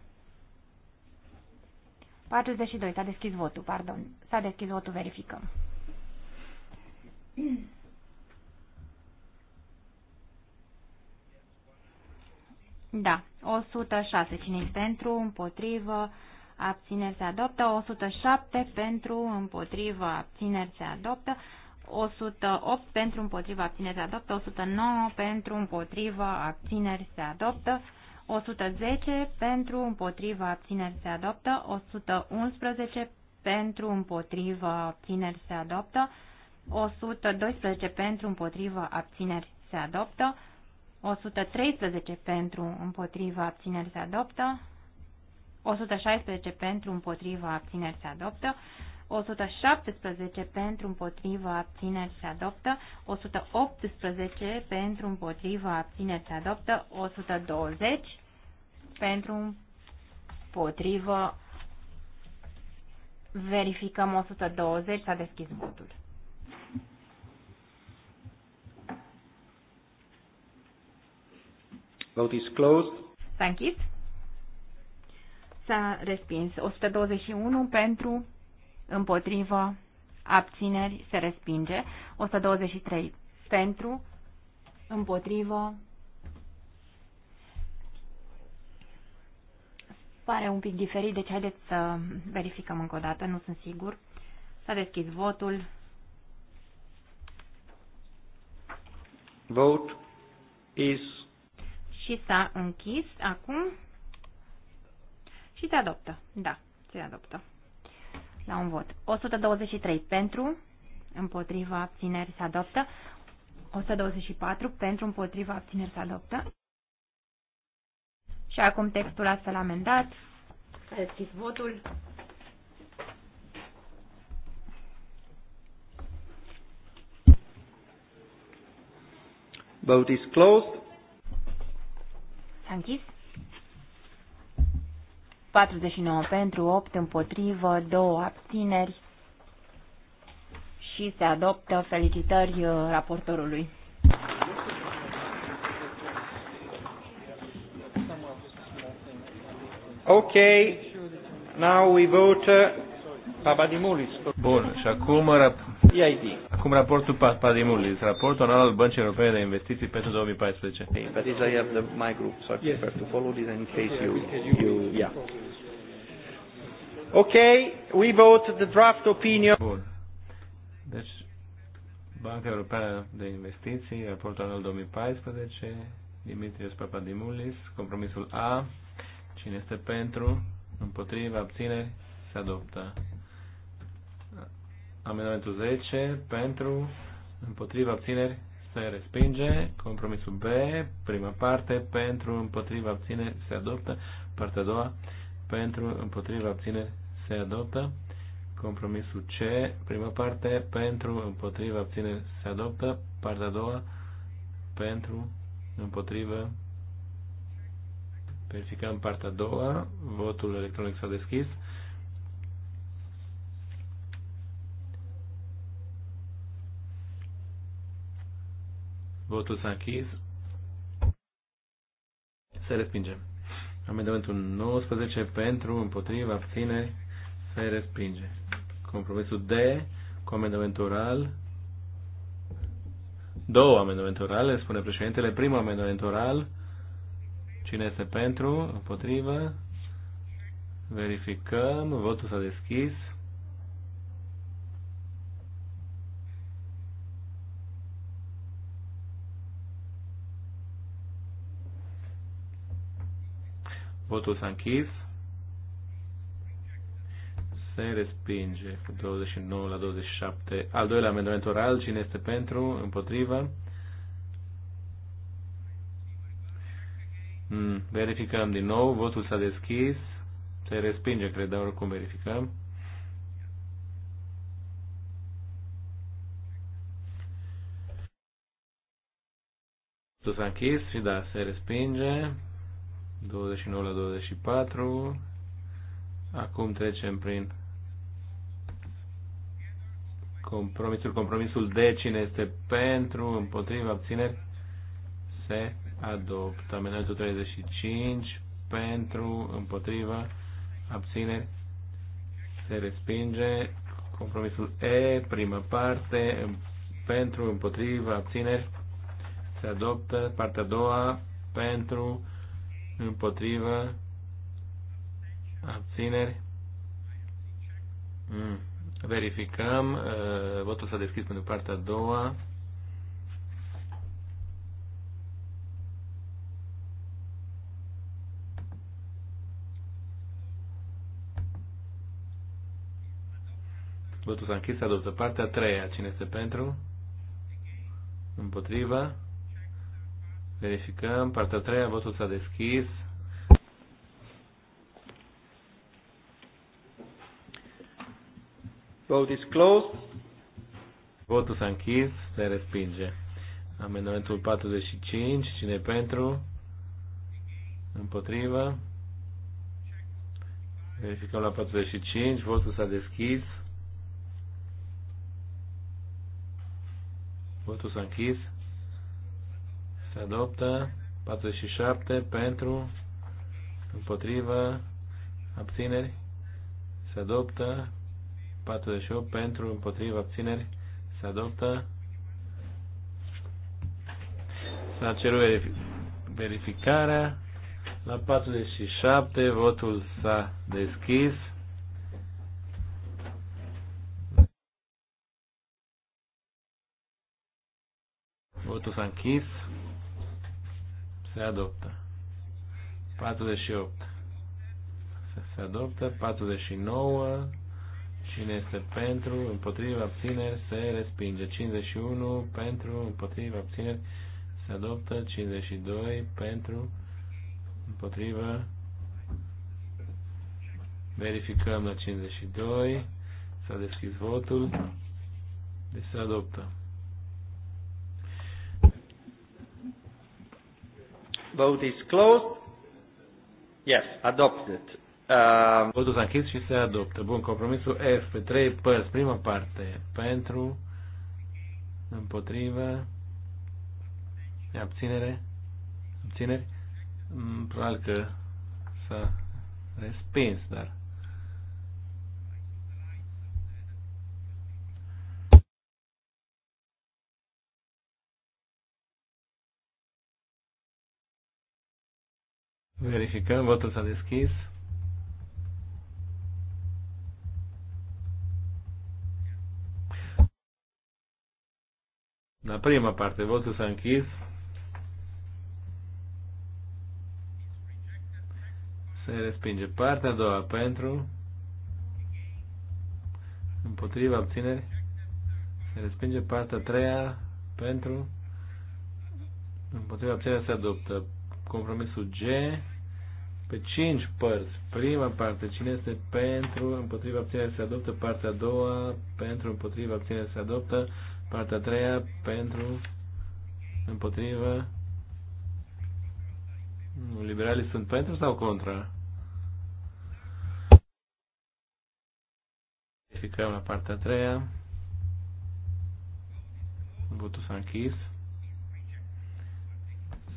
Speaker 3: 42. S-a deschis votul, pardon. S-a deschis votul, verificăm. Da, 106. Cine pentru, împotrivă, abțineri se adoptă. 107 pentru, împotrivă, abțineri se adoptă. 108 pentru împotriva abțineri se adoptă, 109 pentru împotriva abțineri se adoptă, 110 pentru împotriva abțineri se adoptă, 111 pentru împotriva abțineri se adoptă, 112 pentru împotriva abțineri se adoptă, 113 pentru împotriva abțineri se adoptă, 116 pentru împotriva abțineri se adoptă, 117 pentru împotrivă abțineri se adoptă, 118 pentru împotrivă abțineri se adoptă, 120 pentru împotrivă verificăm 120 s-a deschis votul.
Speaker 1: Vote is closed.
Speaker 3: S-a închis. S-a respins. 121 pentru împotrivă, abțineri, se respinge. 123 pentru, împotrivă, pare un pic diferit, deci haideți să verificăm încă o dată, nu sunt sigur. S-a deschis votul.
Speaker 1: Vote is...
Speaker 3: Și s-a închis acum și se adoptă. Da, se adoptă la un vot. 123 pentru, împotriva abțineri se adoptă. 124 pentru, împotriva abțineri se adoptă. Și acum textul astfel amendat. s deschis votul.
Speaker 1: Vote is closed.
Speaker 3: S-a închis. 49 pentru, 8 împotrivă, 2 abțineri și se adoptă. Felicitări uh, raportorului.
Speaker 4: Ok,
Speaker 2: now we vote uh, Papadimoulis. Bun, și acum rap EIB. Acum raportul Papadimulis, raportul anual al Băncii Europene de Investiții pentru 2014. Okay, but as I have the, my group, so I prefer to follow this in case you, you yeah.
Speaker 1: we vote the draft opinion.
Speaker 2: Bun. Deci, Banca Europeană de Investiții, raportul anul 2014, Dimitrios Papadimulis, compromisul A, cine este pentru, împotriva, abține, se adoptă. Amendamentul 10 pentru, împotriva abțineri se respinge. Compromisul B, prima parte, pentru, împotriva abțineri se adoptă. Partea a doua, pentru, împotriva abțineri se adoptă. Compromisul C, prima parte, pentru, împotriva abțineri se adoptă. Partea a doua, pentru, împotriva Verificăm partea a doua. Votul electronic s-a deschis. Votul s-a închis. Se respinge. Amendamentul 19 pentru, împotriva, abține, se respinge. Compromisul D cu amendament oral. Două amendamente orale, spune președintele. Primul amendament oral. Cine este pentru? împotriva? Verificăm. Votul s-a deschis. Votul s-a închis. Se respinge cu 29 la 27. Al doilea amendament oral. Cine este pentru? Împotrivă? Mm. Verificăm din nou. Votul s-a deschis. Se respinge, cred, dar oricum verificăm. s-a închis și da, se respinge. 29 la 24. Acum trecem prin compromisul. Compromisul de cine este pentru, împotriva, abțineri, se adoptă. Amendamentul 35, pentru, împotriva, abțineri, se respinge. Compromisul E, prima parte, pentru, împotriva, abțineri, se adoptă. Partea a doua, pentru, împotrivă, abțineri. Mm. Verificăm. Uh, votul s-a deschis pentru partea a doua. Votul s-a închis, adoptă partea a treia. Cine este pentru? Împotriva? Verificăm. Partea 3, votul s-a deschis. Vote is closed. Votul s-a închis, se respinge. Amendamentul 45, cine pentru? Împotrivă. Verificăm la 45, votul s-a deschis. Votul s-a închis se adoptă. 47 pentru, împotrivă, abțineri, se adoptă. 48 pentru, împotrivă, abțineri, se adoptă. S-a cerut verificarea. La 47 votul s-a deschis. Votul s-a închis. Se adoptă. 48. Se se adoptă. 49. Cine este pentru, împotriva, abțineri, se respinge. 51. Pentru, împotriva, abțineri, se adoptă. 52. Pentru, împotriva, verificăm la 52. S-a deschis votul. Deci se adoptă. Vote is closed. Yes, adopted. Uh, Votul s-a închis și se adoptă. Bun, compromisul F pe trei părți. Prima parte pentru, împotriva, abținere, abțineri. Mm, probabil că s-a respins, dar Verificăm, votul s-a deschis. La prima parte, votul s-a închis. Se respinge partea a doua pentru. Împotriva abțineri. Se respinge partea a treia pentru. Împotriva abțineri se adoptă. Compromisul G pe cinci părți. Prima parte, cine este pentru, împotriva obținerea se adoptă, partea a doua, pentru, împotriva obținerea se adoptă, partea a treia, pentru, împotriva. Liberalii sunt pentru sau contra? Verificăm la partea a treia. Votul s-a închis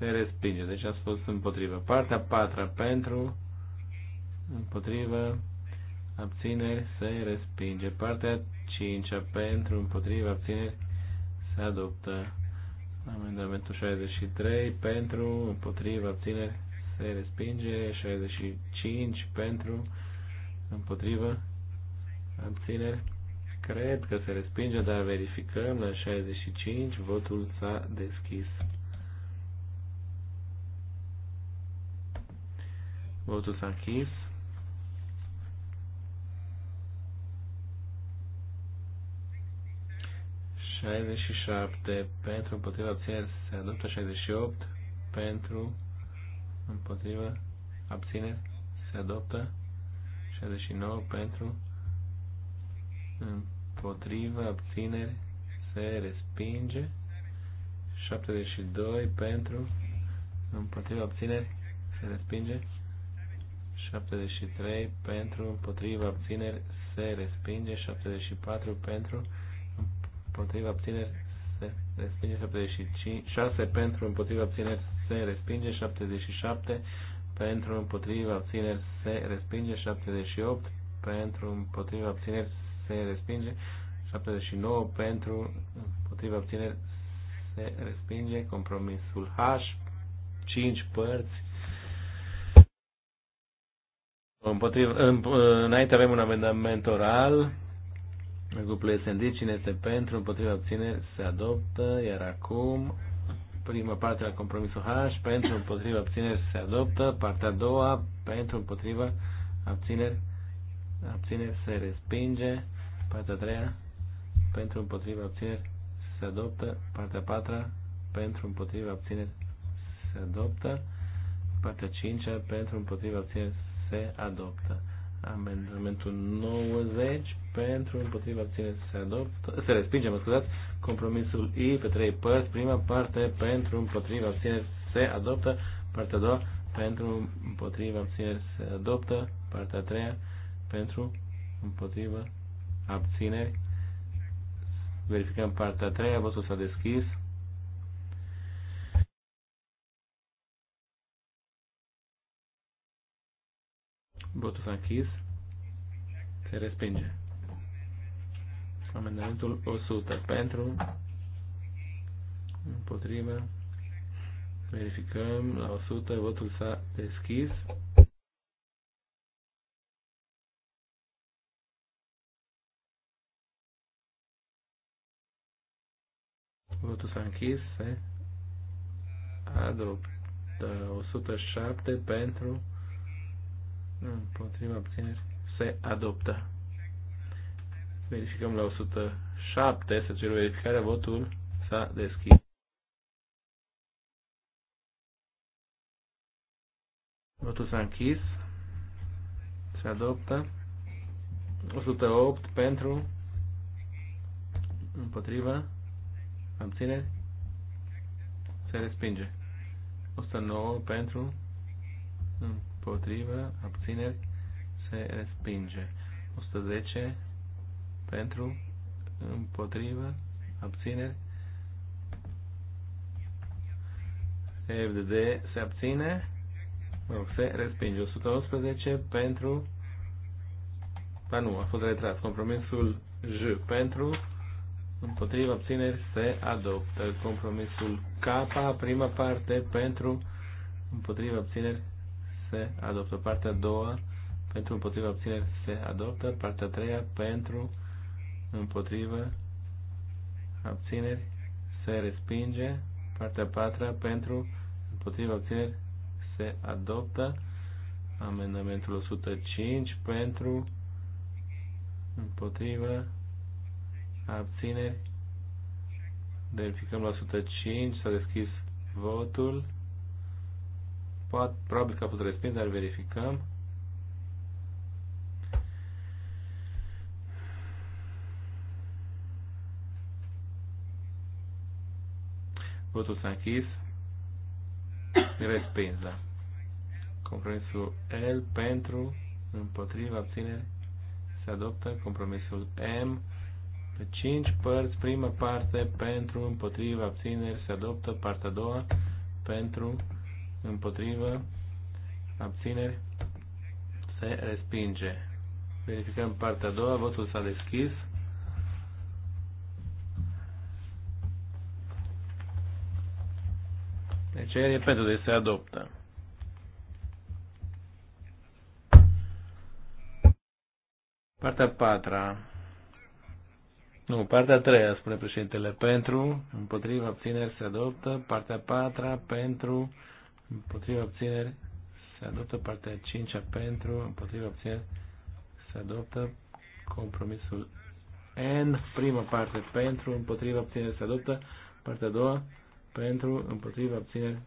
Speaker 2: se respinge. Deci a fost împotrivă. Partea patra pentru, împotrivă, abțineri, se respinge. Partea cincea pentru, împotrivă, abțineri, se adoptă. Amendamentul 63 pentru, împotrivă, abțineri, se respinge. 65 pentru, împotrivă, abțineri. Cred că se respinge, dar verificăm la 65, votul s-a deschis. Votul s-a închis. șapte pentru împotriva abțineri se adoptă 68 pentru împotriva abțineri se adoptă 69 pentru împotriva abțineri se respinge 72 pentru împotriva abțineri se respinge 73 pentru, împotriva abțineri se respinge, 74 pentru, împotriva abțineri se respinge, 75, 6 pentru, împotriva abțineri se respinge, 77 pentru, împotriva abțineri se respinge, 78 pentru, împotriva abțineri se respinge, 79 pentru, împotriva abțineri se respinge, compromisul H, 5 părți, Împotriv, în, înainte avem un amendament oral. Grupul SND, cine este pentru, împotriva obține, se adoptă, iar acum prima parte la compromisul H, pentru, împotriva abțineri, se adoptă, partea a doua, pentru, împotriva abțineri, abțineri, se respinge, partea a treia, pentru, împotriva abțineri, se adoptă, partea a patra, pentru, împotriva abțineri, se adoptă, partea a cincea, pentru, împotriva abțineri, se adoptă. Amendamentul 90 pentru, împotriva abțineri se adoptă, se respinge, mă scuzați, compromisul I pe trei părți, prima parte pentru, împotriva abțineri se adoptă, partea a doua pentru, împotriva abțineri se adoptă, partea a treia pentru, împotriva abține. verificăm partea a treia, votul s-a deschis botul s-a închis. Se respinge. Amendamentul 100 pentru, împotrivă, verificăm la 100, votul s-a deschis. Votul s-a închis, se adoptă 107 pentru, Împotriva abțineri se adoptă. Verificăm la 107 să cer verificarea votul s-a deschis. Votul s-a închis. Se adoptă. 108 pentru. Împotriva. Abțineri. Se respinge. 109 pentru împotrivă, abțineri, se respinge. 110 pentru, împotrivă, abțineri, FDD se abține, mă rog, se respinge. 111 pentru, ba nu, a fost retras. Compromisul J pentru, împotriva abțineri se adoptă. Compromisul K, prima parte, pentru, împotriva abțineri se adoptă. Partea a doua pentru împotriva abțineri se adoptă. Partea a treia pentru împotriva abțineri se respinge. Partea a patra pentru împotriva obțineri se adoptă. Amendamentul 105 pentru împotriva abțineri verificăm la 105 s-a deschis votul Poate, probabil că a fost respins, dar verificăm. Votul s-a închis. Respins, da. Compromisul L pentru, împotriva, abținere. Se adoptă compromisul M pe 5 părți. Prima parte pentru, împotriva, abțineri. Se adoptă partea a doua pentru, împotrivă, abțineri, se respinge. Verificăm partea a doua, votul s-a deschis. Deci e pentru de deci se adoptă. Partea a patra. Nu, partea a treia, spune președintele, pentru, împotriva, abțineri, se adoptă. Partea a patra, pentru, împotriva obțineri, se adoptă partea 5 -a pentru, împotriva obțineri, se adoptă compromisul N, prima parte pentru, împotriva obțineri, se adoptă, partea a doua pentru, împotriva obțineri,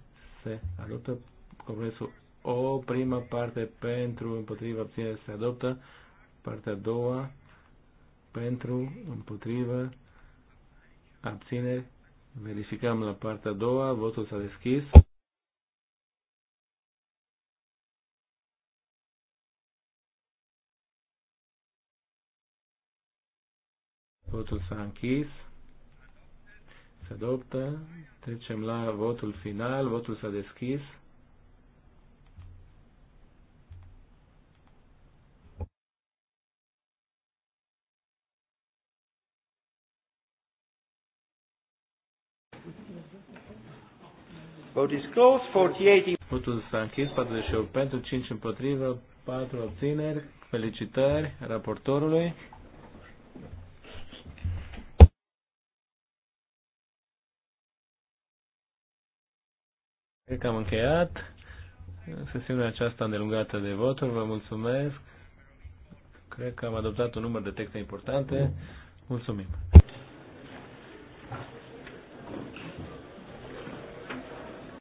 Speaker 2: se adoptă compromisul O, prima parte pentru, împotriva obțineri, se adoptă, partea a doua pentru, împotriva, abțineri, verificăm la partea a doua, votul s-a deschis. Votul s-a închis. Se adoptă. Trecem la votul final. Votul s-a deschis. Vote is closed. 48. Votul s-a închis. 48 pentru, 5 împotrivă, 4 obțineri. Felicitări raportorului. Cred că am încheiat sesiunea aceasta îndelungată de voturi. Vă mulțumesc. Cred că am adoptat un număr de texte importante. Mulțumim.